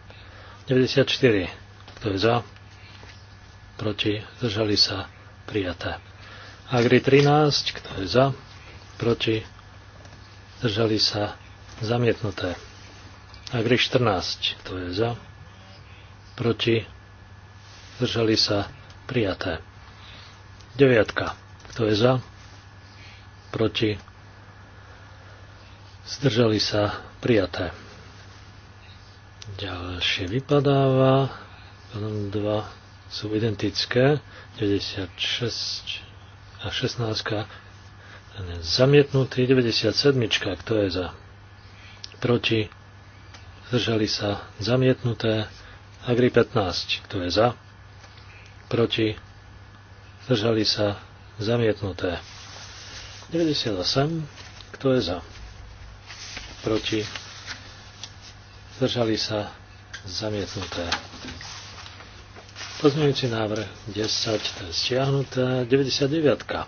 94. Kto je za? proti, zdržali sa, prijaté. Agri 13, kto je za, proti, zdržali sa, zamietnuté. Agri 14, kto je za, proti, zdržali sa, prijaté. 9, kto je za, proti, zdržali sa, prijaté. Ďalšie vypadáva, 2, jsou identické. 96 a 16 ten je zamietnutý. 97, kto je za? Proti? Zdržali sa zamietnuté. Agri 15, kto je za? Proti? Zdržali sa zamietnuté. 98, kto je za? Proti? Zdržali sa zamietnuté. Pozmeňujúci návrh 10, to je stiahnutá. 99. -ka.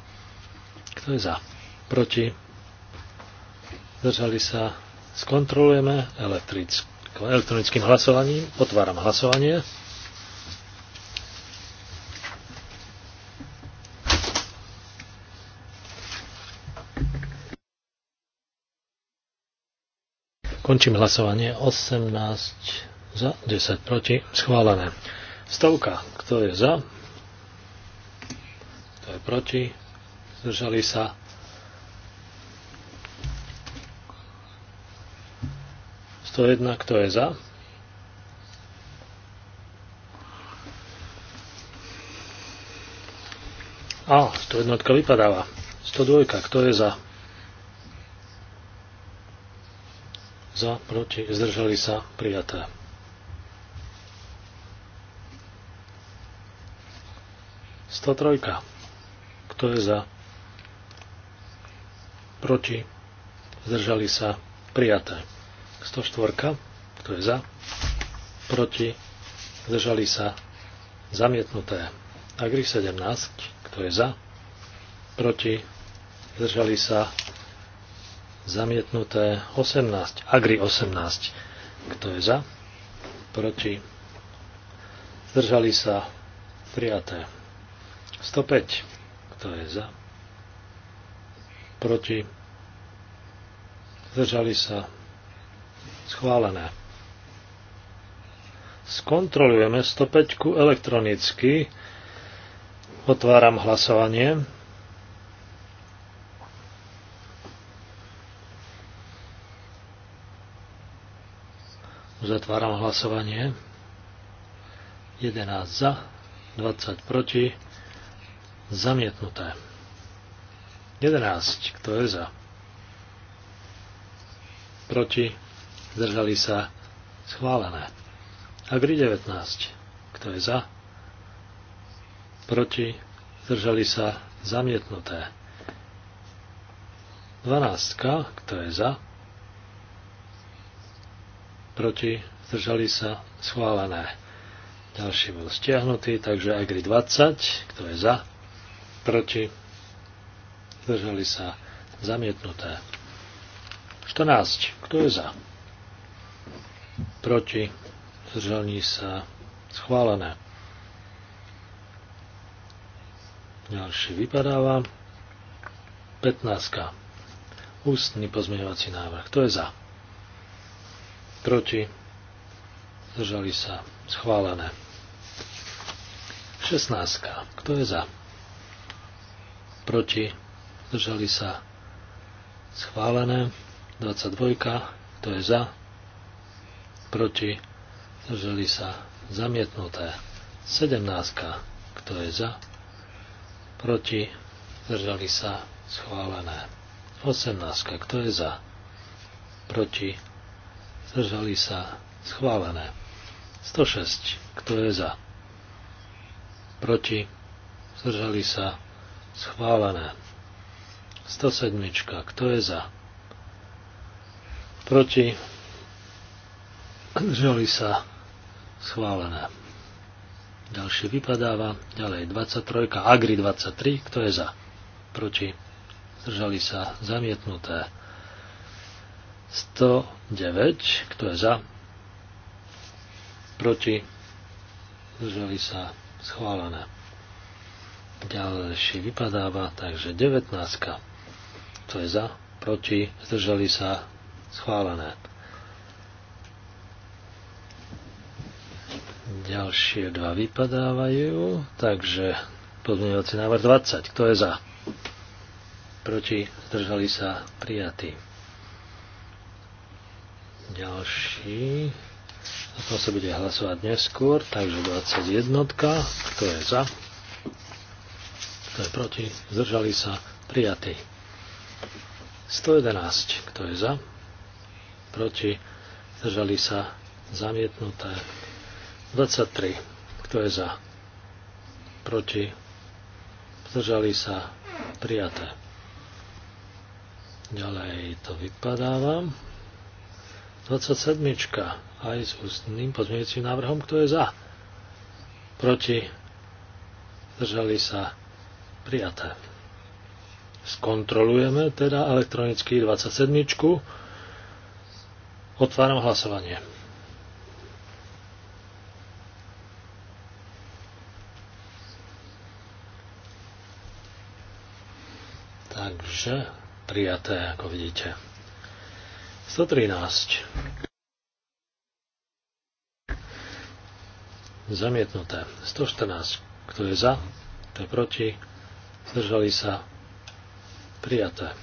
Kto je za? Proti? Zdržali sa? Skontrolujeme elektronickým hlasovaním. Otváram hlasovanie. Končím hlasovanie 18 za 10 proti schválené. Stovka. Kto je za? Kto je proti? Zdržali sa? Sto jedna. Kto je za? A, 101 vypadáva. 102, kto je za? Za, proti, zdržali sa, prijaté. 103. Kto je za? Proti? Zdržali sa? Prijaté. 104. Kto je za? Proti? Zdržali sa? Zamietnuté. Agri 17. Kto je za? Proti? Zdržali sa? Zamietnuté. 18. Agri 18. Kto je za? Proti? Zdržali sa? Prijaté. 105. Kto je za? Proti? Zdržali sa? Schválené. Skontrolujeme 105 elektronicky. Otváram hlasovanie. Uzatváram hlasovanie. 11 za, 20 proti Zamietnuté. 11. Kto je za? Proti. Zdržali sa. Schválené. Agri 19. Kto je za? Proti. Zdržali sa. Zamietnuté. 12. Kto je za? Proti. Zdržali sa. Schválené. Ďalší bol stiahnutý, takže Agri 20. Kto je za? proti, zdržali sa zamietnuté. 14. Kto je za? Proti, zdržali sa schválené. Ďalší vypadáva. 15. Ústny pozmeňovací návrh. Kto je za? Proti? Zdržali sa. Schválené. 16. Kto je za? proti, zdržali sa schválené, 22, kto je za, proti, zdržali sa zamietnuté, 17, kto je za, proti, zdržali sa schválené, 18, kto je za, proti, zdržali sa schválené, 106, kto je za, proti, zdržali sa Schválené. 107. Kto je za? Proti? Zdržali sa? Schválené. Ďalšie vypadáva. Ďalej 23. Agri 23. Kto je za? Proti? Zdržali sa? Zamietnuté. 109. Kto je za? Proti? Zdržali sa? Schválené. Ďalší vypadáva, takže 19. To je za, proti, zdržali sa, schválené. Ďalšie dva vypadávajú, takže pozmeňovací návrh 20. Kto je za? Proti, zdržali sa, prijatí. Ďalší o tom sa bude hlasovať neskôr, takže 21, kto je za, kto je proti, zdržali sa, prijatý. 111, kto je za, proti, zdržali sa, zamietnuté. 23, kto je za, proti, zdržali sa, prijaté. Ďalej to vypadáva. 27. aj s ústným pozmeňujúcim návrhom, kto je za, proti, zdržali sa, Prijaté. Skontrolujeme teda elektronicky 27. Otváram hlasovanie. Takže prijaté, ako vidíte. 113. Zamietnuté. 114. Kto je za, kto je proti, zdržali sa prijaté.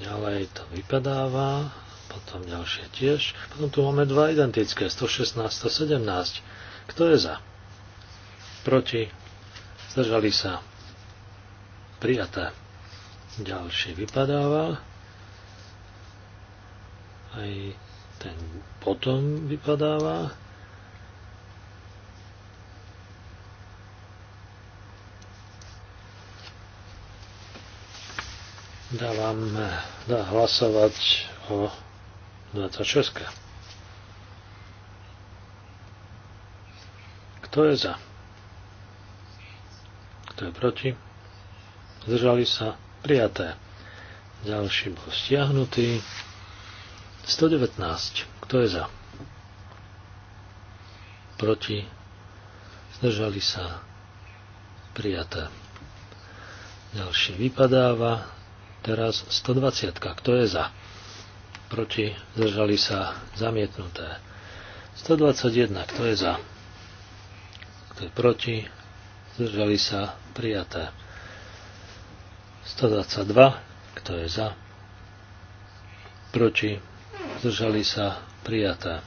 Ďalej to vypadáva, potom ďalšie tiež. Potom tu máme dva identické, 116, 117. Kto je za? Proti? Zdržali sa? Prijaté. Ďalšie vypadáva. Aj ten potom vypadáva. Dávam eh, dá hlasovať o 26. Kto je za? Kto je proti? Zdržali sa prijaté. Ďalší bol stiahnutý. 119. Kto je za? Proti? Zdržali sa prijaté. Ďalší vypadáva. Teraz 120. Kto je za? Proti? Zdržali sa? Zamietnuté. 121. Kto je za? Kto je proti? Zdržali sa? Prijaté. 122. Kto je za? Proti? Zdržali sa? Prijaté.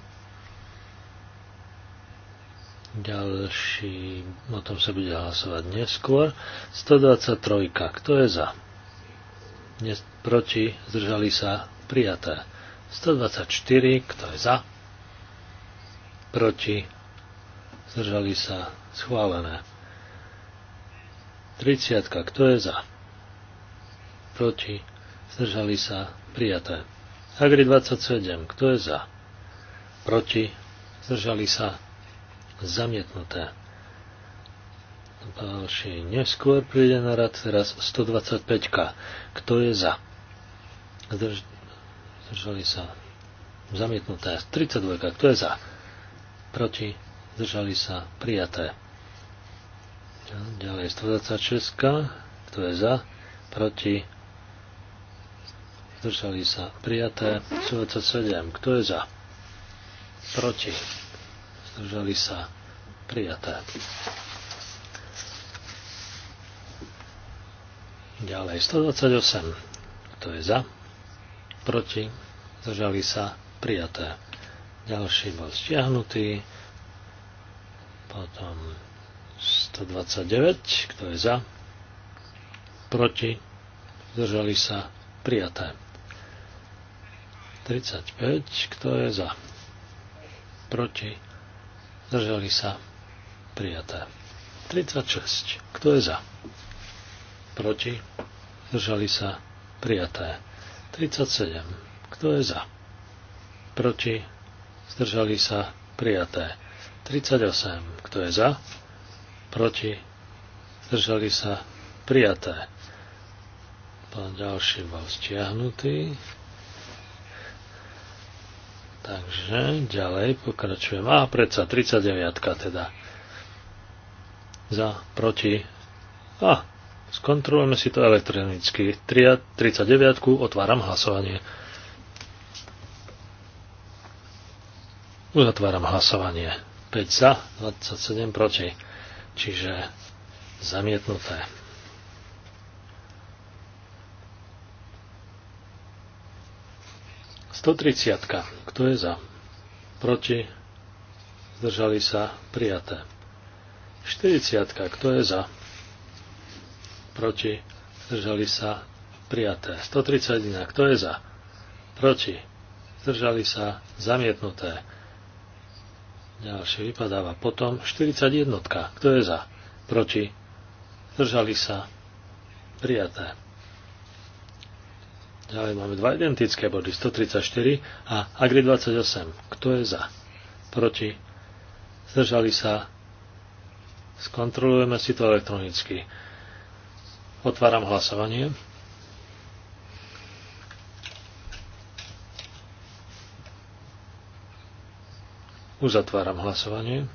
Ďalší, o tom sa bude hlasovať neskôr. 123. Kto je za? proti, zdržali sa, prijaté. 124, kto je za, proti, zdržali sa, schválené. 30, kto je za, proti, zdržali sa, prijaté. Agri 27, kto je za, proti, zdržali sa, zamietnuté ďalší neskôr príde na rad teraz 125. -ka. Kto je za? Zdrž... Zdržali sa zamietnuté. 32. -ka. Kto je za? Proti? Zdržali sa prijaté. Ďalej 126. -ka. Kto je za? Proti? Zdržali sa prijaté. 127. Kto je za? Proti? Zdržali sa prijaté. Ďalej 128. Kto je za? Proti? Zdržali sa? Prijaté. Ďalší bol stiahnutý. Potom 129. Kto je za? Proti? Zdržali sa? Prijaté. 35. Kto je za? Proti? Zdržali sa? Prijaté. 36. Kto je za? proti, zdržali sa prijaté. 37. Kto je za? Proti, zdržali sa prijaté. 38. Kto je za? Proti, zdržali sa prijaté. Pán ďalší bol stiahnutý. Takže ďalej pokračujem. A predsa 39 teda. Za, proti. A, Skontrolujeme si to elektronicky. 39. Otváram hlasovanie. Uzatváram hlasovanie. 5 za, 27 proti. Čiže zamietnuté. Stotriciatka. Kto je za? Proti? Zdržali sa? Prijaté. 40. Kto je za? proti, zdržali sa, prijaté. 131, kto je za, proti, zdržali sa, zamietnuté. Ďalšie vypadáva. Potom 41, kto je za, proti, zdržali sa, prijaté. Ďalej máme dva identické body, 134 a Agri 28. Kto je za? Proti? Zdržali sa? Skontrolujeme si to elektronicky. Otváram hlasovanie. Uzatváram hlasovanie.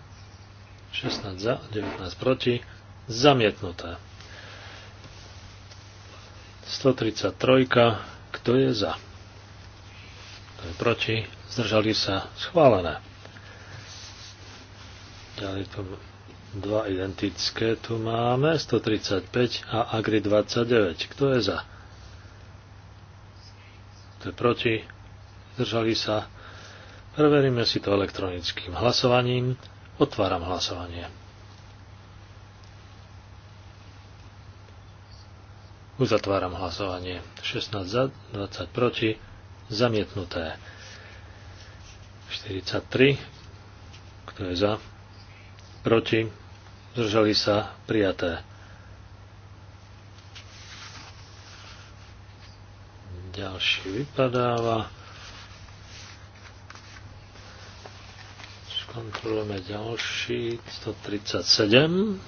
16 za, 19 proti. Zamietnuté. 133. Kto je za? Kto je proti? Zdržali sa. Schválené. Ďalej to Dva identické tu máme, 135 a Agri 29. Kto je za? Kto je proti? Zdržali sa? Preveríme si to elektronickým hlasovaním. Otváram hlasovanie. Uzatváram hlasovanie. 16 za, 20 proti, zamietnuté. 43. Kto je za? Proti? zdržali sa prijaté. Ďalší vypadáva. Skontrolujeme ďalší 137.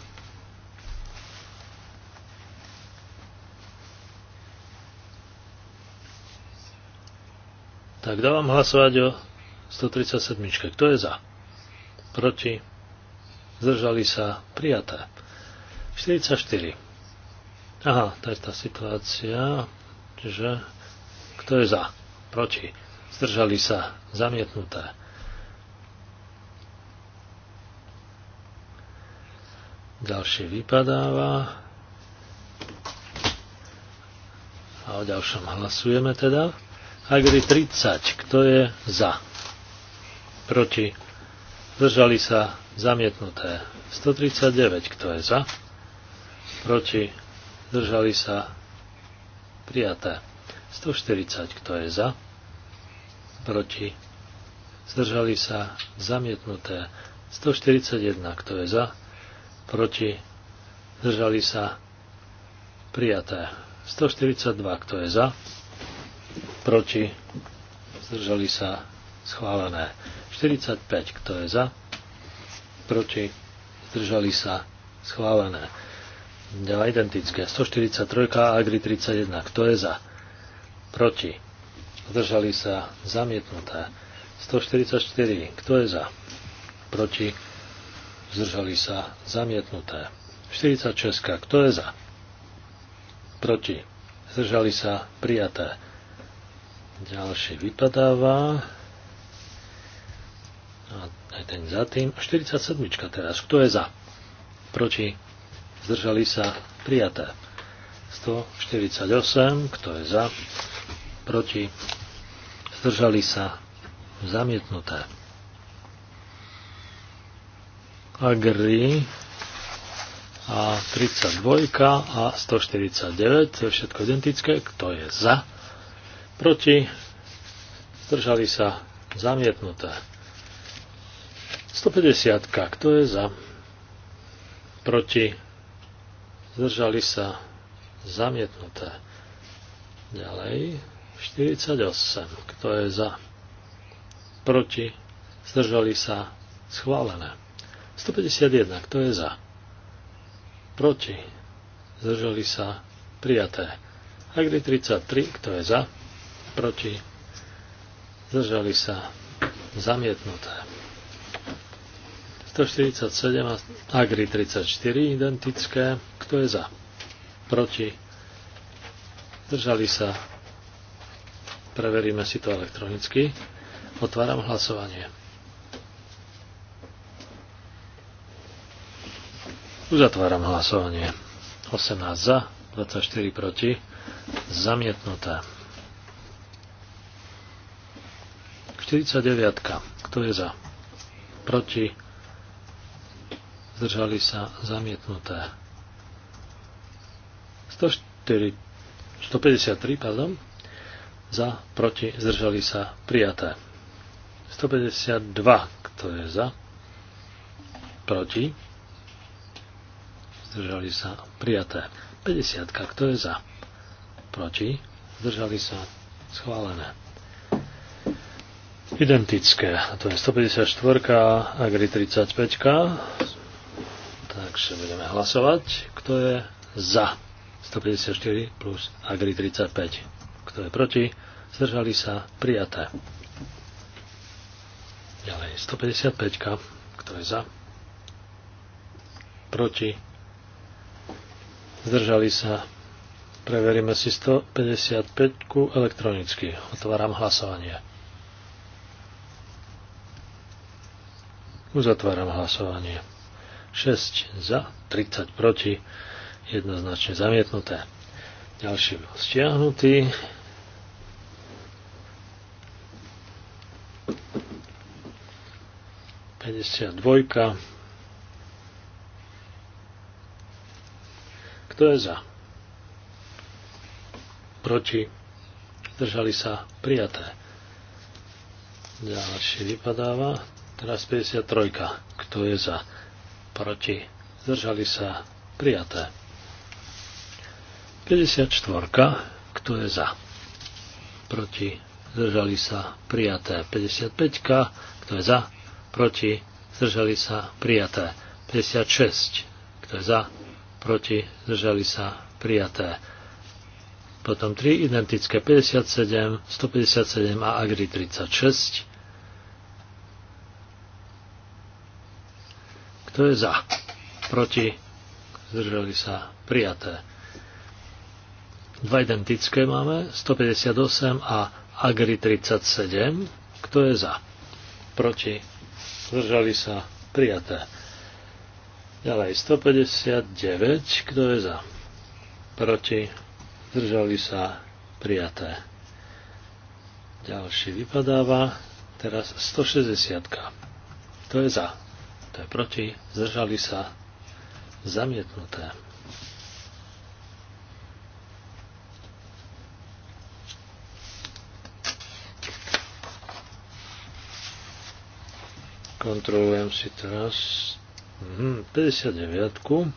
Tak dávam hlasovať o 137. Kto je za? Proti? zdržali sa prijaté. 44. Aha, to je tá situácia, čiže kto je za, proti, zdržali sa, zamietnuté. Ďalšie vypadáva. A o ďalšom hlasujeme teda. Agri 30. Kto je za? Proti? Zdržali sa? Zamietnuté. 139, kto je za? Proti? Zdržali sa? Prijaté. 140, kto je za? Proti? Zdržali sa? Zamietnuté. 141, kto je za? Proti? Zdržali sa? Prijaté. 142, kto je za? Proti? Zdržali sa? Schválené. 45, kto je za? proti, zdržali sa, schválené. Ďalej identické, 143 a Agri 31, kto je za, proti, zdržali sa, zamietnuté. 144, kto je za, proti, zdržali sa, zamietnuté. 46, kto je za, proti, zdržali sa, prijaté. Ďalšie vypadáva. A aj ten za tým. 47 teraz. Kto je za? Proti? Zdržali sa? Prijaté. 148. Kto je za? Proti? Zdržali sa? Zamietnuté. Agri a 32 a 149, to je všetko identické. Kto je za? Proti? Zdržali sa? Zamietnuté. 150. Kto je za? Proti? Zdržali sa? Zamietnuté. Ďalej. 48. Kto je za? Proti? Zdržali sa? Schválené. 151. Kto je za? Proti? Zdržali sa? Prijaté. Agri 33. Kto je za? Proti? Zdržali sa? Zamietnuté. 147 a Agri 34 identické. Kto je za? Proti? Držali sa? Preveríme si to elektronicky. Otváram hlasovanie. Uzatváram hlasovanie. 18 za, 24 proti. Zamietnuté. 49. Kto je za? Proti zdržali sa zamietnuté. 104, 153, pardon, za, proti, zdržali sa prijaté. 152, kto je za, proti, zdržali sa prijaté. 50, kto je za, proti, zdržali sa schválené. Identické, to je 154, Agri 35, Takže budeme hlasovať, kto je za 154 plus Agri 35. Kto je proti? Zdržali sa prijaté. Ďalej 155. Kto je za? Proti? Zdržali sa. Preveríme si 155 elektronicky. Otváram hlasovanie. Uzatváram hlasovanie. 6 za, 30 proti, jednoznačne zamietnuté. Ďalší bol stiahnutý. dvojka. Kto je za? Proti? Zdržali sa prijaté. Ďalšie vypadáva. Teraz 53. Kto je za? proti, zdržali sa, prijaté. 54. Kto je za? Proti, zdržali sa, prijaté. 55. Kto je za? Proti, zdržali sa, prijaté. 56. Kto je za? Proti, zdržali sa, prijaté. Potom 3 identické 57, 157 a Agri 36. Kto je za? Proti? Zdržali sa prijaté. Dva identické máme, 158 a Agri 37. Kto je za? Proti? Zdržali sa prijaté. Ďalej 159. Kto je za? Proti? Zdržali sa prijaté. Ďalší vypadáva. Teraz 160. Kto je za? kto je proti, zdržali sa, zamietnuté. Kontrolujem si teraz 59. Mhm, -ku.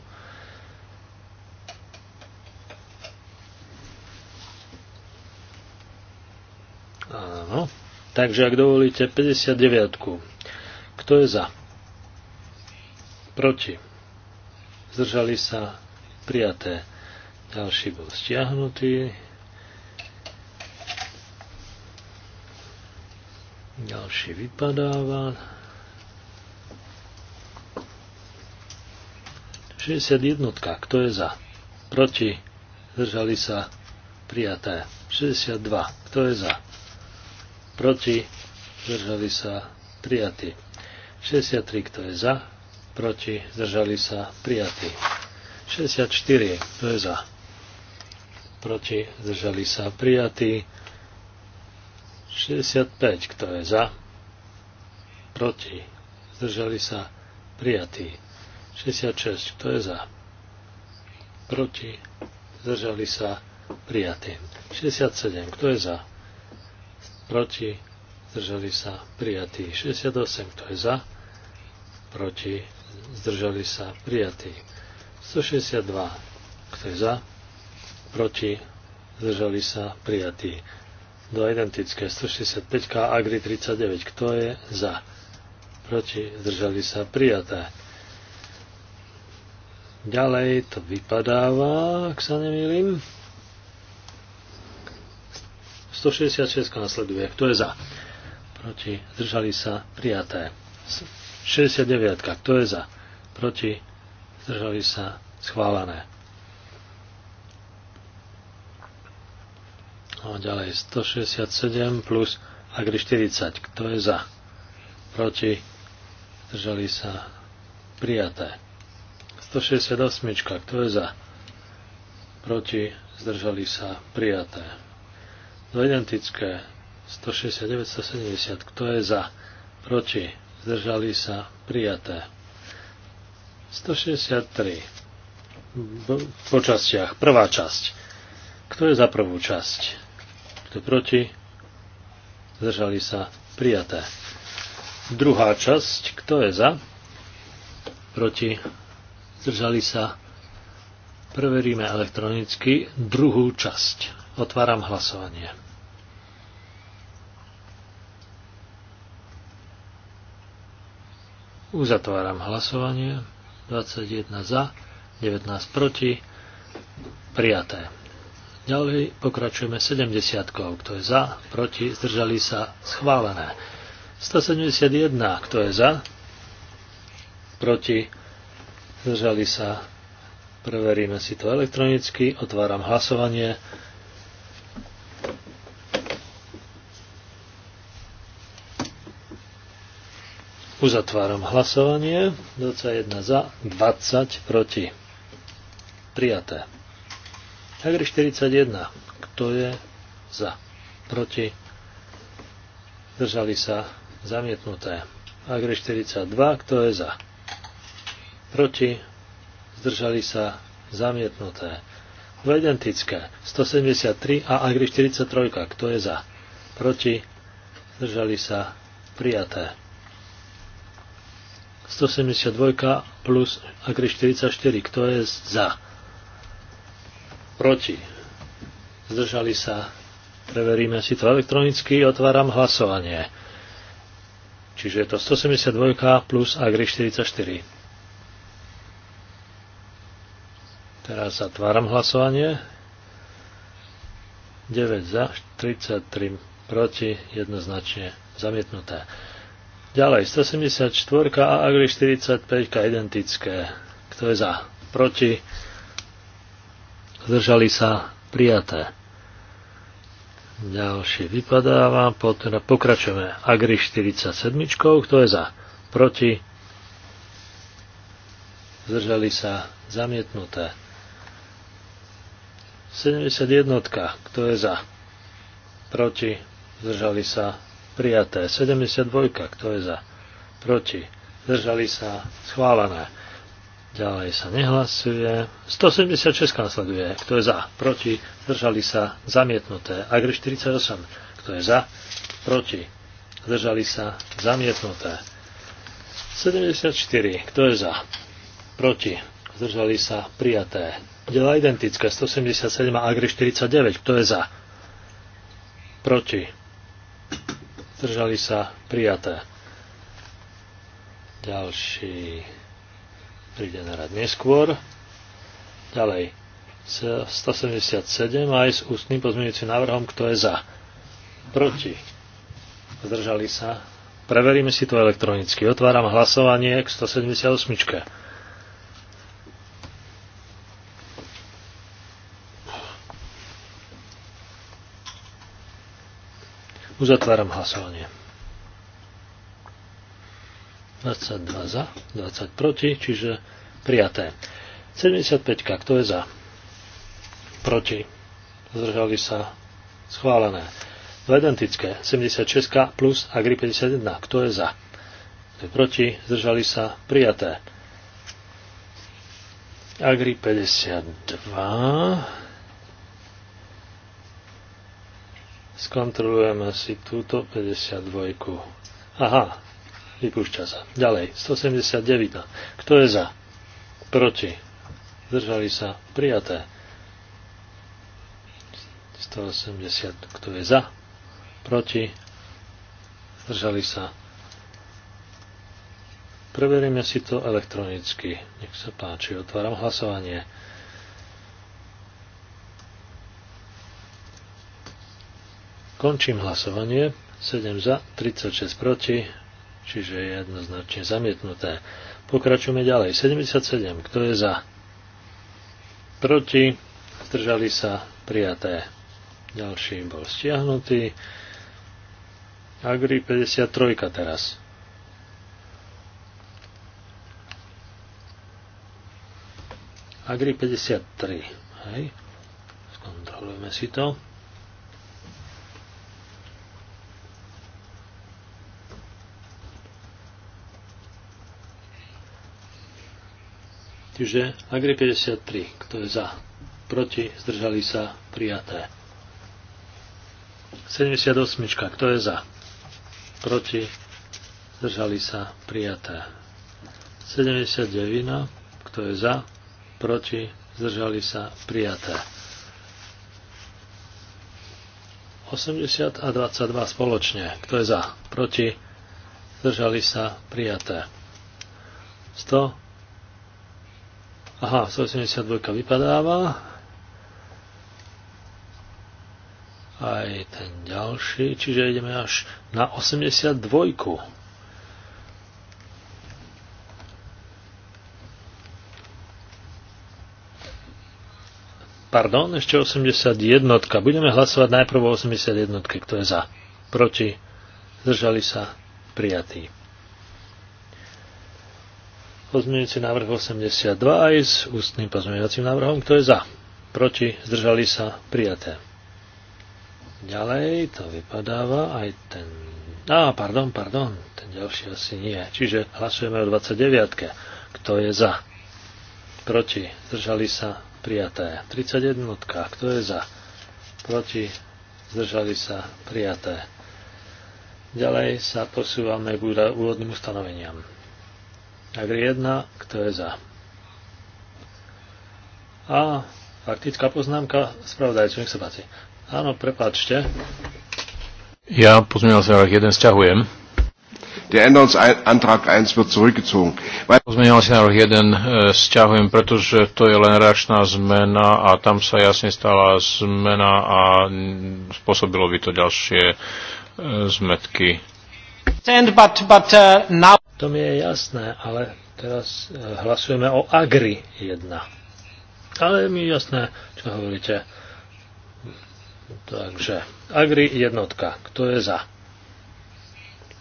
Áno. Takže ak dovolíte 59. -ku. Kto je za? proti, zdržali sa prijaté. Ďalší bol stiahnutý. Ďalší vypadáva. 61. Kto je za? Proti. Zdržali sa prijaté. 62. Kto je za? Proti. Zdržali sa prijatí. 63. Kto je za? proti, zdržali sa, prijatí. 64, kto je za, proti, zdržali sa, prijatí. 65, kto je za, proti, zdržali sa, prijatí. 66, kto je za, proti, zdržali sa, prijatí. 67, kto je za, proti, zdržali sa, prijatí. 68, kto je za, proti, zdržali sa prijatí. 162, kto je za, proti, zdržali sa prijatí. Dva identické, 165 a Agri 39, kto je za, proti, zdržali sa prijaté. Ďalej to vypadáva, ak sa nemýlim. 166 nasleduje. Kto je za? Proti. Zdržali sa. Prijaté. 69. Kto je za? Proti? Zdržali sa? Schválené. A ďalej 167 plus Agri 40. Kto je za? Proti? Zdržali sa? Prijaté. 168. Kto je za? Proti? Zdržali sa? Prijaté. Identické 169-170. Kto je za? Proti? zdržali sa prijaté. 163 po častiach. Prvá časť. Kto je za prvú časť? Kto proti? Zdržali sa prijaté. Druhá časť. Kto je za? Proti? Zdržali sa. Preveríme elektronicky druhú časť. Otváram hlasovanie. Uzatváram hlasovanie. 21 za, 19 proti. Prijaté. Ďalej pokračujeme 70, kto je za, proti, zdržali sa, schválené. 171, kto je za, proti, zdržali sa, preveríme si to elektronicky, otváram hlasovanie, Uzatváram hlasovanie. 21 za, 20 proti. Prijaté. Agri 41. Kto je za? Proti. Držali sa zamietnuté. Agri 42. Kto je za? Proti. Zdržali sa zamietnuté. Dva identické. 173 a Agri 43. Kto je za? Proti. Zdržali sa prijaté. 172 plus Agri 44. Kto je za? Proti? Zdržali sa? Preveríme si to elektronicky. Otváram hlasovanie. Čiže je to 172 plus Agri 44. Teraz zatváram hlasovanie. 9 za, 33 proti, jednoznačne zamietnuté. Ďalej, 174 a Agri 45 identické. Kto je za? Proti? Zdržali sa prijaté. Ďalšie vypadáva, potom pokračujeme Agri 47, kto je za? Proti? Zdržali sa zamietnuté. 71, kto je za? Proti? Zdržali sa prijaté. 72, kto je za? Proti. Zdržali sa schválené. Ďalej sa nehlasuje. 176 následuje. Kto je za? Proti. Zdržali sa zamietnuté. Agri 48. Kto je za? Proti. Zdržali sa zamietnuté. 74. Kto je za? Proti. Zdržali sa prijaté. Dela identické. 177 a Agri 49. Kto je za? Proti zdržali sa, prijaté. Ďalší príde na rad neskôr. Ďalej. 177 aj s ústnym pozmeňujúcim návrhom, kto je za. Proti. Zdržali sa. Preveríme si to elektronicky. Otváram hlasovanie k 178. Uzatváram hlasovanie. 22 za, 20 proti, čiže prijaté. 75, kto je za? Proti. Zdržali sa. Schválené. Dva identické. 76 plus Agri 51. Kto je za? Kto je proti? Zdržali sa. Prijaté. Agri 52. Skontrolujeme si túto 52. Aha, vypúšťa sa. Ďalej, 179. Kto je za? Proti. Zdržali sa. Prijaté. 180. Kto je za? Proti. Zdržali sa. Preveríme si to elektronicky. Nech sa páči. Otváram hlasovanie. Končím hlasovanie. 7 za, 36 proti, čiže je jednoznačne zamietnuté. Pokračujeme ďalej. 77. Kto je za? Proti. Zdržali sa prijaté. Ďalší bol stiahnutý. Agri 53 teraz. Agri 53. Hej. Skontrolujeme si to. Čiže Agri 53, kto je za, proti, zdržali sa, prijaté. 78, kto je za, proti, zdržali sa, prijaté. 79, kto je za, proti, zdržali sa, prijaté. 80 a 22 spoločne, kto je za, proti, zdržali sa, prijaté. 100 Aha, 182 vypadáva. Aj ten ďalší, čiže ideme až na 82. Pardon, ešte 81. Budeme hlasovať najprv o 81. Kto je za? Proti? Zdržali sa? Prijatý. Pozmeňujúci návrh 82 aj s ústnym pozmeňovacím návrhom. Kto je za? Proti? Zdržali sa? Prijaté. Ďalej to vypadáva aj ten... Á, pardon, pardon. Ten ďalší asi nie. Čiže hlasujeme o 29. -tke. Kto je za? Proti? Zdržali sa? Prijaté. 31. -tka. Kto je za? Proti? Zdržali sa? Prijaté. Ďalej sa posúvame k úvodným ustanoveniam. Agri 1, kto je za? A faktická poznámka spravodajcu, nech sa páči. Áno, prepáčte. Ja pozmeňovací návrh 1 sťahujem. Der Änderungsantrag 1 wird zurückgezogen. Pozmeňovací návrh 1 e, sťahujem, pretože to je len reakčná zmena a tam sa jasne stala zmena a spôsobilo by to ďalšie e, zmetky. But, but, uh, now... To mi je jasné, ale teraz e, hlasujeme o Agri 1. Ale mi je jasné, čo hovoríte. Takže Agri jednotka. Kto je za?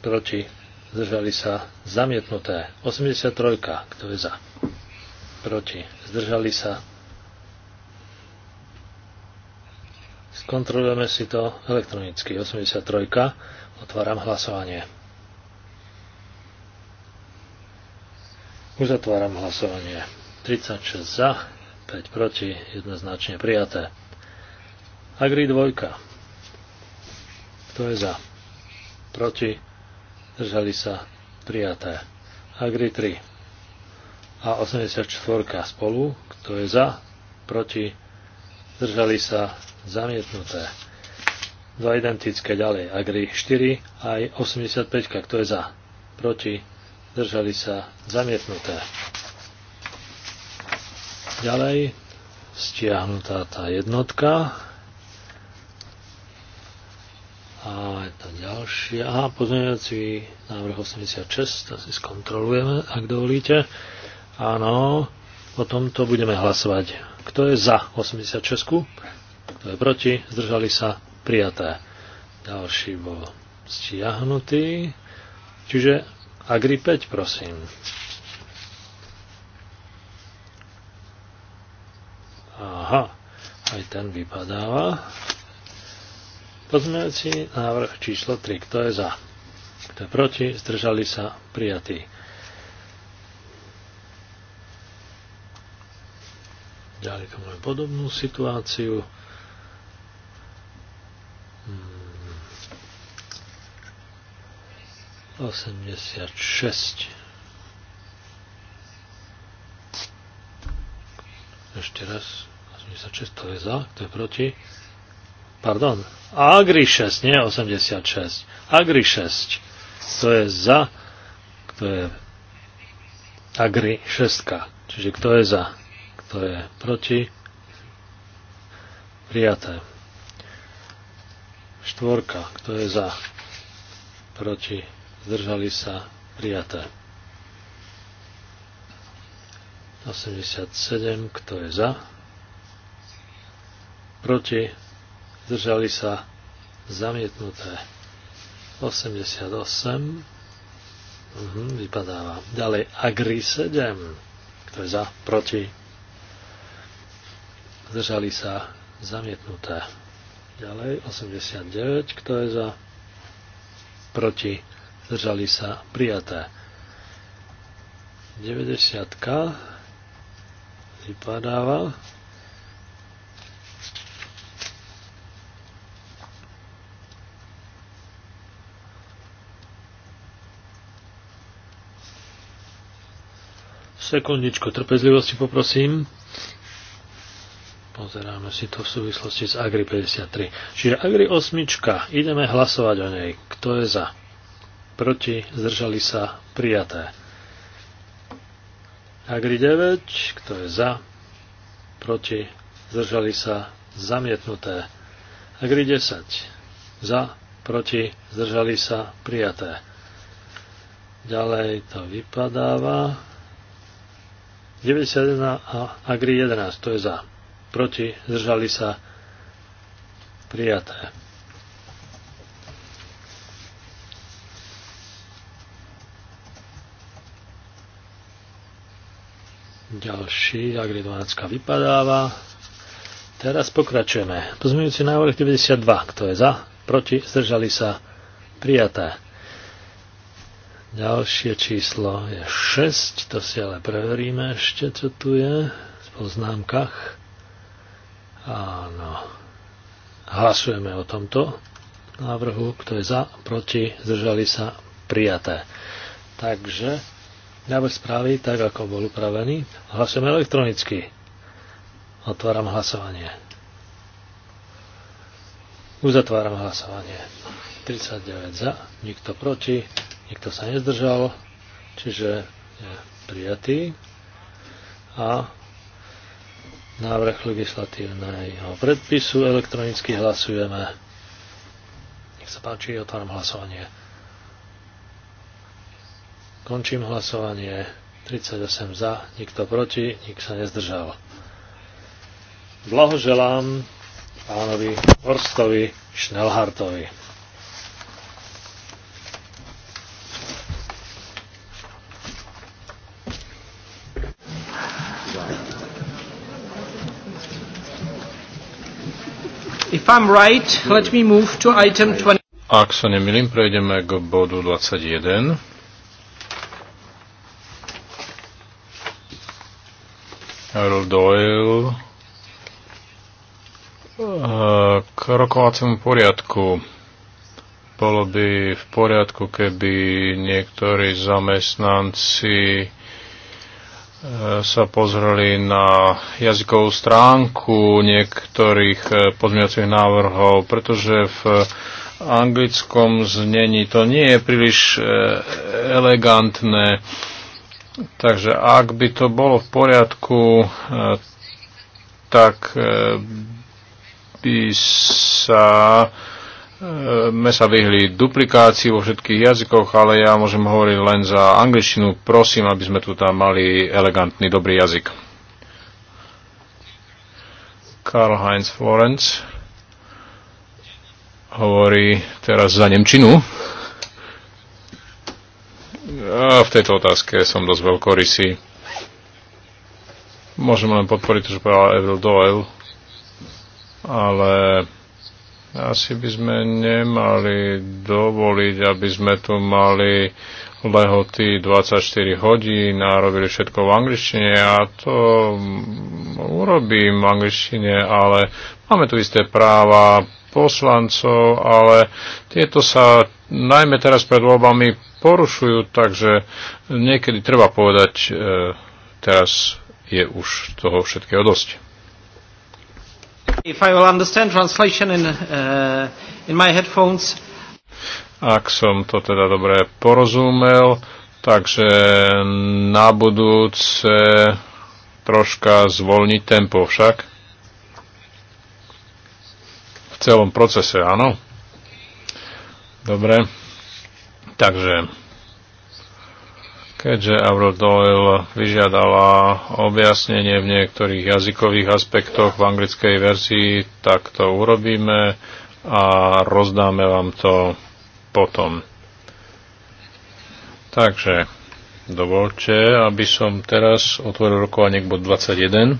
Proti? Zdržali sa zamietnuté. 83. Kto je za? Proti? Zdržali sa. Skontrolujeme si to elektronicky. 83. Otváram hlasovanie. Uzatváram hlasovanie. 36 za, 5 proti, jednoznačne prijaté. Agri 2. Kto je za? Proti, držali sa, prijaté. Agri 3 a 84 spolu. Kto je za? Proti, držali sa, zamietnuté. Dva identické ďalej. Agri 4 aj 85. Kto je za? Proti, Držali sa zamietnuté. Ďalej stiahnutá tá jednotka. A tá ďalšia. A pozmeňovací návrh 86, to si skontrolujeme, ak dovolíte. Áno, o tomto budeme hlasovať. Kto je za 86? Kto je proti? Zdržali sa prijaté. Ďalší bol stiahnutý. Čiže Agri 5, prosím. Aha, aj ten vypadáva. Pozmeňujúci návrh číslo 3. Kto je za? Kto je proti? Zdržali sa prijatí. Ďalej tu máme podobnú situáciu. 86. Ešte raz. 86, to je za, to je proti. Pardon. Agri 6, nie 86. Agri 6. To je za, kto je Agri 6. Čiže kto je za, kto je proti. Prijaté. Štvorka, kto je za, proti zdržali sa prijaté. 87, kto je za? Proti, zdržali sa zamietnuté. 88, mhm, vypadáva. Ďalej, Agri 7, kto je za? Proti, zdržali sa zamietnuté. Ďalej, 89, kto je za? Proti, zdržali sa prijaté. 90 vypadáva. Sekundičku trpezlivosti poprosím. Pozeráme si to v súvislosti s Agri 53. Čiže Agri 8. Ideme hlasovať o nej. Kto je za? proti, zdržali sa, prijaté. Agri 9, kto je za, proti, zdržali sa, zamietnuté. Agri 10, za, proti, zdržali sa, prijaté. Ďalej to vypadáva. 91 a Agri 11, to je za, proti, zdržali sa, prijaté. Ďalší Agri 12 vypadáva. Teraz pokračujeme. Pozmeňujúci návrh 92. Kto je za? Proti? Zdržali sa? Prijaté. Ďalšie číslo je 6. To si ale preveríme ešte, čo tu je v poznámkach. Áno. Hlasujeme o tomto návrhu. Kto je za? Proti? Zdržali sa? Prijaté. Takže návrh správy tak, ako bol upravený. Hlasujeme elektronicky. Otváram hlasovanie. Uzatváram hlasovanie. 39 za, nikto proti, nikto sa nezdržal, čiže je prijatý. A návrh legislatívneho predpisu elektronicky hlasujeme. Nech sa páči, otváram hlasovanie. Končím hlasovanie. 38 za, nikto proti, nik sa nezdržal. Blahoželám pánovi Horstovi Schnellhartovi. If I'm right, let me move to item 20. Ak sa nemilím, prejdeme k bodu 21. Earl Doyle k rokovaciemu poriadku. Bolo by v poriadku, keby niektorí zamestnanci e, sa pozreli na jazykovú stránku niektorých e, pozmeňovacích návrhov, pretože v anglickom znení to nie je príliš e, elegantné Takže ak by to bolo v poriadku, e, tak e, by sa e, sme sa vyhli duplikácii vo všetkých jazykoch, ale ja môžem hovoriť len za angličtinu. Prosím, aby sme tu tam mali elegantný, dobrý jazyk. Karl Heinz Florence hovorí teraz za Nemčinu. A v tejto otázke som dosť veľkorysý. Môžem len podporiť, čo povedala Avril Doyle, ale asi by sme nemali dovoliť, aby sme tu mali lehoty 24 hodín a robili všetko v angličtine. Ja to urobím v angličtine, ale máme tu isté práva poslancov, ale tieto sa najmä teraz pred voľbami porušujú, takže niekedy treba povedať, e, teraz je už toho všetkého dosť. If I will understand translation in, uh, in my headphones. Ak som to teda dobre porozumel, takže na budúce troška zvolniť tempo však. V celom procese, áno? Dobre. Takže, keďže Eurodoil vyžiadala objasnenie v niektorých jazykových aspektoch v anglickej verzii, tak to urobíme a rozdáme vám to potom. Takže, dovolte, aby som teraz otvoril rokovanie k bod 21.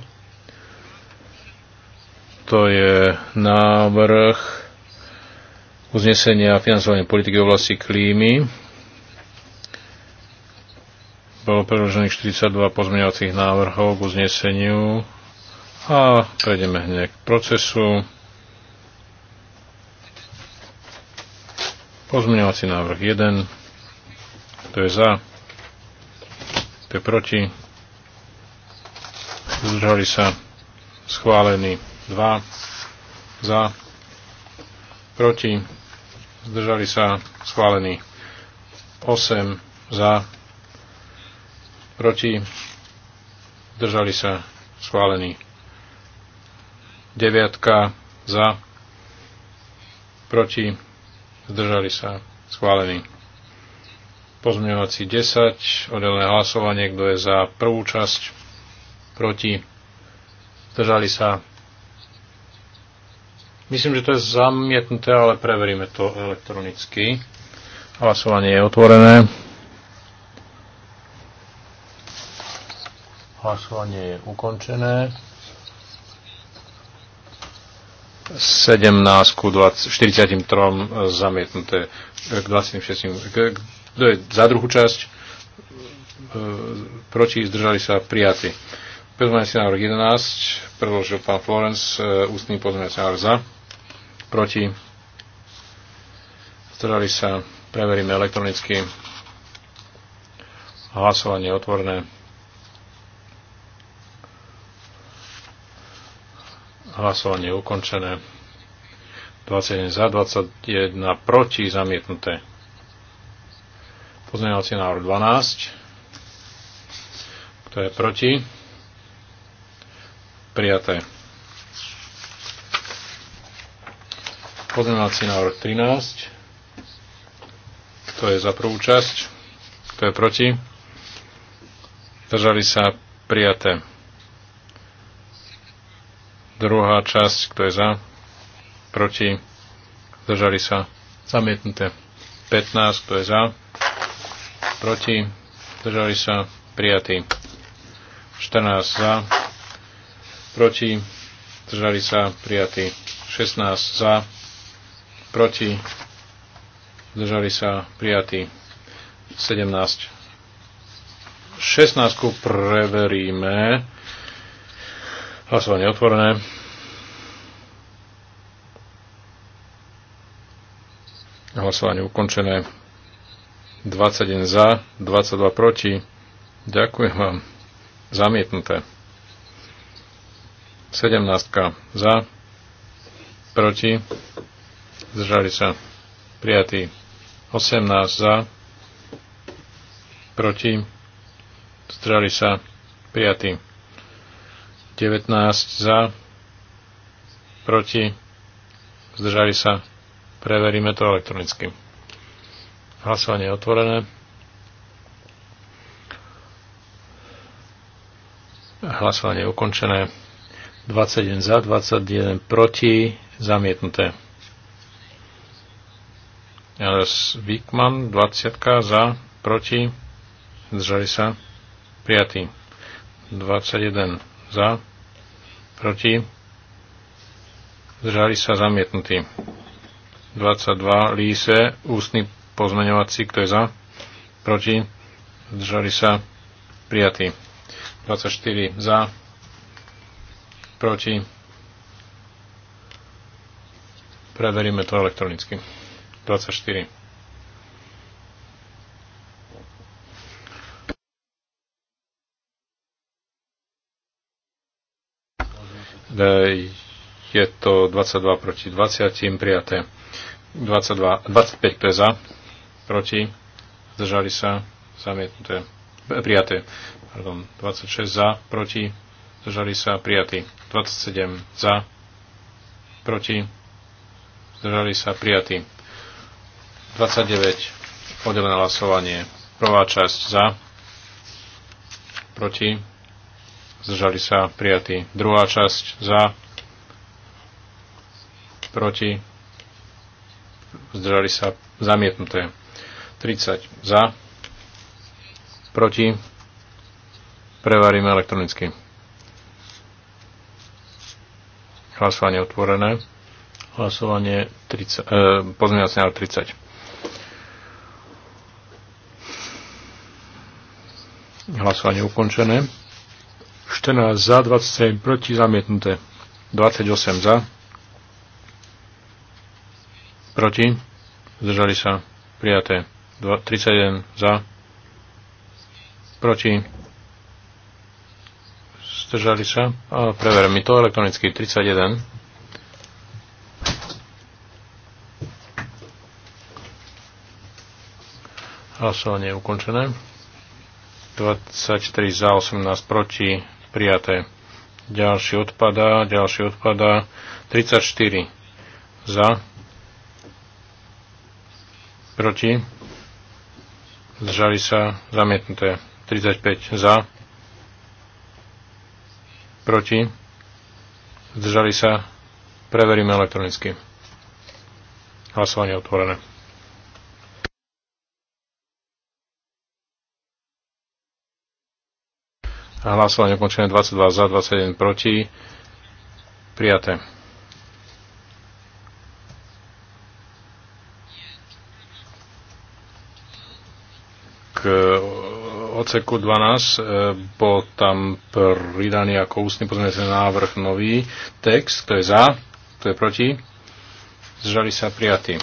To je návrh uznesenia a financovanie politiky v oblasti klímy. Bolo predložených 42 pozmeňovacích návrhov k uzneseniu a prejdeme hneď k procesu. Pozmeňovací návrh 1. To je za. To je proti. Zdržali sa. Schválený 2. Za. Proti zdržali sa, schválený. 8 za, proti, zdržali sa, schválený. 9 za, proti, zdržali sa, schválený. Pozmeňovací 10, oddelené hlasovanie, kto je za prvú časť, proti, zdržali sa, Myslím, že to je zamietnuté, ale preveríme to elektronicky. Hlasovanie je otvorené. Hlasovanie je ukončené. 17 ku 20, 43 e, zamietnuté k 26. Kto je za druhú časť? E, proti zdržali sa prijatí. Pozmeňujúci návrh 11 predložil pán Florence e, ústný pozmeňujúci návrh za, proti, zdržali sa, preveríme elektronicky, hlasovanie otvorené. Hlasovanie ukončené. 21 za, 21 proti, zamietnuté. Pozmeňovací návrh 12. Kto je proti? Prijaté. Pozmeňovací návrh 13. Kto je za prvú časť? Kto je proti? Držali sa prijaté. Druhá časť, kto je za? Proti? Držali sa zamietnuté. 15, kto je za? Proti? Držali sa prijatí. 14 za, proti, zdržali sa prijatí 16 za, proti, zdržali sa prijatí 17. 16 preveríme. Hlasovanie otvorené. Hlasovanie ukončené. 21 za, 22 proti. Ďakujem vám. Zamietnuté. Sedemnáctka za, proti, zdržali sa, prijatí. 18 za, proti, zdržali sa, prijatí. 19 za, proti, zdržali sa, preveríme to elektronicky. Hlasovanie je otvorené. Hlasovanie je ukončené. 21 za, 21 proti, zamietnuté. Jas Vikman, 20 za, proti, zdržali sa, prijatý. 21 za, proti, zdržali sa, zamietnutý. 22 Líse, ústny pozmeňovací, kto je za, proti, zdržali sa, prijatý. 24 za, proti. Preveríme to elektronicky. 24. E, je to 22 proti 20, prijaté 22, 25 kto je za, proti, zdržali sa, zamietnuté, e, prijaté, pardon, 26 za, proti, zdržali sa prijatí. 27 za, proti, zdržali sa prijatí. 29 podelené hlasovanie. Prvá časť za, proti, zdržali sa prijatí. Druhá časť za, proti, zdržali sa zamietnuté. 30 za, proti, prevaríme elektronicky. Hlasovanie otvorené. Hlasovanie 30, e, pozmeňovací návrh 30. Hlasovanie ukončené. 14 za, 27 proti, zamietnuté. 28 za. Proti. Zdržali sa. Prijaté. 31 za. Proti Zdržali sa? Prever mi to elektronicky. 31. Hlasovanie je ukončené. 24 za, 18 proti, prijaté. Ďalší odpadá, ďalší odpadá. 34 za, proti, zdržali sa, zamietnuté. 35 za, Proti? Zdržali sa? Preveríme elektronicky. Hlasovanie otvorené. Hlasovanie ukončené 22 za, 21 proti. Prijaté. odseku 12 e, bol tam pridaný ako ústny pozmeňujúci návrh nový text. Kto je za? Kto je proti? Zdržali sa prijatí.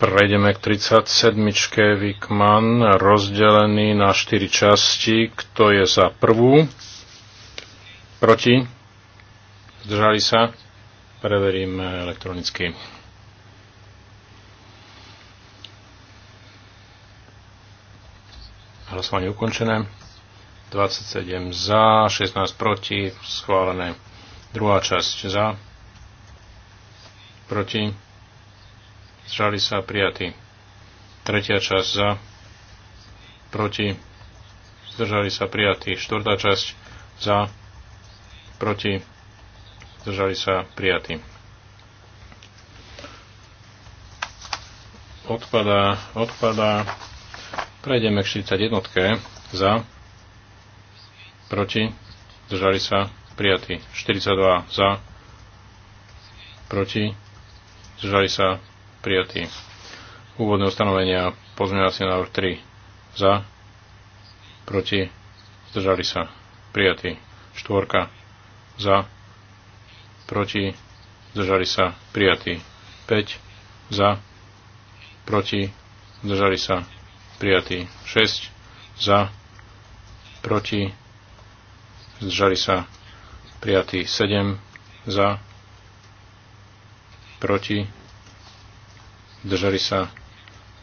Prejdeme k 37. Vikman, rozdelený na 4 časti. Kto je za prvú? Proti? Zdržali sa? Preverím elektronicky. Hlasovanie ukončené. 27 za, 16 proti, schválené. Druhá časť za, proti, zdržali sa, prijatí. Tretia časť za, proti, zdržali sa, prijatí. Štvrtá časť za, proti, zdržali sa, prijatí. Odpadá, odpadá. Prejdeme k 41. Za. Proti. Zdržali sa. Prijatí. 42. Za. Proti. Zdržali sa. Prijatí. Úvodné ustanovenia. Pozmeňovací návrh 3. Za. Proti. Zdržali sa. Prijatí. Štvorka. Za. Proti. Zdržali sa. Prijatí. 5. Za. Proti. Zdržali sa prijatý. 6 za, proti, zdržali sa, prijatý. 7 za, proti, zdržali sa,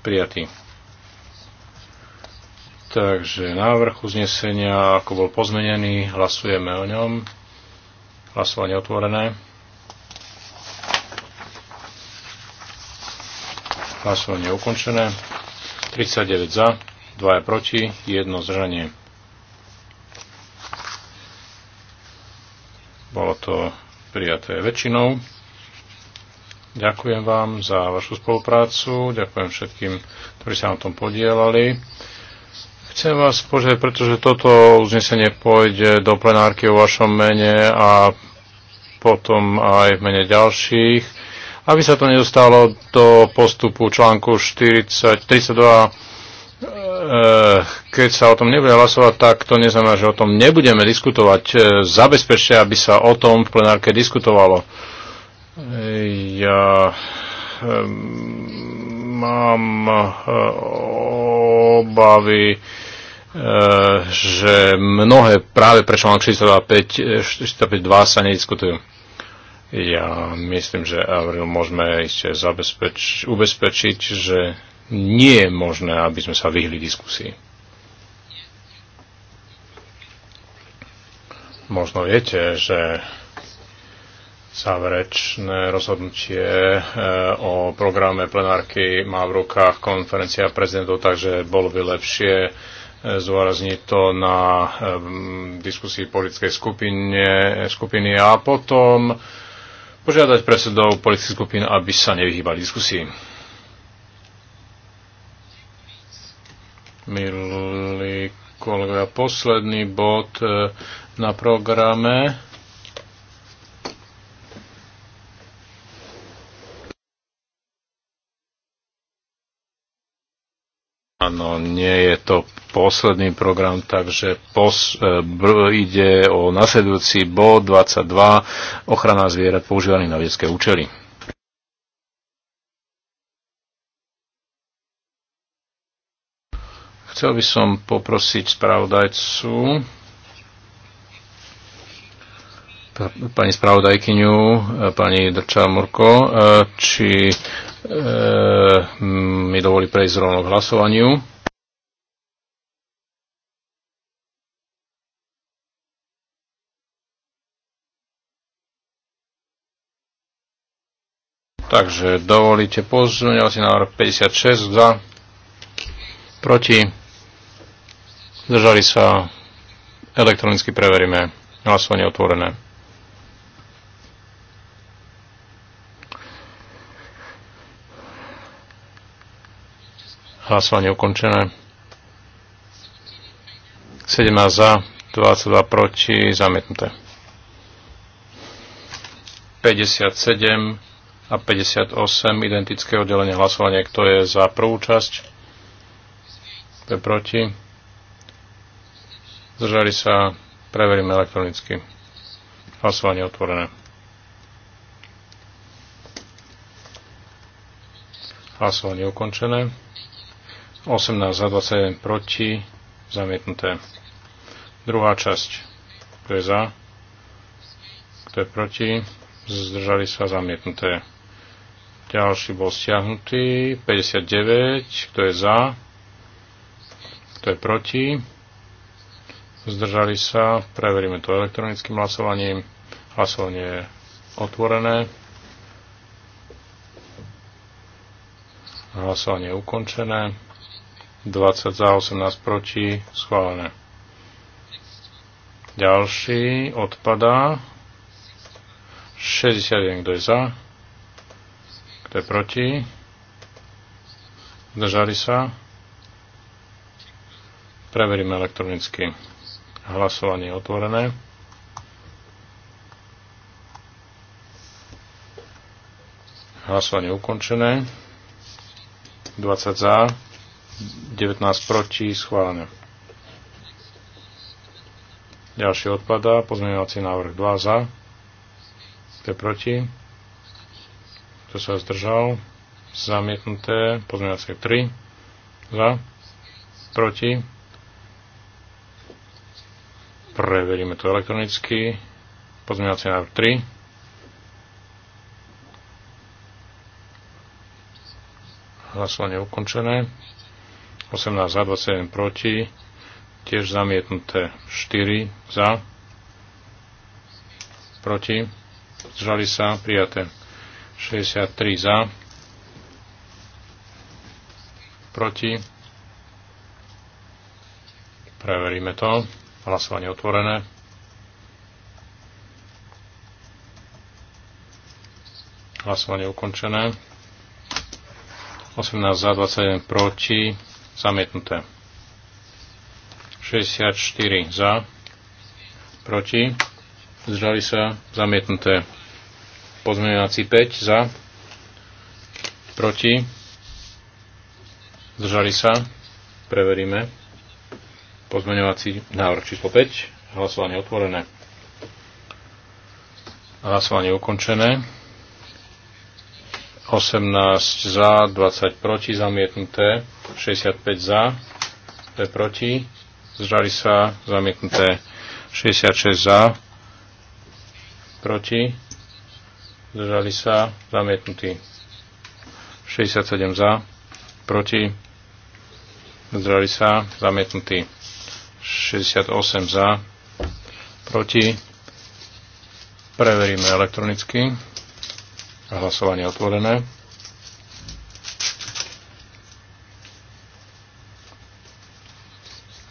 prijatý. Takže návrh uznesenia, ako bol pozmenený, hlasujeme o ňom. Hlasovanie otvorené. Hlasovanie ukončené. 39 za, 2 proti, 1 zdržanie. Bolo to prijaté väčšinou. Ďakujem vám za vašu spoluprácu, ďakujem všetkým, ktorí sa na tom podielali. Chcem vás požiadať, pretože toto uznesenie pôjde do plenárky o vašom mene a potom aj v mene ďalších aby sa to nedostalo do postupu článku 40, 32. E, keď sa o tom nebude hlasovať, tak to neznamená, že o tom nebudeme diskutovať. E, zabezpečte, aby sa o tom v plenárke diskutovalo. E, ja mám obavy, že mnohé práve pre článok 45.2 sa nediskutujú. Ja myslím, že Avril môžeme ešte zabezpeč- ubezpečiť, že nie je možné, aby sme sa vyhli diskusii. Možno viete, že záverečné rozhodnutie e, o programe plenárky má v rukách konferencia prezidentov, takže bolo by lepšie e, zúrazniť to na e, diskusii politickej skupine, skupiny a potom požiadať predsedov politických skupín, aby sa nevyhýbali diskusii. Milí kolegovia, posledný bod eh, na programe Áno, nie je to posledný program, takže pos, e, br, ide o nasledujúci bod 22, ochrana zvierat používaných na vedecké účely. Chcel by som poprosiť spravodajcu, pani spravodajkyňu, e, pani Drča Murko, e, či Ehm, mi dovolí prejsť rovno k hlasovaniu. Takže dovolíte pozmeňovací návrh 56 za, proti, zdržali sa, elektronicky preveríme, hlasovanie otvorené. Hlasovanie ukončené. 17 za, 22 proti, zamietnuté. 57 a 58 identické oddelenie hlasovania. Kto je za prvú časť? Kto je proti? Zdržali sa. Preveríme elektronicky. Hlasovanie otvorené. Hlasovanie ukončené. 18 za 27 proti, zamietnuté. Druhá časť, kto je za, kto je proti, zdržali sa zamietnuté. Ďalší bol stiahnutý, 59, kto je za, kto je proti, zdržali sa, preveríme to elektronickým hlasovaním, hlasovanie je otvorené, hlasovanie je ukončené. 20 za 18 proti, schválené. Ďalší odpadá. 61, kto je za, kto je proti. Zdržali sa. Preveríme elektronicky. Hlasovanie je otvorené. Hlasovanie ukončené. 20 za, 19 proti, schválené. Ďalší odpadá, pozmeňovací návrh 2 za, kto je proti, kto sa zdržal, zamietnuté, pozmeňovací 3 za, proti, preveríme to elektronicky, pozmeňovací návrh 3, hlasovanie ukončené. 18 za, 27 proti, tiež zamietnuté 4 za, proti, zdržali sa, prijaté 63 za, proti, preveríme to, hlasovanie otvorené. Hlasovanie ukončené. 18 za, 21 proti Zamietnuté. 64 za. Proti. Zdržali sa. Zamietnuté. Pozmeňovací 5 za. Proti. Zdržali sa. Preveríme. Pozmeňovací návrh číslo 5. Hlasovanie otvorené. Hlasovanie ukončené. 18 za, 20 proti, zamietnuté, 65 za, to je proti, zdržali sa, zamietnuté, 66 za, proti, zdržali sa, zamietnutí, 67 za, proti, zdržali sa, zamietnutí, 68 za, proti, preveríme elektronicky. Hlasovanie otvorené.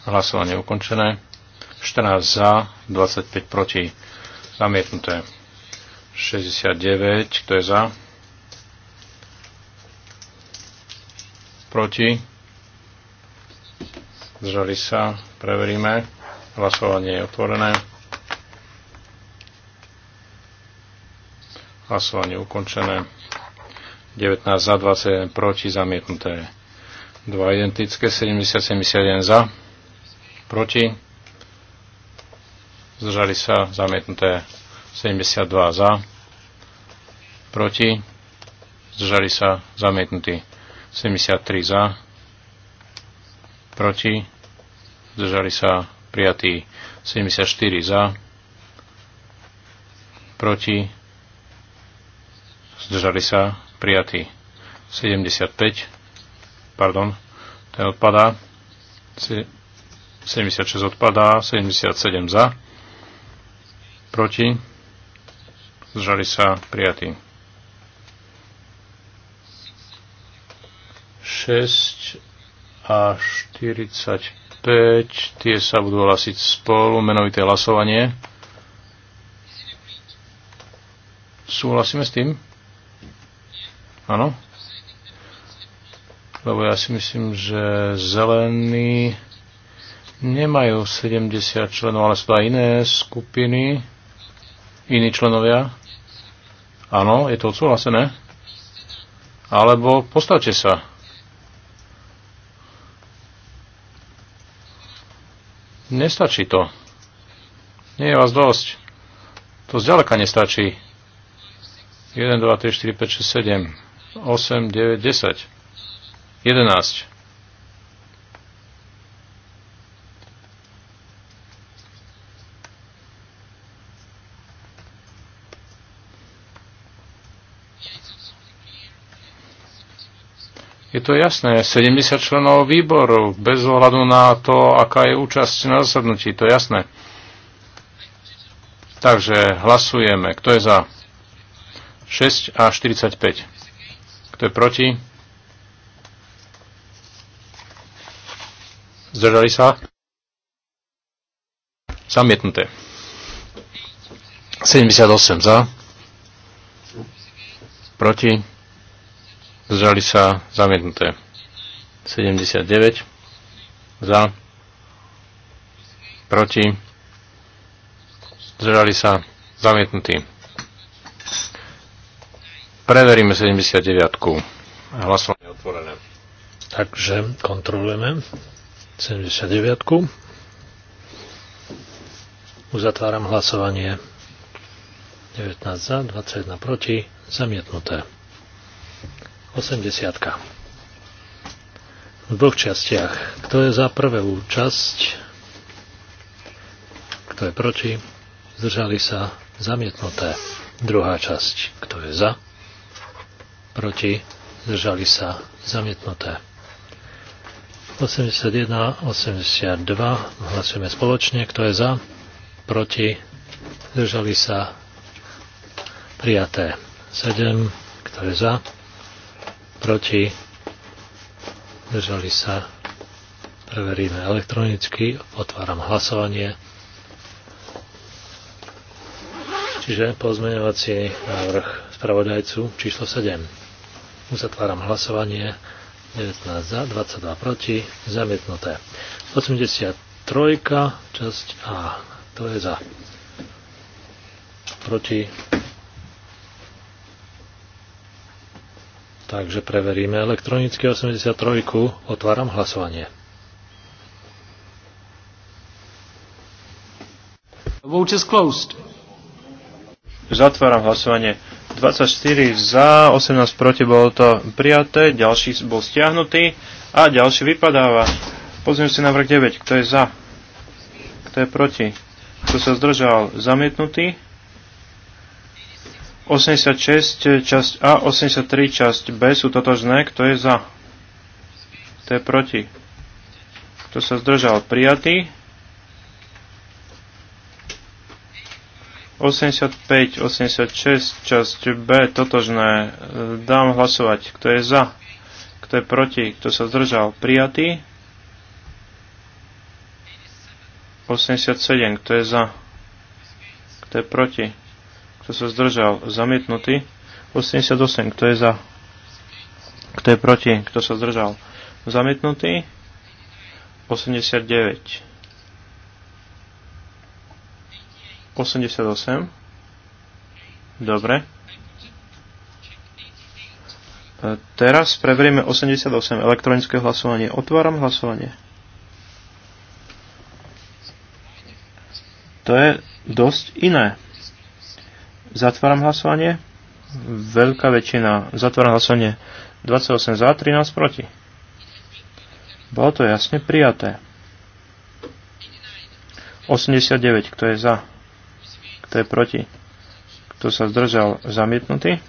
Hlasovanie ukončené. 14 za, 25 proti. Zamietnuté. 69, kto je za? Proti? Zdržali sa, preveríme. Hlasovanie je otvorené. Hlasovanie ukončené. 19 za, 21 proti, zamietnuté. 2 identické, 70, 71 za, proti. Zdržali sa, zamietnuté. 72 za, proti. Zdržali sa, zamietnutí. 73 za, proti. Zdržali sa, prijatí. 74 za, proti zdržali sa, prijatý. 75, pardon, ten odpadá. 76 odpadá, 77 za, proti, zdržali sa, prijatý. 6 a 45, tie sa budú hlasiť spolu, menovité hlasovanie. Súhlasíme s tým? Áno? Lebo ja si myslím, že zelení nemajú 70 členov, ale sú aj iné skupiny, iní členovia. Áno, je to odsúhlasené. Alebo postavte sa. Nestačí to. Nie je vás dosť. To zďaleka nestačí. 1, 2, 3, 4, 5, 6, 7. 8, 9, 10, 11. Je to jasné, 70 členov výboru, bez ohľadu na to, aká je účasť na zasadnutí, to je jasné. Takže hlasujeme, kto je za 6 a 45. Kto je proti? Zdržali sa? Zamietnuté. 78 za. Proti. Zdržali sa? Zamietnuté. 79 za. Proti. Zdržali sa? Zamietnutý. Preveríme 79. Hlasovanie otvorené. Takže kontrolujeme 79. -ku. Uzatváram hlasovanie. 19 za, 21 proti, zamietnuté. 80. -ka. V dvoch častiach. Kto je za prvú časť? Kto je proti? Zdržali sa zamietnuté. Druhá časť. Kto je za? proti, zdržali sa, zamietnuté. 81, 82, hlasujeme spoločne, kto je za, proti, zdržali sa, prijaté. 7, kto je za, proti, zdržali sa, preveríme elektronicky, otváram hlasovanie. Čiže pozmeňovací návrh spravodajcu číslo 7. Uzatváram hlasovanie. 19 za, 22 proti, zamietnuté. 83, časť A. To je za. Proti. Takže preveríme elektronicky 83. Otváram hlasovanie. Vote is closed. Zatváram hlasovanie. 24 za, 18 proti bolo to prijaté, ďalší bol stiahnutý a ďalší vypadáva. Pozrieme si návrh 9, kto je za, kto je proti, kto sa zdržal, zamietnutý. 86 časť A, 83 časť B sú totožné, kto je za, kto je proti, kto sa zdržal, prijatý. 85, 86, časť B, totožné. Dám hlasovať. Kto je za? Kto je proti? Kto sa zdržal? Prijatý? 87, kto je za? Kto je proti? Kto sa zdržal? Zamietnutý? 88, kto je za? Kto je proti? Kto sa zdržal? Zamietnutý? 89. 88. Dobre. Teraz preveríme 88. Elektronické hlasovanie. Otváram hlasovanie. To je dosť iné. Zatváram hlasovanie. Veľká väčšina. Zatváram hlasovanie. 28 za, 13 proti. Bolo to jasne prijaté. 89, kto je za? Kto je proti? Kto sa zdržal? Zamietnutý.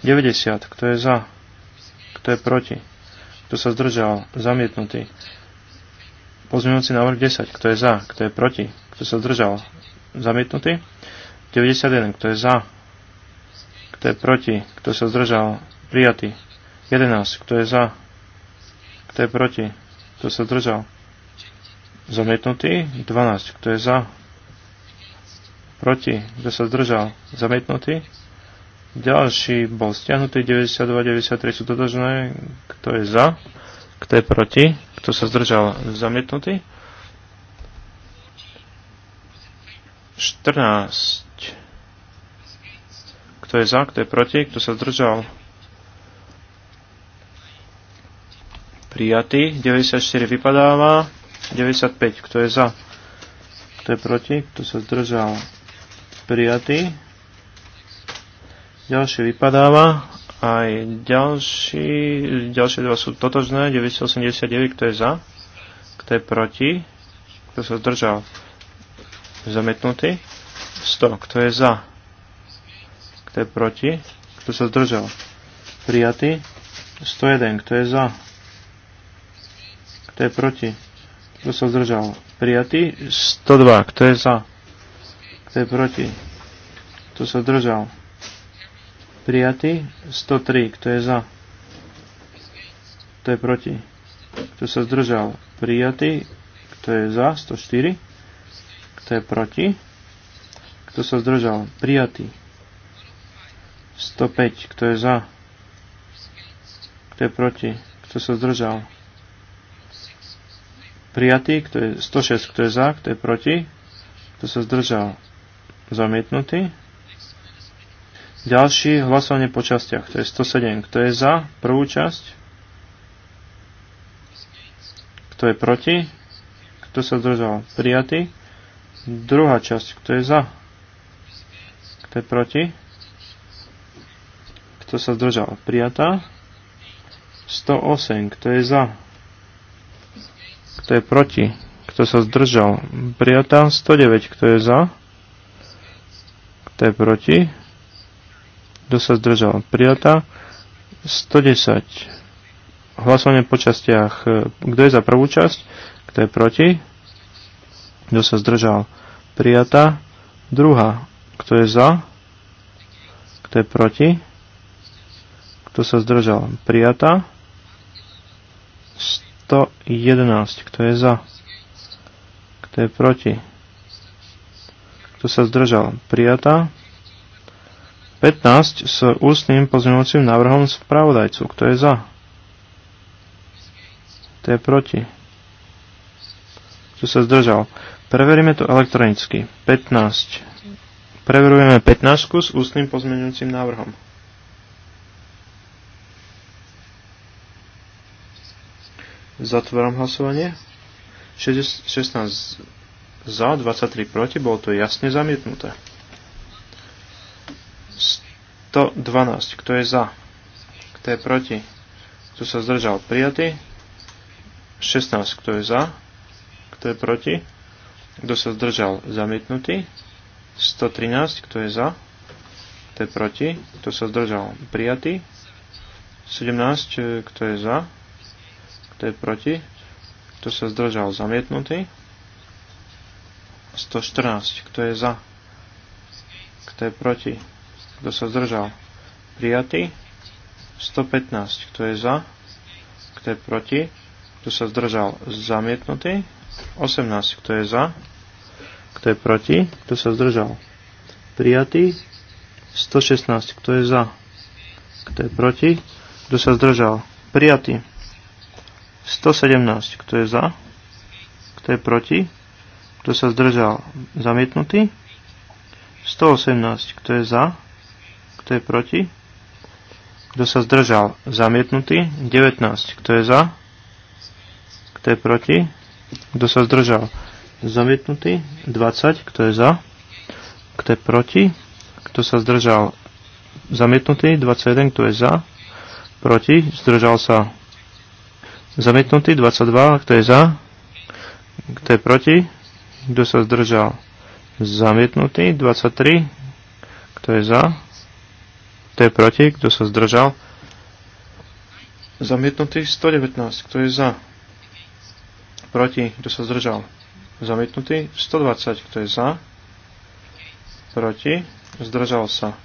90. Kto je za? Kto je proti? Kto sa zdržal? Zamietnutý. Pozmeňujúci návrh 10. Kto je za? Kto je proti? Kto sa zdržal? Zamietnutý. 91. Kto je za? Kto je proti? Kto sa zdržal? Prijatý. 11. Kto je za? Kto je proti? Kto sa zdržal? Zamietnutý. 12. Kto je za? proti, kto sa zdržal, zamietnutý. Ďalší bol stiahnutý, 92, 93 sú dodržené, kto je za, kto je proti, kto sa zdržal, zamietnutý. 14. Kto je za, kto je proti, kto sa zdržal, prijatý. 94 vypadáva. 95, kto je za, kto je proti, kto sa zdržal, prijatý. Ďalšie vypadáva. Aj ďalší, ďalšie dva sú totožné. 989, kto je za, kto je proti, kto sa zdržal. Zamietnutý. 100, kto je za, kto je proti, kto sa zdržal. Prijatý. 101, kto je za, kto je proti, kto sa zdržal. Prijatý. 102, kto je za, kto je proti, kto sa zdržal. Prijatý 103, kto je za, kto je proti, kto sa zdržal. Prijatý, kto je za, 104, kto je proti, kto sa zdržal. Prijatý 105, kto je za, kto je proti, kto sa zdržal. Prijatý, kto je 106, kto je za, kto je proti, kto sa zdržal zamietnutý. Ďalší hlasovanie po častiach, to je 107. Kto je za prvú časť? Kto je proti? Kto sa zdržal? Prijatý. Druhá časť, kto je za? Kto je proti? Kto sa zdržal? Prijatá. 108. Kto je za? Kto je proti? Kto sa zdržal? Prijatá. 109. Kto je za? to je proti, kto sa zdržal, prijatá, 110, hlasovanie po častiach, kto je za prvú časť, kto je proti, kto sa zdržal, prijatá, druhá, kto je za, kto je proti, kto sa zdržal, prijatá, 111, kto je za, kto je proti, kto sa zdržal, prijatá. 15 s ústnym pozmeňujúcim návrhom spravodajcu. Kto je za? Kto je proti? Kto sa zdržal? Preveríme to elektronicky. 15. Preverujeme 15 s ústnym pozmeňujúcim návrhom. Zatváram hlasovanie. 16 za, 23 proti, bolo to jasne zamietnuté. 112, kto je za, kto je proti, kto sa zdržal, prijatý. 16, kto je za, kto je proti, kto sa zdržal, zamietnutý. 113, kto je za, kto je proti, kto sa zdržal, prijatý. 17, kto je za, kto je proti, kto sa zdržal, zamietnutý. 114. Kto je za? Kto je proti? Kto sa zdržal? Prijatý. 115. Kto je za? Kto je proti? Kto sa zdržal? Zamietnutý. 18. Kto je za? Kto je proti? Kto sa zdržal? Prijatý. 116. Kto je za? Kto je proti? Kto sa zdržal? Prijatý. 117. Kto je za? Kto je proti? kto sa zdržal, zamietnutý. 118, kto je za, kto je proti, kto sa zdržal, zamietnutý. 19, kto je za, kto je proti, kto sa zdržal, zamietnutý. 20, kto je za, kto je proti, kto sa zdržal, zamietnutý. 21, kto je za, proti, zdržal sa, zamietnutý. 22, kto je za, kto je proti, Kto sa zdržal? Zamietnutý. 23. Kto je za? Kto je proti? Kto sa zdržal? Zamietnutý. 119. Kto je za? Proti. Kto sa zdržal? Zamietnutý. 120. Kto je za? Proti. Zdržal sa.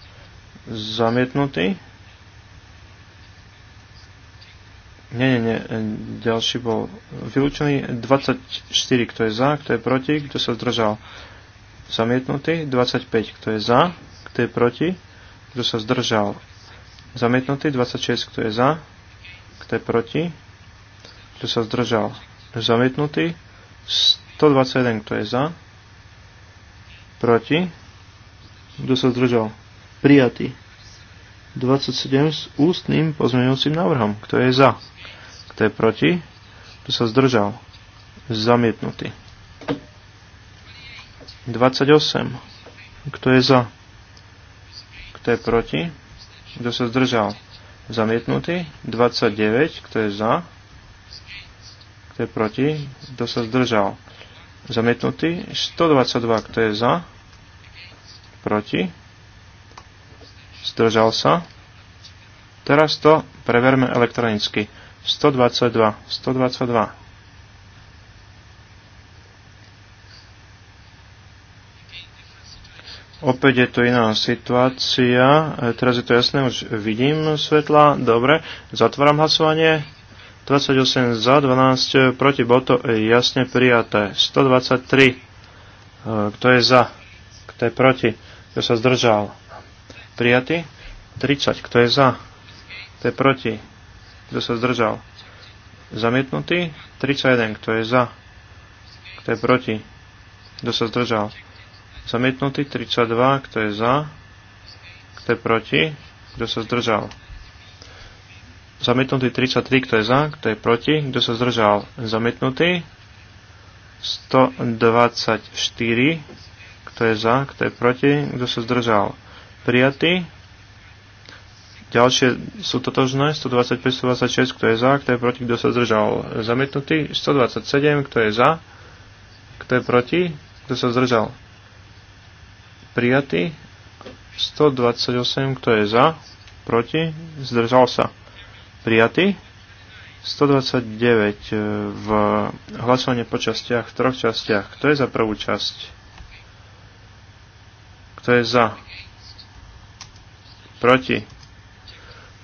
Zamietnutý. Nie, nie, nie. Ďalší bol vylúčený. 24, kto je za, kto je proti, kto sa zdržal. Zamietnutý. 25, kto je za, kto je proti, kto sa zdržal. Zamietnutý. 26, kto je za, kto je proti, kto sa zdržal. Zamietnutý. 121, kto je za, proti, kto sa zdržal. Prijatý. 27 s ústnym pozmeňujúcim návrhom. Kto je za? Kto je proti? Kto sa zdržal? Zamietnutý. 28. Kto je za? Kto je proti? Kto sa zdržal? Zamietnutý. 29. Kto je za? Kto je proti? Kto sa zdržal? Zamietnutý. 122. Kto je za? Proti? Zdržal sa? Teraz to preverme elektronicky. 122. 122. Opäť je tu iná situácia. Teraz je to jasné, už vidím svetla. Dobre, zatváram hlasovanie. 28 za, 12 proti, bolo to jasne prijaté. 123. Eh, kto je za? Kto je proti? Kto sa zdržal? Prijatý? 30. Kto je za? Kto je proti? kto sa zdržal. Zamietnutý. 31, kto je za, kto je proti, kto sa zdržal. Zamietnutý. 32, kto je za, kto je proti, kto sa zdržal. Zamietnutý 33, kto je za, kto je proti, kto sa zdržal. Zamietnutý 124, kto je za, kto je proti, kto sa zdržal. Prijatý Ďalšie sú totožné, 125, 126, kto je za, kto je proti, kto sa zdržal. Zamietnutý, 127, kto je za, kto je proti, kto sa zdržal. Prijatý, 128, kto je za, proti, zdržal sa. Prijatý, 129 e, v hlasovanie po častiach, v troch častiach. Kto je za prvú časť? Kto je za? Proti?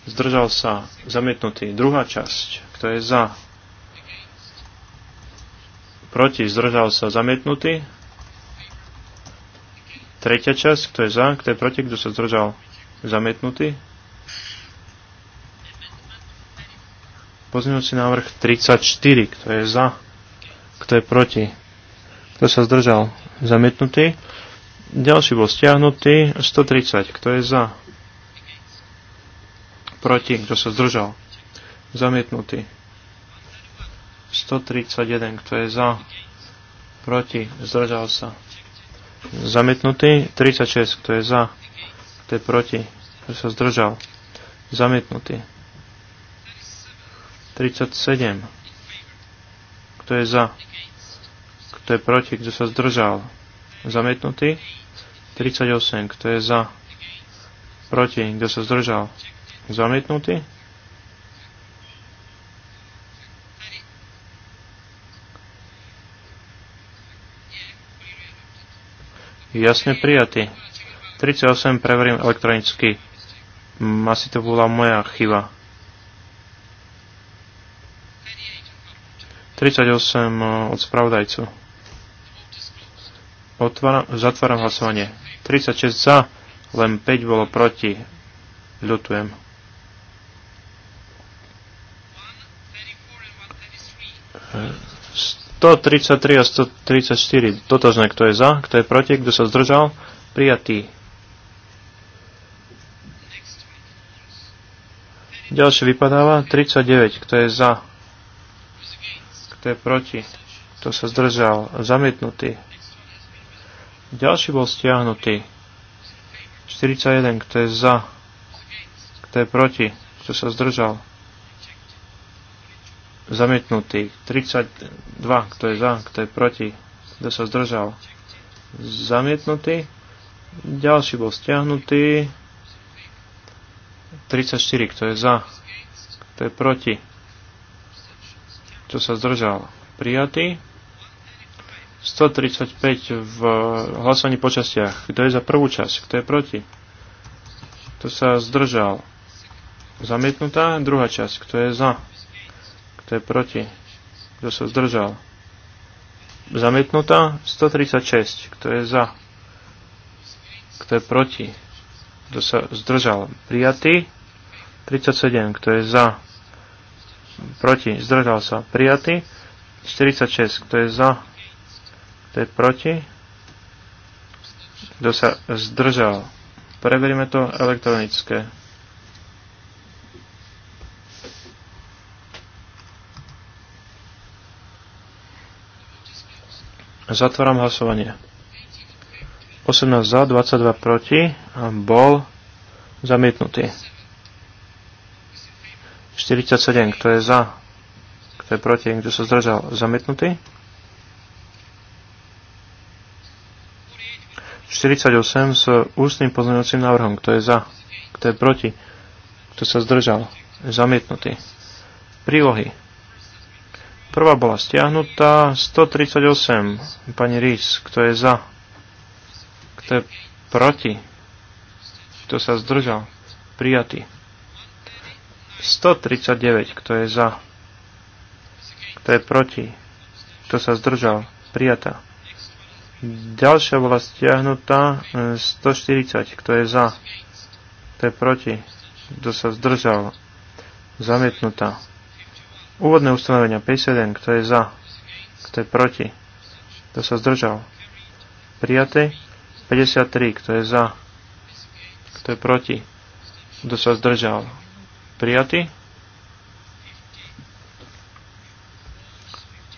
zdržal sa, zamietnutý. Druhá časť, kto je za, proti, zdržal sa, zamietnutý. Tretia časť, kto je za, kto je proti, kto sa zdržal, zamietnutý. Pozmeňujúci návrh 34, kto je za, kto je proti, kto sa zdržal, zamietnutý. Ďalší bol stiahnutý, 130, kto je za, proti, kto sa zdržal. Zamietnutý. 131, kto je za, proti, zdržal sa. Zamietnutý. 36, kto je za, kto je proti, kto sa zdržal. Zamietnutý. 37. Kto je za? Kto je proti? Kto sa zdržal? Zamietnutý. 38. Kto je za? Proti? Kto sa zdržal? Zamietnutý. Jasne prijatý. 38 preverím elektronicky. Mm, asi to bola moja chyba. 38 eh, od spravodajcu. Otváram, zatváram hlasovanie. 36 za, len 5 bolo proti. Ľutujem. 133 a 134. Totožné, kto je za, kto je proti, kto sa zdržal, prijatý. Ďalšie vypadáva 39, kto je za, kto je proti, kto sa zdržal, zamietnutý. Ďalší bol stiahnutý. 41, kto je za, kto je proti, kto sa zdržal, zamietnutý. 32, kto je za, kto je proti, kto sa zdržal. Zamietnutý. Ďalší bol stiahnutý. 34, kto je za, kto je proti, kto sa zdržal. Prijatý. 135 v hlasovaní po častiach. Kto je za prvú časť? Kto je proti? Kto sa zdržal? Zamietnutá. Druhá časť. Kto je za? Kto je proti? Kto sa zdržal? Zamietnutá 136. Kto je za? Kto je proti? Kto sa zdržal? Prijatý 37. Kto je za? Proti? Zdržal sa. Prijatý 46. Kto je za? Kto je proti? Kto sa zdržal? Preveríme to elektronické. Zatváram hlasovanie. 18 za, 22 proti a bol zamietnutý. 47, kto je za, kto je proti, kto sa zdržal, zamietnutý. 48 s ústnym pozmeňovacím návrhom, kto je za, kto je proti, kto sa zdržal, zamietnutý. Prílohy Prvá bola stiahnutá. 138. Pani Rís, kto je za? Kto je proti? Kto sa zdržal? Prijatý. 139. Kto je za? Kto je proti? Kto sa zdržal? Prijatá. Ďalšia bola stiahnutá. 140. Kto je za? Kto je proti? Kto sa zdržal? Zamietnutá. Úvodné ustanovenia 51. Kto je za? Kto je proti? Kto sa zdržal? Prijatý. 53. Kto je za? Kto je proti? Kto sa zdržal? Prijatý.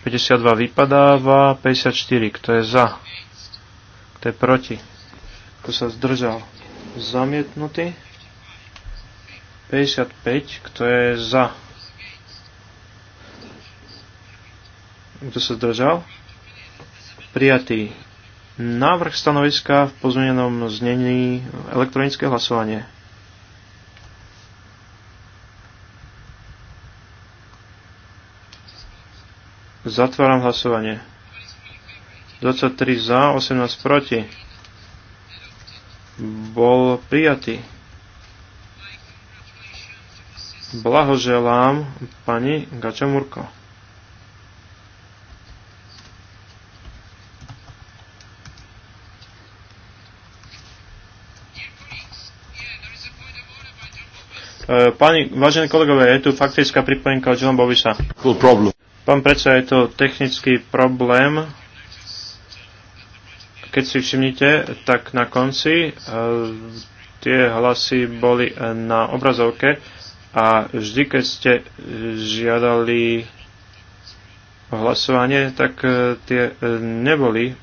52 vypadáva, 54, kto je za, kto je proti, kto sa zdržal, zamietnutý, 55, kto je za, Kto sa zdržal? Prijatý. Návrh stanoviska v pozmenenom znení elektronické hlasovanie. Zatváram hlasovanie. 23 za, 18 proti. Bol prijatý. Blahoželám pani Gačamurko. E, pani, vážení kolegové, je tu faktická pripomienka od John Bovisa. Pán predseda, je to technický problém. Keď si všimnite, tak na konci e, tie hlasy boli na obrazovke a vždy, keď ste žiadali hlasovanie, tak e, tie neboli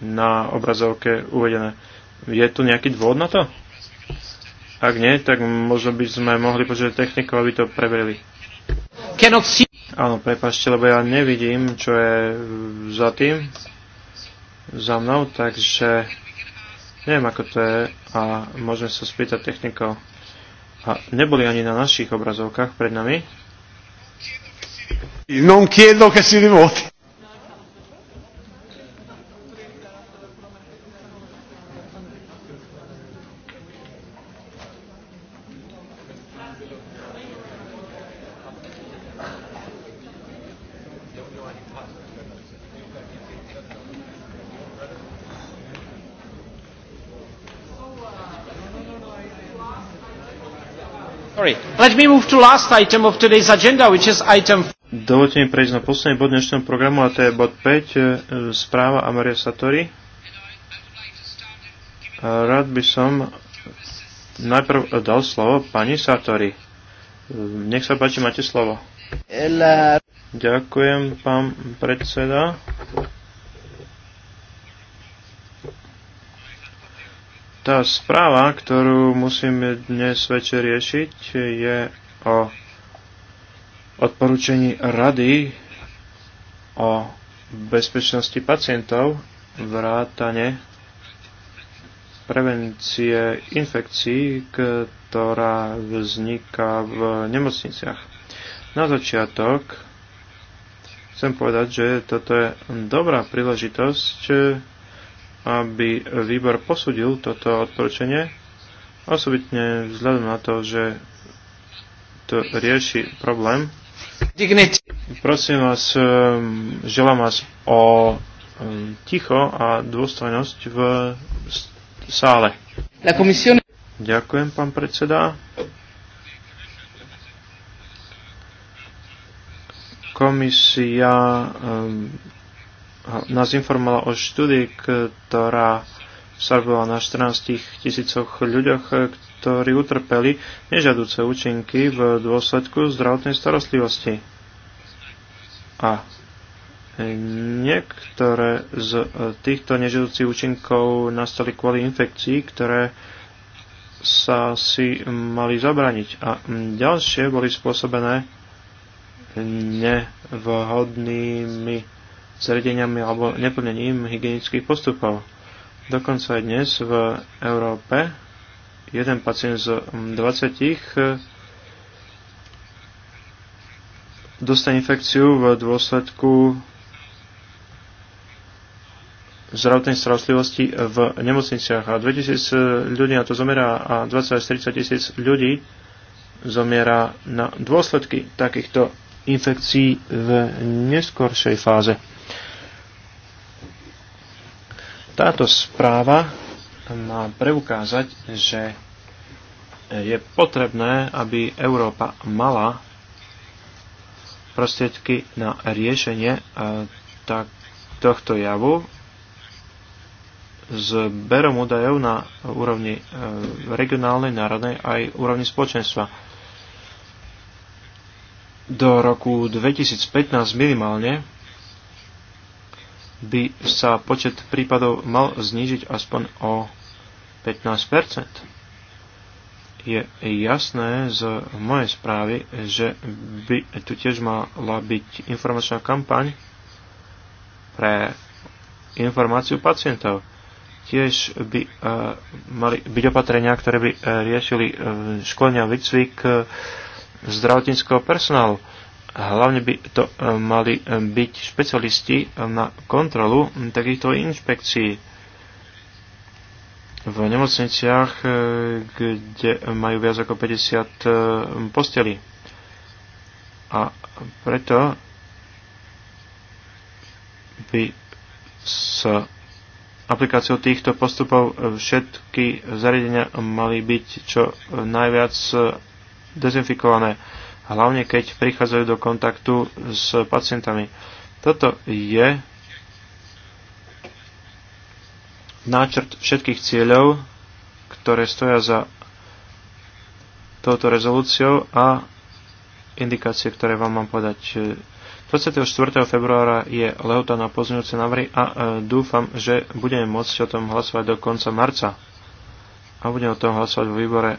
na obrazovke uvedené. Je tu nejaký dôvod na to? Ak nie, tak možno by sme mohli požiadať technikov, aby to preverili. Áno, prepašte, lebo ja nevidím, čo je za tým, za mnou, takže neviem, ako to je a môžeme sa spýtať technikov. A neboli ani na našich obrazovkách pred nami. Non chiedo che si voti. Let me move to last item of today's agenda, which is item... Dovolte mi prejsť na posledný bod dnešného programu, a to je bod 5, e, správa Amaria Satori. Rád by som najprv dal slovo pani Satori. E, nech sa páči, máte slovo. Ďakujem, pán predseda. Tá správa, ktorú musíme dnes večer riešiť, je o odporúčení rady o bezpečnosti pacientov vrátane prevencie infekcií, ktorá vzniká v nemocniciach. Na začiatok chcem povedať, že toto je dobrá príležitosť aby výbor posudil toto odporúčanie, osobitne vzhľadom na to, že to rieši problém. Dignity. Prosím vás, um, želám vás o um, ticho a dôstojnosť v sále. La komisione... Ďakujem, pán predseda. Komisia um, nás informovala o štúdii, ktorá sa robila na 14 tisícoch ľuďoch, ktorí utrpeli nežiaduce účinky v dôsledku zdravotnej starostlivosti. A niektoré z týchto nežiaducich účinkov nastali kvôli infekcií, ktoré sa si mali zabraniť. A ďalšie boli spôsobené nevhodnými zariadeniami alebo neplnením hygienických postupov. Dokonca aj dnes v Európe jeden pacient z 20 eh, dostane infekciu v dôsledku zdravotnej starostlivosti v nemocniciach. A 2000 ľudí na to zomiera a 20 až 30 tisíc ľudí zomiera na dôsledky takýchto infekcií v neskoršej fáze. Táto správa má preukázať, že je potrebné, aby Európa mala prostriedky na riešenie eh, tak, tohto javu s berom údajov na úrovni eh, regionálnej, národnej aj úrovni spoločenstva. Do roku 2015 minimálne by sa počet prípadov mal znížiť aspoň o 15 Je jasné z mojej správy, že by tu tiež mala byť informačná kampaň pre informáciu pacientov. Tiež by uh, mali byť opatrenia, ktoré by uh, riešili uh, školenia výcvik uh, zdravotníckého personálu. Uh, Hlavne by to e, mali e, byť špecialisti na kontrolu takýchto inšpekcií v nemocniciach, e, kde majú viac ako 50 postelí. A preto by s aplikáciou týchto postupov všetky zariadenia mali byť čo najviac dezinfikované hlavne keď prichádzajú do kontaktu s pacientami. Toto je náčrt všetkých cieľov, ktoré stoja za touto rezolúciou a indikácie, ktoré vám mám podať. 24. februára je lehota na pozňujúce návrhy a e, dúfam, že budeme môcť o tom hlasovať do konca marca a budeme o tom hlasovať vo výbore e,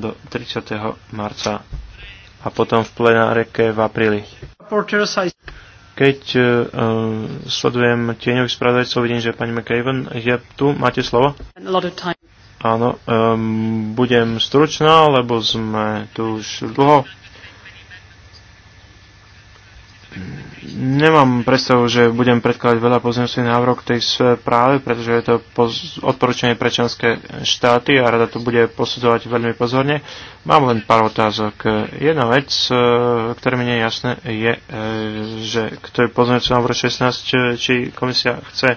do 30. marca a potom v plenáreke v apríli. Keď uh, sledujem tieňových spravodajcov, vidím, že pani McAven je tu. Máte slovo? Áno, um, budem stručná, lebo sme tu už dlho. Nemám predstavu, že budem predkladať veľa pozornosti návrhov k tej správe, pretože je to odporúčanie pre členské štáty a rada to bude posudzovať veľmi pozorne. Mám len pár otázok. Jedna vec, e, ktorá mi nie je jasné, je, e, že kto je pozornosť návrh 16, e, či komisia chce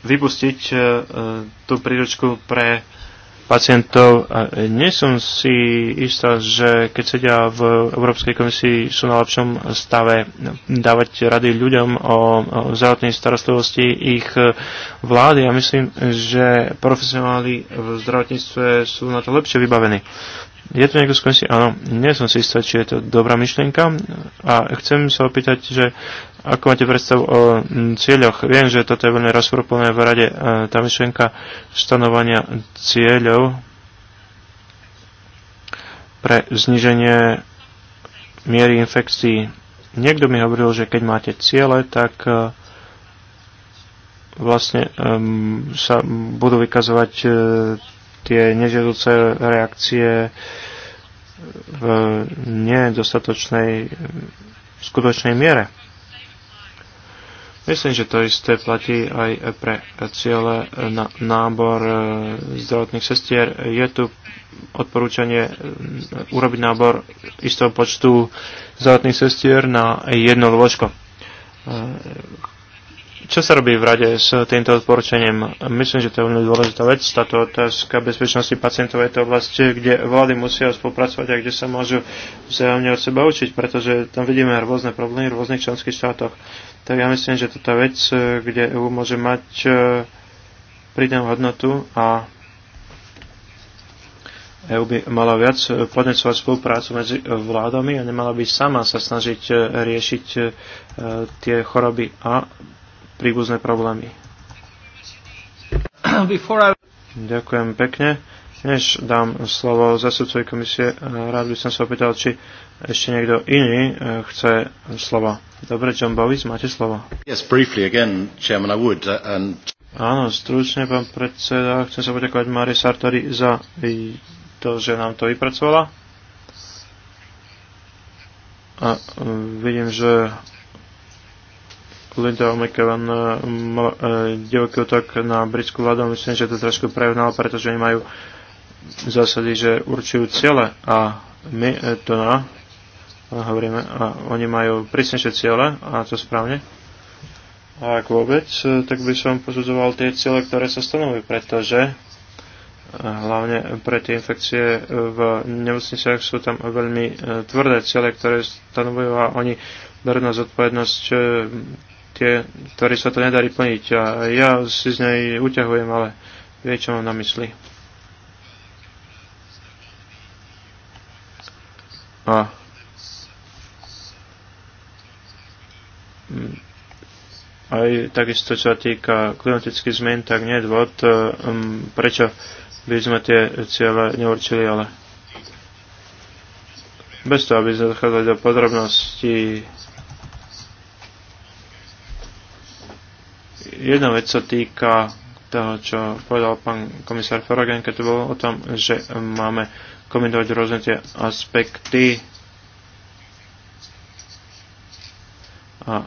vypustiť tú príručku pre pacientov. A nie som si istá, že keď sedia v Európskej komisii sú na lepšom stave dávať rady ľuďom o zdravotnej starostlivosti ich e, vlády. Ja myslím, že profesionáli v zdravotníctve sú na to lepšie vybavení. Je to niekto z komisie? Áno, nie som si istá, či je to dobrá myšlienka. A chcem sa opýtať, že Ako máte predstavu o mm, cieľoch? Viem, že toto je veľmi rozporúplné v rade. Tá myšlienka stanovania cieľov pre zniženie miery infekcií. Niekto mi hovoril, že keď máte ciele, tak e, vlastne um, sa budú vykazovať uh, tie nežiaduce reakcie v nedostatočnej skutočnej miere. Myslím, že to isté platí aj pre ciele na nábor e, zdravotných sestier. Je tu odporúčanie e, urobiť nábor istého počtu zdravotných sestier na jedno lôžko. E, čo sa robí v rade s týmto odporúčaním? Myslím, že to je veľmi dôležitá vec. Táto otázka bezpečnosti pacientov je to oblasť, kde vlády musia spolupracovať a kde sa môžu vzájomne od seba učiť, pretože tam vidíme rôzne problémy v rôznych členských štátoch tak ja myslím, že toto vec, e, kde EU môže mať e, pridanú hodnotu a EU by mala viac e, podnecovať spoluprácu medzi vládami a nemala by sama sa snažiť riešiť tie choroby a príbuzné problémy. Ďakujem pekne. Než dám slovo zasudcovi komisie, rád by som sa opýtal, či ešte niekto iný e, chce slovo. Dobre, John Bowies, máte slovo. Yes, briefly again, Chairman, I would. Uh, and... Áno, stručne, pán predseda, chcem sa poďakovať Mári Sartori za to, že nám to vypracovala. A e, vidím, že Linda O'Micron e, mala divoký útok na britskú vládu. Myslím, že to trošku prejednala, pretože oni majú zásady, že určujú ciele a my to na hovoríme, a oni majú prísnejšie ciele, a to správne. A ak vôbec, tak by som posudzoval tie ciele, ktoré sa stanovujú, pretože e, hlavne pre tie infekcie v nemocniciach sú tam veľmi e, tvrdé ciele, ktoré stanovujú a oni berú na zodpovednosť e, tie, ktorí sa to nedarí plniť. A ja si z nej uťahujem, ale vie, čo mám na mysli. A Mm. aj takisto sa týka klimatických zmen, tak nie je dôvod, um, prečo by sme tie ciele neurčili, ale bez toho, aby sme dochádzali do podrobností. Jedna vec sa týka toho, čo povedal pán komisár Faragen, keď to bolo o tom, že máme komentovať rôzne tie aspekty a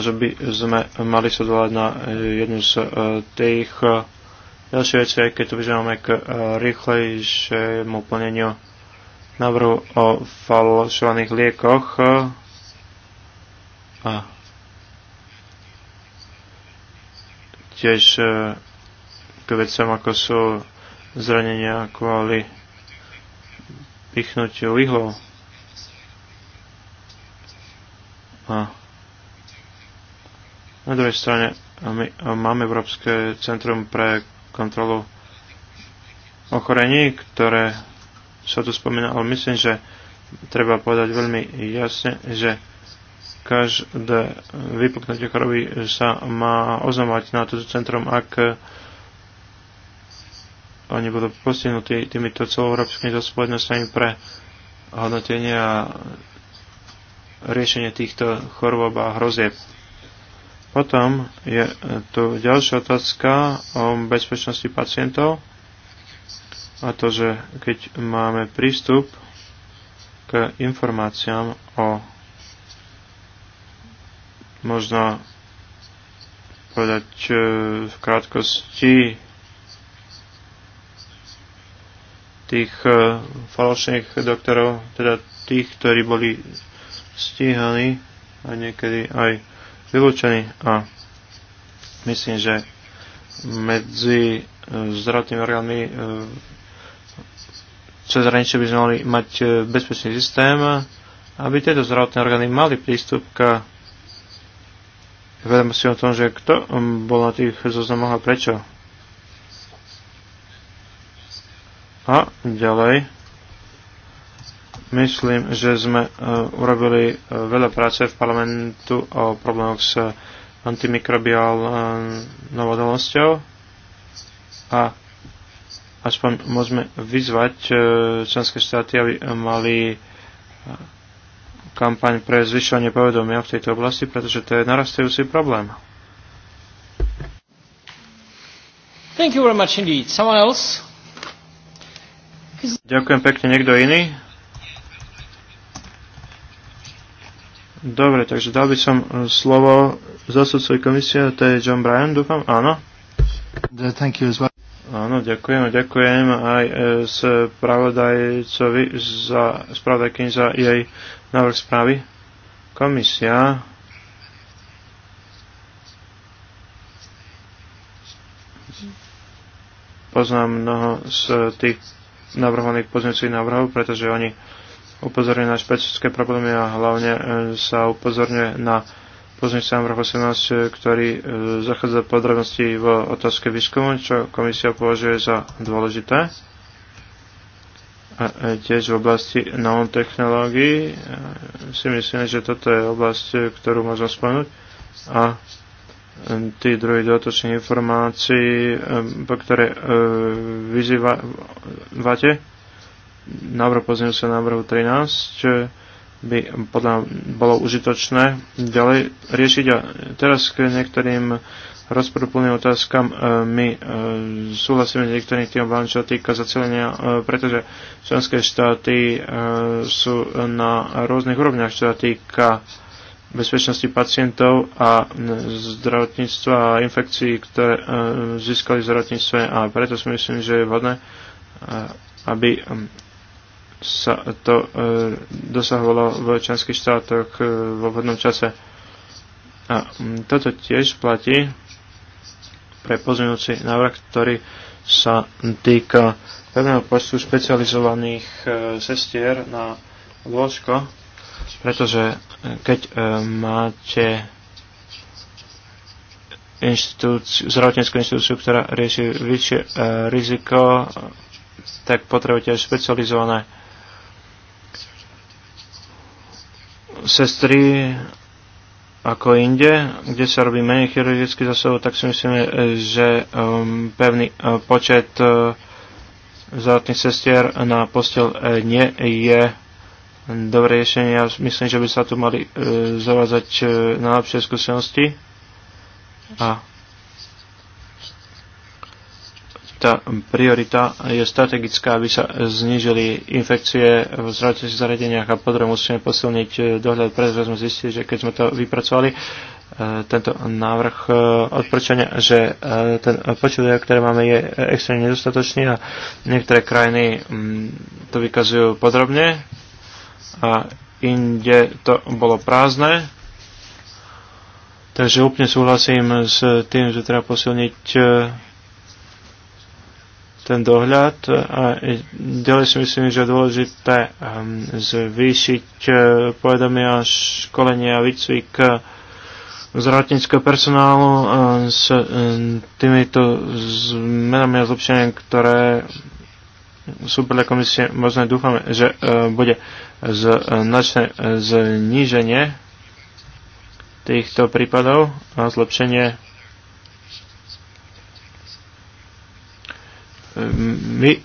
že by sme mali sa doľať na e, jednu z e, tých e, ďalších vecí, aj keď to vyzývame k rýchlejšiemu plneniu návrhu o falšovaných liekoch. A tiež k veciam, ako sú zranenia kvôli pichnutiu ihlov. A Na druhej strane my máme Európske centrum pre kontrolu ochorení, ktoré sa tu spomína, ale myslím, že treba povedať veľmi jasne, že každé vypuknutie choroby sa má oznamovať na toto centrum, ak oni budú postihnutí týmito celoeurópskymi zodpovednosťami pre hodnotenie a riešenie týchto chorôb a hrozieb. Potom je tu ďalšia otázka o bezpečnosti pacientov a to, že keď máme prístup k informáciám o možno povedať e, v krátkosti tých e, falošných doktorov, teda tých, ktorí boli stíhaní a niekedy aj vylúčení a myslím, že medzi e, zdravotnými orgánmi e, cez hranice by sme mali mať e, bezpečný systém, aby tieto zdravotné orgány mali prístup k vedomosti o tom, že kto bol na tých zoznamoch a prečo. A ďalej Myslím, že sme e, urobili e, veľa práce v parlamentu o problémoch s e, antimikrobiálnou odolnosťou a aspoň môžeme vyzvať členské štáty, aby mali kampaň pre zvyšovanie povedomia v tejto oblasti, pretože to je narastajúci problém. Thank you very much indeed. Someone else? Ďakujem pekne. Niekto iný? Dobre, takže dal by som eh, slovo zastupcovi komisie, to je John Bryan, dúfam, áno. Thank you as well. Áno, ďakujem, ďakujem aj eh, spravodajcovi za, spravodajkyni za jej návrh správy. Komisia poznám mnoho z tých navrhovaných pozmeňujúcich návrhov, pretože oni upozorňuje na špecifické problémy a hlavne e, sa upozorňuje na pozornosť návrh 18, e, ktorý e, zachádza podrobnosti v otázke výskumu, čo komisia považuje za dôležité. A tiež v oblasti nanotechnológií si myslím, že toto je oblasť, ktorú môžem spomenúť. A tí druhý dotočných informácií, po ktoré vyzývate, návrh pozmeňujúceho návrhu 13 by podľa bolo užitočné ďalej riešiť. A teraz k niektorým rozprúplným otázkam e, my e, súhlasíme s niektorým tým obávam, čo týka zacelenia, e, pretože členské štáty sú na rôznych úrovniach, čo sa týka bezpečnosti pacientov a zdravotníctva a infekcií, ktoré získali v zdravotníctve a preto si myslím, že je vhodné, aby sa to e, dosahovalo v členských štátoch e, vo vhodnom čase. A toto tiež platí pre pozmeňujúci návrh, ktorý sa týka pevného počtu špecializovaných e, sestier na lôžko, pretože keď máte inštitúciu, zdravotníckú inštitúciu, ktorá rieši vyššie riziko, tak potrebujete špecializované sestry ako inde, kde sa robí menej chirurgických zasahov, tak si myslíme, že um, pevný uh, počet uh, zdravotných sestier na postel uh, nie je dobré riešenie. Ja myslím, že by sa tu mali zavázať najlepšie skúsenosti a dôležitá priorita je strategická, aby sa znižili infekcie v zdravotných zariadeniach a podľa musíme posilniť eh, dohľad, pretože sme zistili, že keď sme to vypracovali, eh, tento návrh eh, odporúčania, že ten počet údajov, ktoré máme, je extrémne nedostatočný a niektoré krajiny mm, to vykazujú podrobne a inde to bolo prázdne. Takže úplne súhlasím s tým, že treba posilniť ten dohľad a ďalej si myslím, že je dôležité ehm, zvýšiť e, povedomie a školenie a výcvik e, zdravotníckého personálu e, s týmito zmenami a zlepšeniami, ktoré sú podľa komisie možné dúfame, že bude značné zníženie týchto prípadov a zlepšenie my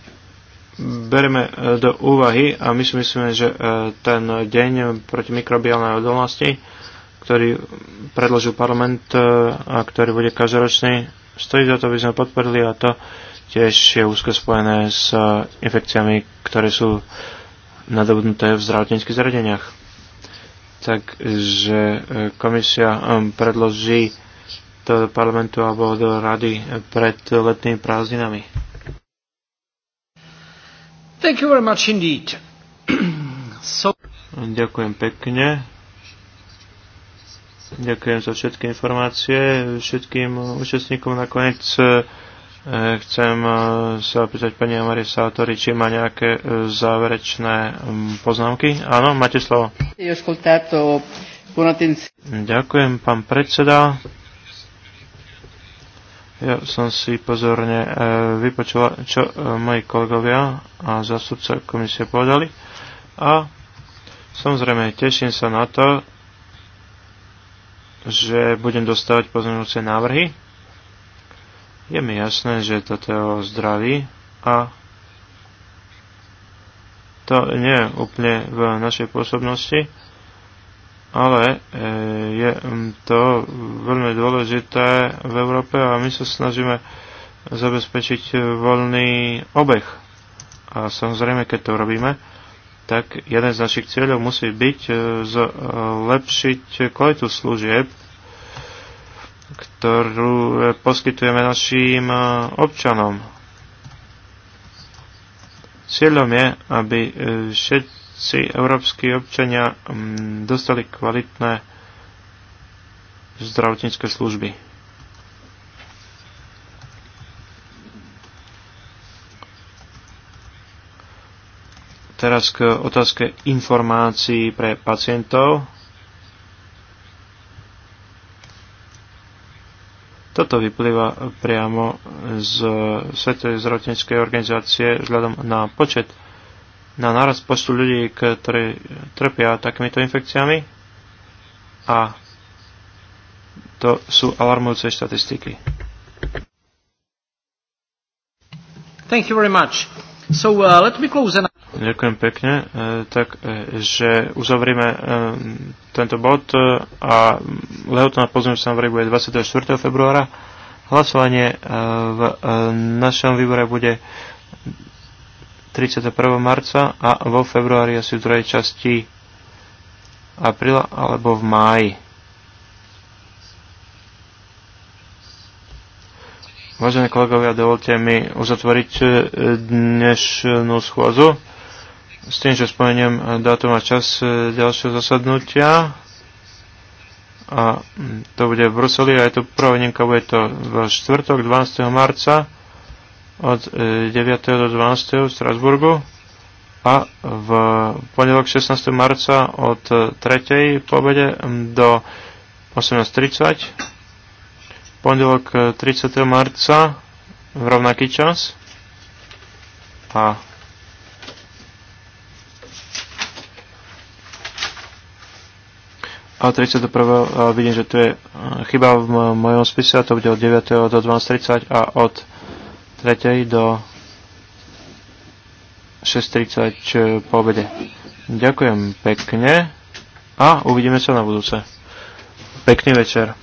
bereme e, do úvahy a my si myslíme, že e, ten deň proti mikrobiálnej odolnosti, ktorý predložil parlament e, a ktorý bude každoročný, stojí za to, aby sme podporili a to tiež je úzko spojené s infekciami, ktoré sú nadobudnuté v zdravotníckých zariadeniach. Takže komisia predloží to do parlamentu alebo do rady pred letnými prázdninami. Thank you very much indeed. so... Ďakujem pekne. Ďakujem za všetky informácie. Všetkým účastníkom nakoniec eh, chcem eh, sa opýtať pani Amarie Sátori, či má nejaké eh, záverečné mm, poznámky. Áno, máte slovo. Ďakujem, pán predseda. Ja som si pozorne e, vypočula, čo e, moji kolegovia a zastupca komisie povedali. A samozrejme, teším sa na to, že budem dostávať pozmeňujúce návrhy. Je mi jasné, že toto je o zdraví a to nie je úplne v našej pôsobnosti ale e, je mm, to veľmi dôležité v Európe a my sa snažíme zabezpečiť voľný obeh. A samozrejme, keď to robíme, tak jeden z našich cieľov musí byť e, zlepšiť kvalitu služieb, ktorú poskytujeme našim e, občanom. Cieľom je, aby všetci si európsky občania mm, dostali kvalitné zdravotnícke služby. Teraz k otázke informácií pre pacientov. Toto vyplýva priamo z Svetovej zdravotníckej organizácie vzhľadom na počet na naraz počtu ľudí, ktorí trpia takýmito infekciami a to sú alarmujúce štatistiky. Thank you very much. So, uh, let me close and... Ďakujem pekne. Eh, tak, eh, že uzavrieme eh, tento bod a lehotná pozornosť na bude 24. februára. Hlasovanie v našom výbore bude 31. marca a vo februári asi v druhej časti apríla alebo v máji. Vážení kolegovia, dovolte mi uzatvoriť eh, dnešnú schôzu s tým, že spomeniem dátum a čas eh, ďalšieho zasadnutia. A hm, to bude v Bruseli a je to prvá bude to v štvrtok 12. marca od 9. E, do 12. v Strasburgu a v pondelok 16. marca od 3. po obede do 18.30 pondelok 30. E, marca v rovnaký čas a a 31. E, vidím, že tu je chyba v mojom spise a to bude od 9. do 12.30 a od tretej do 6.30 po obede. Ďakujem pekne a uvidíme sa na budúce. Pekný večer.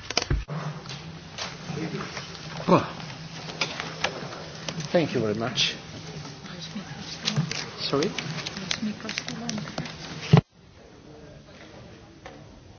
Thank you very much. Sorry?